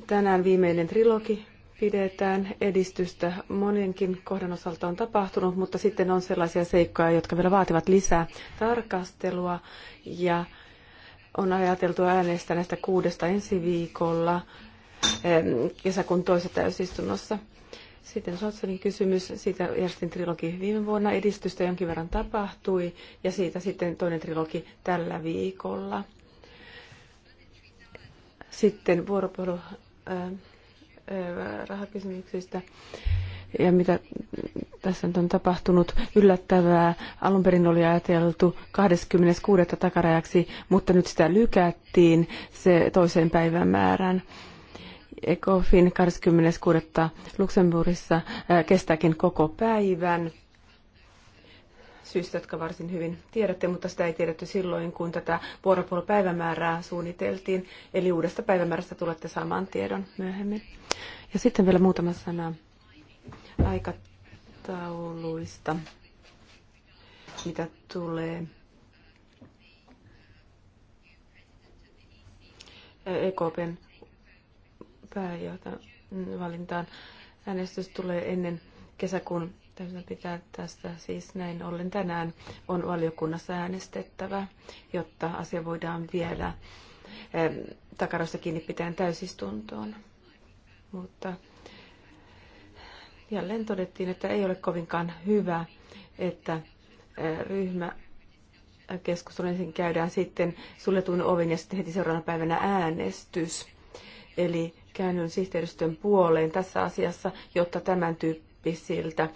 Tänään viimeinen trilogi pidetään. Edistystä monenkin kohdan osalta on tapahtunut, mutta sitten on sellaisia seikkoja, jotka vielä vaativat lisää tarkastelua. Ja on ajateltu äänestää näistä kuudesta ensi viikolla eh, kesäkuun toisessa täysistunnossa. Sitten Schwarzerin kysymys, siitä järjestin trilogi viime vuonna, edistystä jonkin verran tapahtui ja siitä sitten toinen trilogi tällä viikolla. Sitten vuoropuhelu äh, äh, rahakysymyksistä ja mitä tässä nyt on tapahtunut yllättävää. Alun perin oli ajateltu 26. takarajaksi, mutta nyt sitä lykättiin se toiseen päivän määrään. ECOFIN 26. Luxemburgissa kestääkin koko päivän syystä, jotka varsin hyvin tiedätte, mutta sitä ei tiedetty silloin, kun tätä vuoropuolupäivämäärää suunniteltiin. Eli uudesta päivämäärästä tulette saamaan tiedon myöhemmin. Ja sitten vielä muutama sana aikatauluista, mitä tulee EKPn pääjohtajan valintaan. Äänestys tulee ennen kesäkuun täytyy pitää tästä siis näin ollen tänään on valiokunnassa äänestettävä, jotta asia voidaan vielä takarossa kiinni pitäen täysistuntoon. Mutta jälleen todettiin, että ei ole kovinkaan hyvä, että e, ryhmä keskustelu ensin käydään sitten suljetun ovin ja sitten heti seuraavana päivänä äänestys. Eli käännyn sihteeristön puoleen tässä asiassa, jotta tämän tyyppisiltä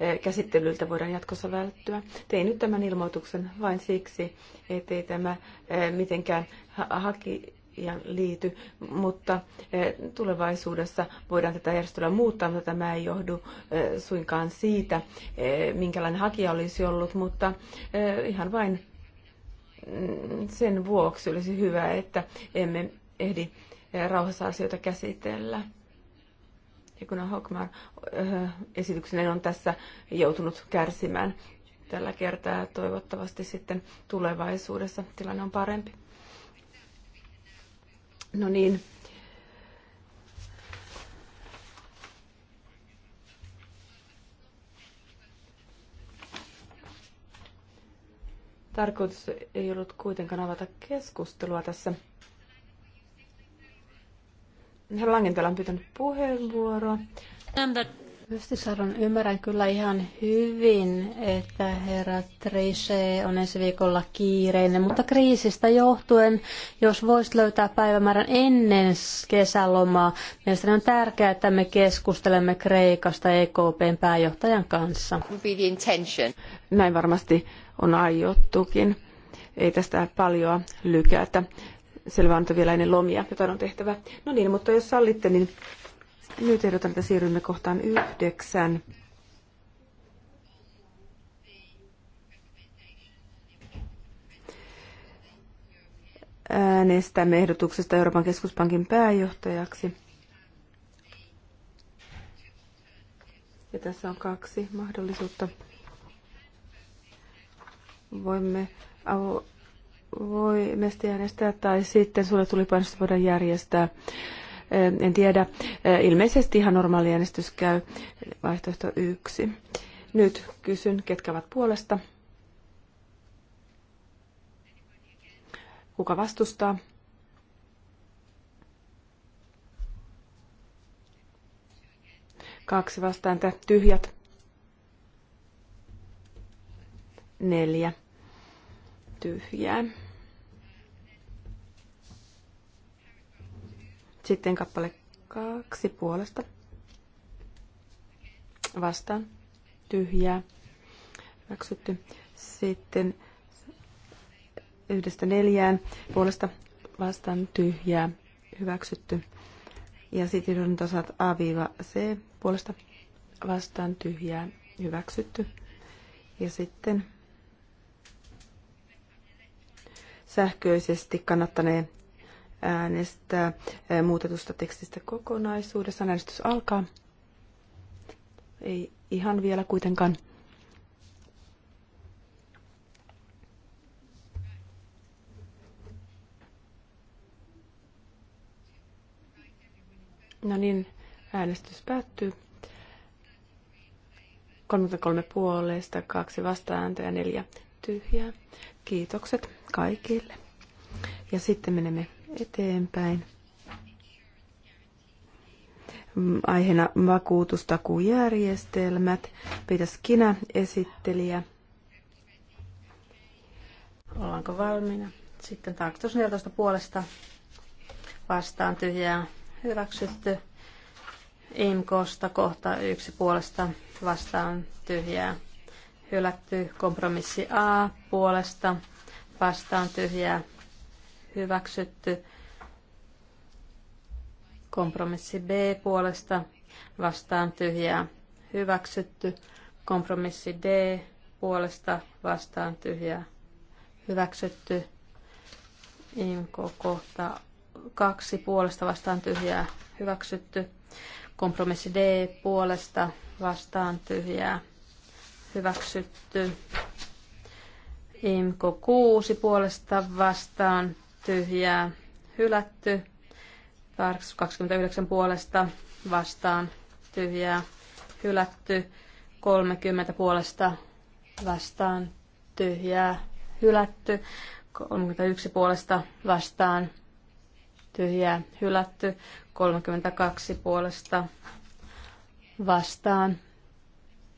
eh, käsittelyltä voidaan jatkossa välttyä. Tein nyt tämän ilmoituksen vain siksi, ettei tämä eh, mitenkään hakijan liity, mutta eh, tulevaisuudessa voidaan tätä järjestelyä muuttaa, mutta tämä ei johdu suinkaan siitä, minkälainen hakija olisi ollut, mutta ihan vain mm, sen vuoksi olisi hyvä, että emme ehdi rauhassa asioita käsitellä. Ja kun äh, öö, esityksen on tässä joutunut kärsimään tällä kertaa toivottavasti sitten tulevaisuudessa tilanne on parempi. No niin. Tarkoitus ei ollut kuitenkaan avata keskustelua tässä Herra Langentola on pyytänyt puheenvuoroa. Pystisaron ymmärrän kyllä ihan hyvin, että herra Trise on ensi viikolla kiireinen, mutta kriisistä johtuen, jos voisit löytää päivämäärän ennen kesälomaa, mielestäni on tärkeää, että me keskustelemme Kreikasta EKPn pääjohtajan kanssa. Näin varmasti on aiottukin. Ei tästä paljon lykätä selvä antoi vielä ennen lomia, jotain on tehtävä. No niin, mutta jos sallitte, niin nyt ehdotan, että siirrymme kohtaan yhdeksän. Äänestämme ehdotuksesta Euroopan keskuspankin pääjohtajaksi. Ja tässä on kaksi mahdollisuutta. Voimme voi mesti äänestää tai sitten sulle tulipainosta voidaan järjestää. En tiedä. Ilmeisesti ihan normaali äänestys käy. Vaihtoehto yksi. Nyt kysyn, ketkä ovat puolesta. Kuka vastustaa? Kaksi vastaanta. Tyhjät. Neljä. Tyhjää. Sitten kappale kaksi puolesta. Vastaan. Tyhjää. Hyväksytty. Sitten yhdestä neljään puolesta vastaan tyhjää. Hyväksytty. Ja sitten on tasat A-C puolesta vastaan tyhjää. Hyväksytty. Ja sitten sähköisesti kannattaneen äänestää muutetusta tekstistä kokonaisuudessaan. Äänestys alkaa. Ei ihan vielä kuitenkaan. No niin, äänestys päättyy. 33 puolesta, kaksi vastaääntä ja neljä tyhjää. Kiitokset kaikille. Ja sitten menemme eteenpäin. Aiheena vakuutustakujärjestelmät. Peter Skinä esittelijä. Ollaanko valmiina? Sitten tarkistus 14 puolesta vastaan tyhjää hyväksytty. Imkosta kohta yksi puolesta vastaan tyhjää hylätty. Kompromissi A puolesta vastaan tyhjää hyväksytty. Kompromissi B puolesta vastaan tyhjää hyväksytty. Kompromissi D puolesta vastaan tyhjää hyväksytty. Inko kohta kaksi puolesta vastaan tyhjää hyväksytty. Kompromissi D puolesta vastaan tyhjää hyväksytty. Imko 6 puolesta vastaan tyhjää hylätty. Tarkistus 29 puolesta vastaan tyhjää hylätty. 30 puolesta vastaan tyhjää hylätty. 31 puolesta vastaan tyhjää hylätty. 32 puolesta vastaan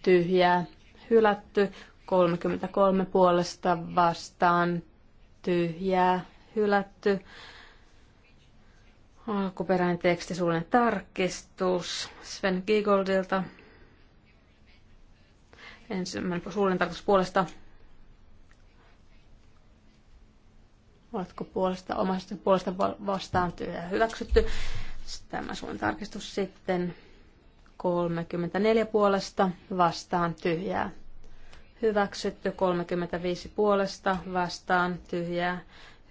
tyhjää hylätty. 33 puolesta vastaan tyhjää hylätty. Alkuperäinen teksti suullinen tarkistus Sven Giegoldilta. Ensimmäinen suullinen tarkistus puolesta. Oletko puolesta omasta puolesta vastaan työ hyväksytty? Tämä suullinen tarkistus sitten 34 puolesta vastaan tyhjää hyväksytty, 35 puolesta vastaan tyhjää,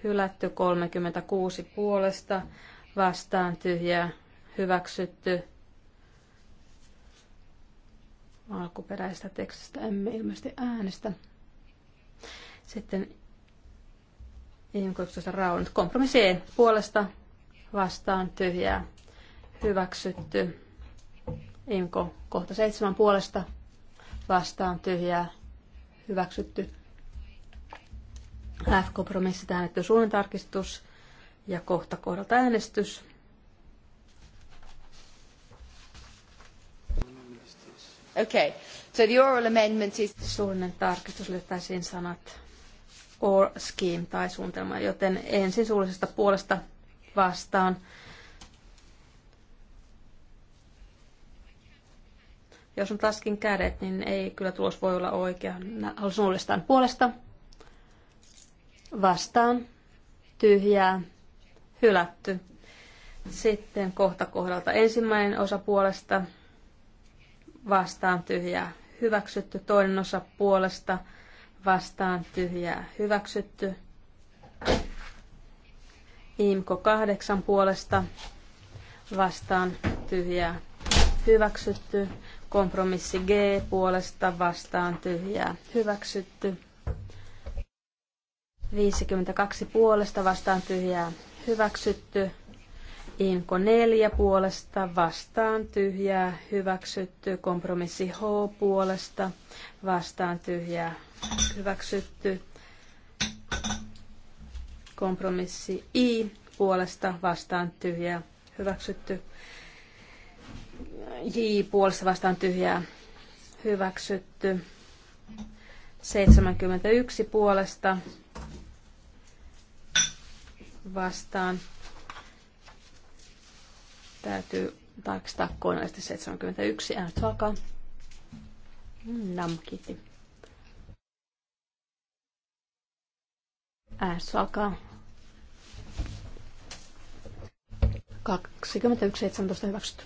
hylätty 36 puolesta, vastaan tyhjää, hyväksytty. Alkuperäistä tekstistä emme ilmeisesti äänestä. Sitten Inkoituksessa raunut kompromissien puolesta vastaan tyhjää hyväksytty. Imko kohta seitsemän puolesta vastaan tyhjää hyväksytty. F-kompromissi tähän nyt suunnan tarkistus ja kohta kohdalta äänestys. Okay. So the oral amendment is... Suunnan tarkistus lyötäisiin sanat or scheme tai suunnitelma, joten ensin suullisesta puolesta vastaan. Jos on taskin kädet, niin ei kyllä tulos voi olla oikea. Haluaisin uudestaan puolesta vastaan tyhjää hylätty. Sitten kohta kohdalta ensimmäinen osa puolesta vastaan tyhjää hyväksytty, toinen osa puolesta vastaan tyhjää hyväksytty. Imko kahdeksan puolesta vastaan tyhjää hyväksytty. Kompromissi G puolesta vastaan tyhjää hyväksytty. 52 puolesta vastaan tyhjää hyväksytty. Inko 4 puolesta vastaan tyhjää hyväksytty. Kompromissi H puolesta vastaan tyhjää hyväksytty. Kompromissi I puolesta vastaan tyhjää hyväksytty. J puolesta vastaan tyhjää hyväksytty. 71 puolesta vastaan. Täytyy tarkistaa koneellisesti 71. Äänet alkaa. Namkiti. Äänestys alkaa. 21.17 hyväksytty.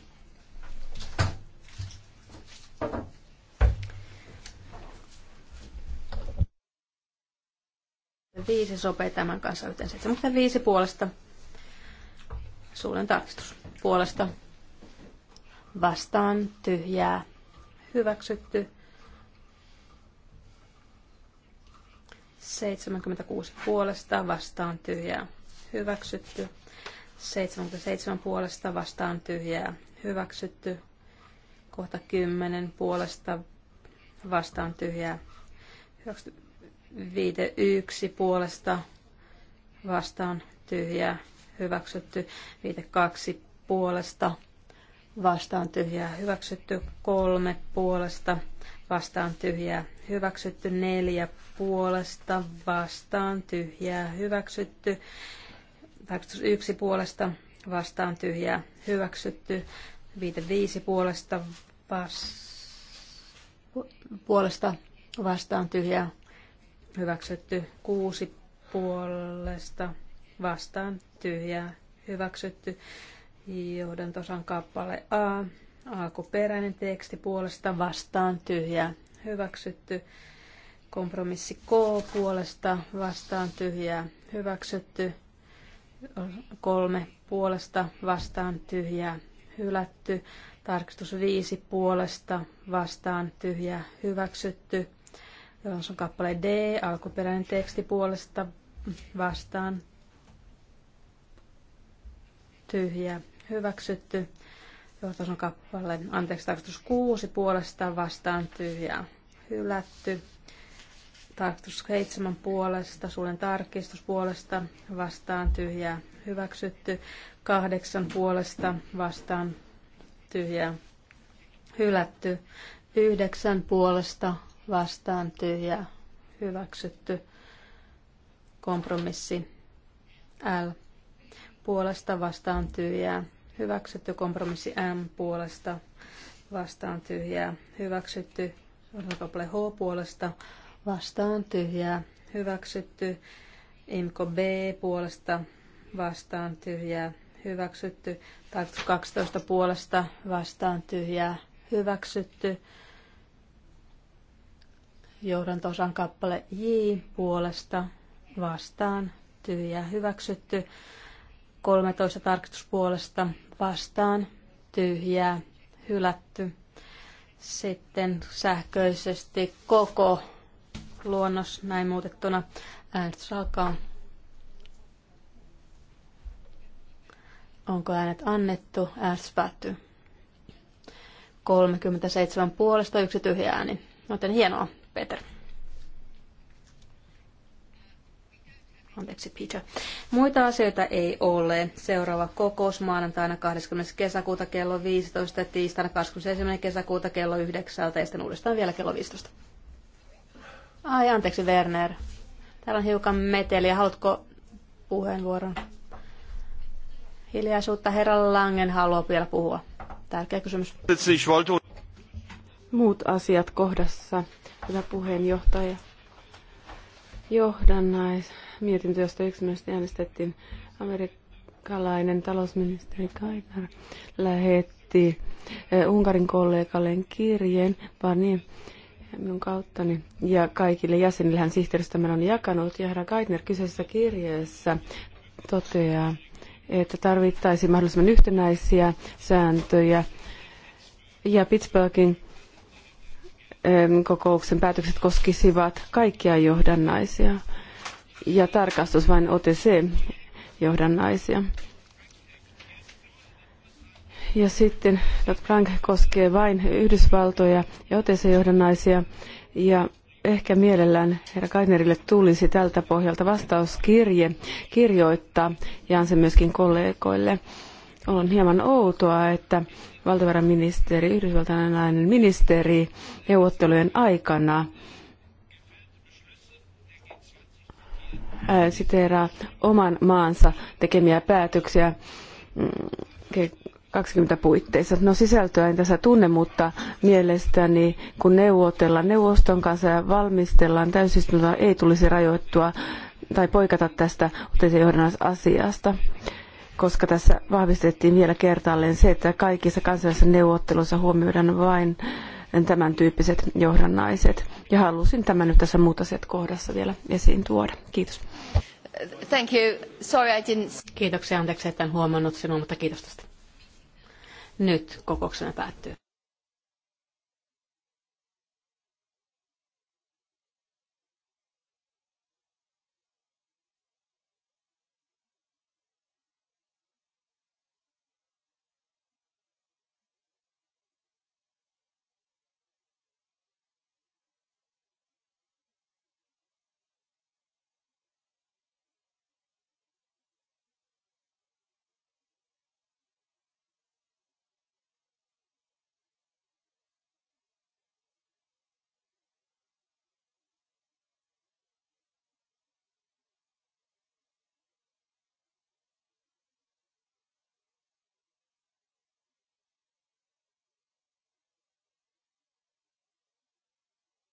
Viisi sopii tämän kanssa yhteen. 75 puolesta. suulen tarkistus. Puolesta. Vastaan tyhjää. Hyväksytty. 76 puolesta vastaan tyhjää. Hyväksytty. 77 puolesta vastaan tyhjää. Hyväksytty. Kohta 10 puolesta vastaan tyhjää. Hyväksytty Viite yksi puolesta vastaan tyhjää hyväksytty. Viite kaksi puolesta vastaan tyhjää hyväksytty. Kolme puolesta vastaan tyhjää hyväksytty. Neljä puolesta vastaan tyhjää hyväksytty. Tarkistus yksi puolesta vastaan tyhjää hyväksytty. Viite viisi puolesta, vas... puolesta vastaan tyhjää Hyväksytty kuusi puolesta vastaan tyhjää. Hyväksytty johdantosan kappale A. Alkuperäinen teksti puolesta vastaan tyhjää. Hyväksytty kompromissi K puolesta vastaan tyhjää. Hyväksytty kolme puolesta vastaan tyhjää. Hylätty tarkistus viisi puolesta vastaan tyhjää. Hyväksytty jossa on kappale D, alkuperäinen teksti puolesta vastaan. Tyhjä, hyväksytty. Tuossa on kappale, anteeksi, tarkoitus 6 puolesta vastaan tyhjää, hylätty. Tarkastus 7 puolesta, suuren tarkistus puolesta vastaan tyhjää, hyväksytty. 8 puolesta vastaan tyhjää, hylätty. 9 puolesta vastaan tyhjä, hyväksytty kompromissi L puolesta vastaan tyhjää hyväksytty kompromissi M puolesta vastaan tyhjää hyväksytty kappale H puolesta vastaan tyhjää hyväksytty Imko B puolesta vastaan tyhjää hyväksytty tai 12 puolesta vastaan tyhjää hyväksytty johdantosan kappale J puolesta vastaan tyhjää hyväksytty. 13 tarkistuspuolesta vastaan tyhjää hylätty. Sitten sähköisesti koko luonnos näin muutettuna. Äänestys alkaa. Onko äänet annettu? Äänestys päättyy. 37 puolesta yksi tyhjä ääni. Joten hienoa. Peter. Anteeksi, Peter. Muita asioita ei ole. Seuraava kokous maanantaina 20. kesäkuuta kello 15, tiistaina 21. kesäkuuta kello 9 ja sitten uudestaan vielä kello 15. Ai, anteeksi Werner. Täällä on hiukan meteliä. Haluatko puheenvuoron? Hiljaisuutta herra Langen haluaa vielä puhua. Tärkeä kysymys. Muut asiat kohdassa hyvä puheenjohtaja. Johdannais mietintö, josta yksimielisesti äänestettiin. Amerikkalainen talousministeri Kainar lähetti eh, Unkarin kollegalleen kirjeen, vaan niin, minun kauttani ja kaikille jäsenille hän sihteeristä on jakanut. Ja herra Kaitner kyseisessä kirjeessä toteaa, että tarvittaisiin mahdollisimman yhtenäisiä sääntöjä. Ja Pittsburghin kokouksen päätökset koskisivat kaikkia johdannaisia ja tarkastus vain OTC-johdannaisia. Ja sitten Dodd-Frank koskee vain Yhdysvaltoja ja OTC-johdannaisia ja ehkä mielellään herra Kainerille tulisi tältä pohjalta vastauskirje kirjoittaa, jaan sen myöskin kollegoille. On hieman outoa, että valtiovarainministeri, yhdysvaltalainen ministeri neuvottelujen aikana siteeraa oman maansa tekemiä päätöksiä 20 mm, puitteissa. No sisältöä en tässä tunne, mutta mielestäni kun neuvotellaan neuvoston kanssa ja valmistellaan täysistuntoa, ei tulisi rajoittua tai poikata tästä otteeseen johdannas asiasta koska tässä vahvistettiin vielä kertaalleen se, että kaikissa kansallisissa neuvotteluissa huomioidaan vain tämän tyyppiset johdannaiset. Ja halusin tämän nyt tässä muutasiat kohdassa vielä esiin tuoda. Kiitos. Thank you. Sorry I didn't... Kiitoksia, anteeksi, että en huomannut sinua, mutta kiitos tästä. Nyt kokouksemme päättyy.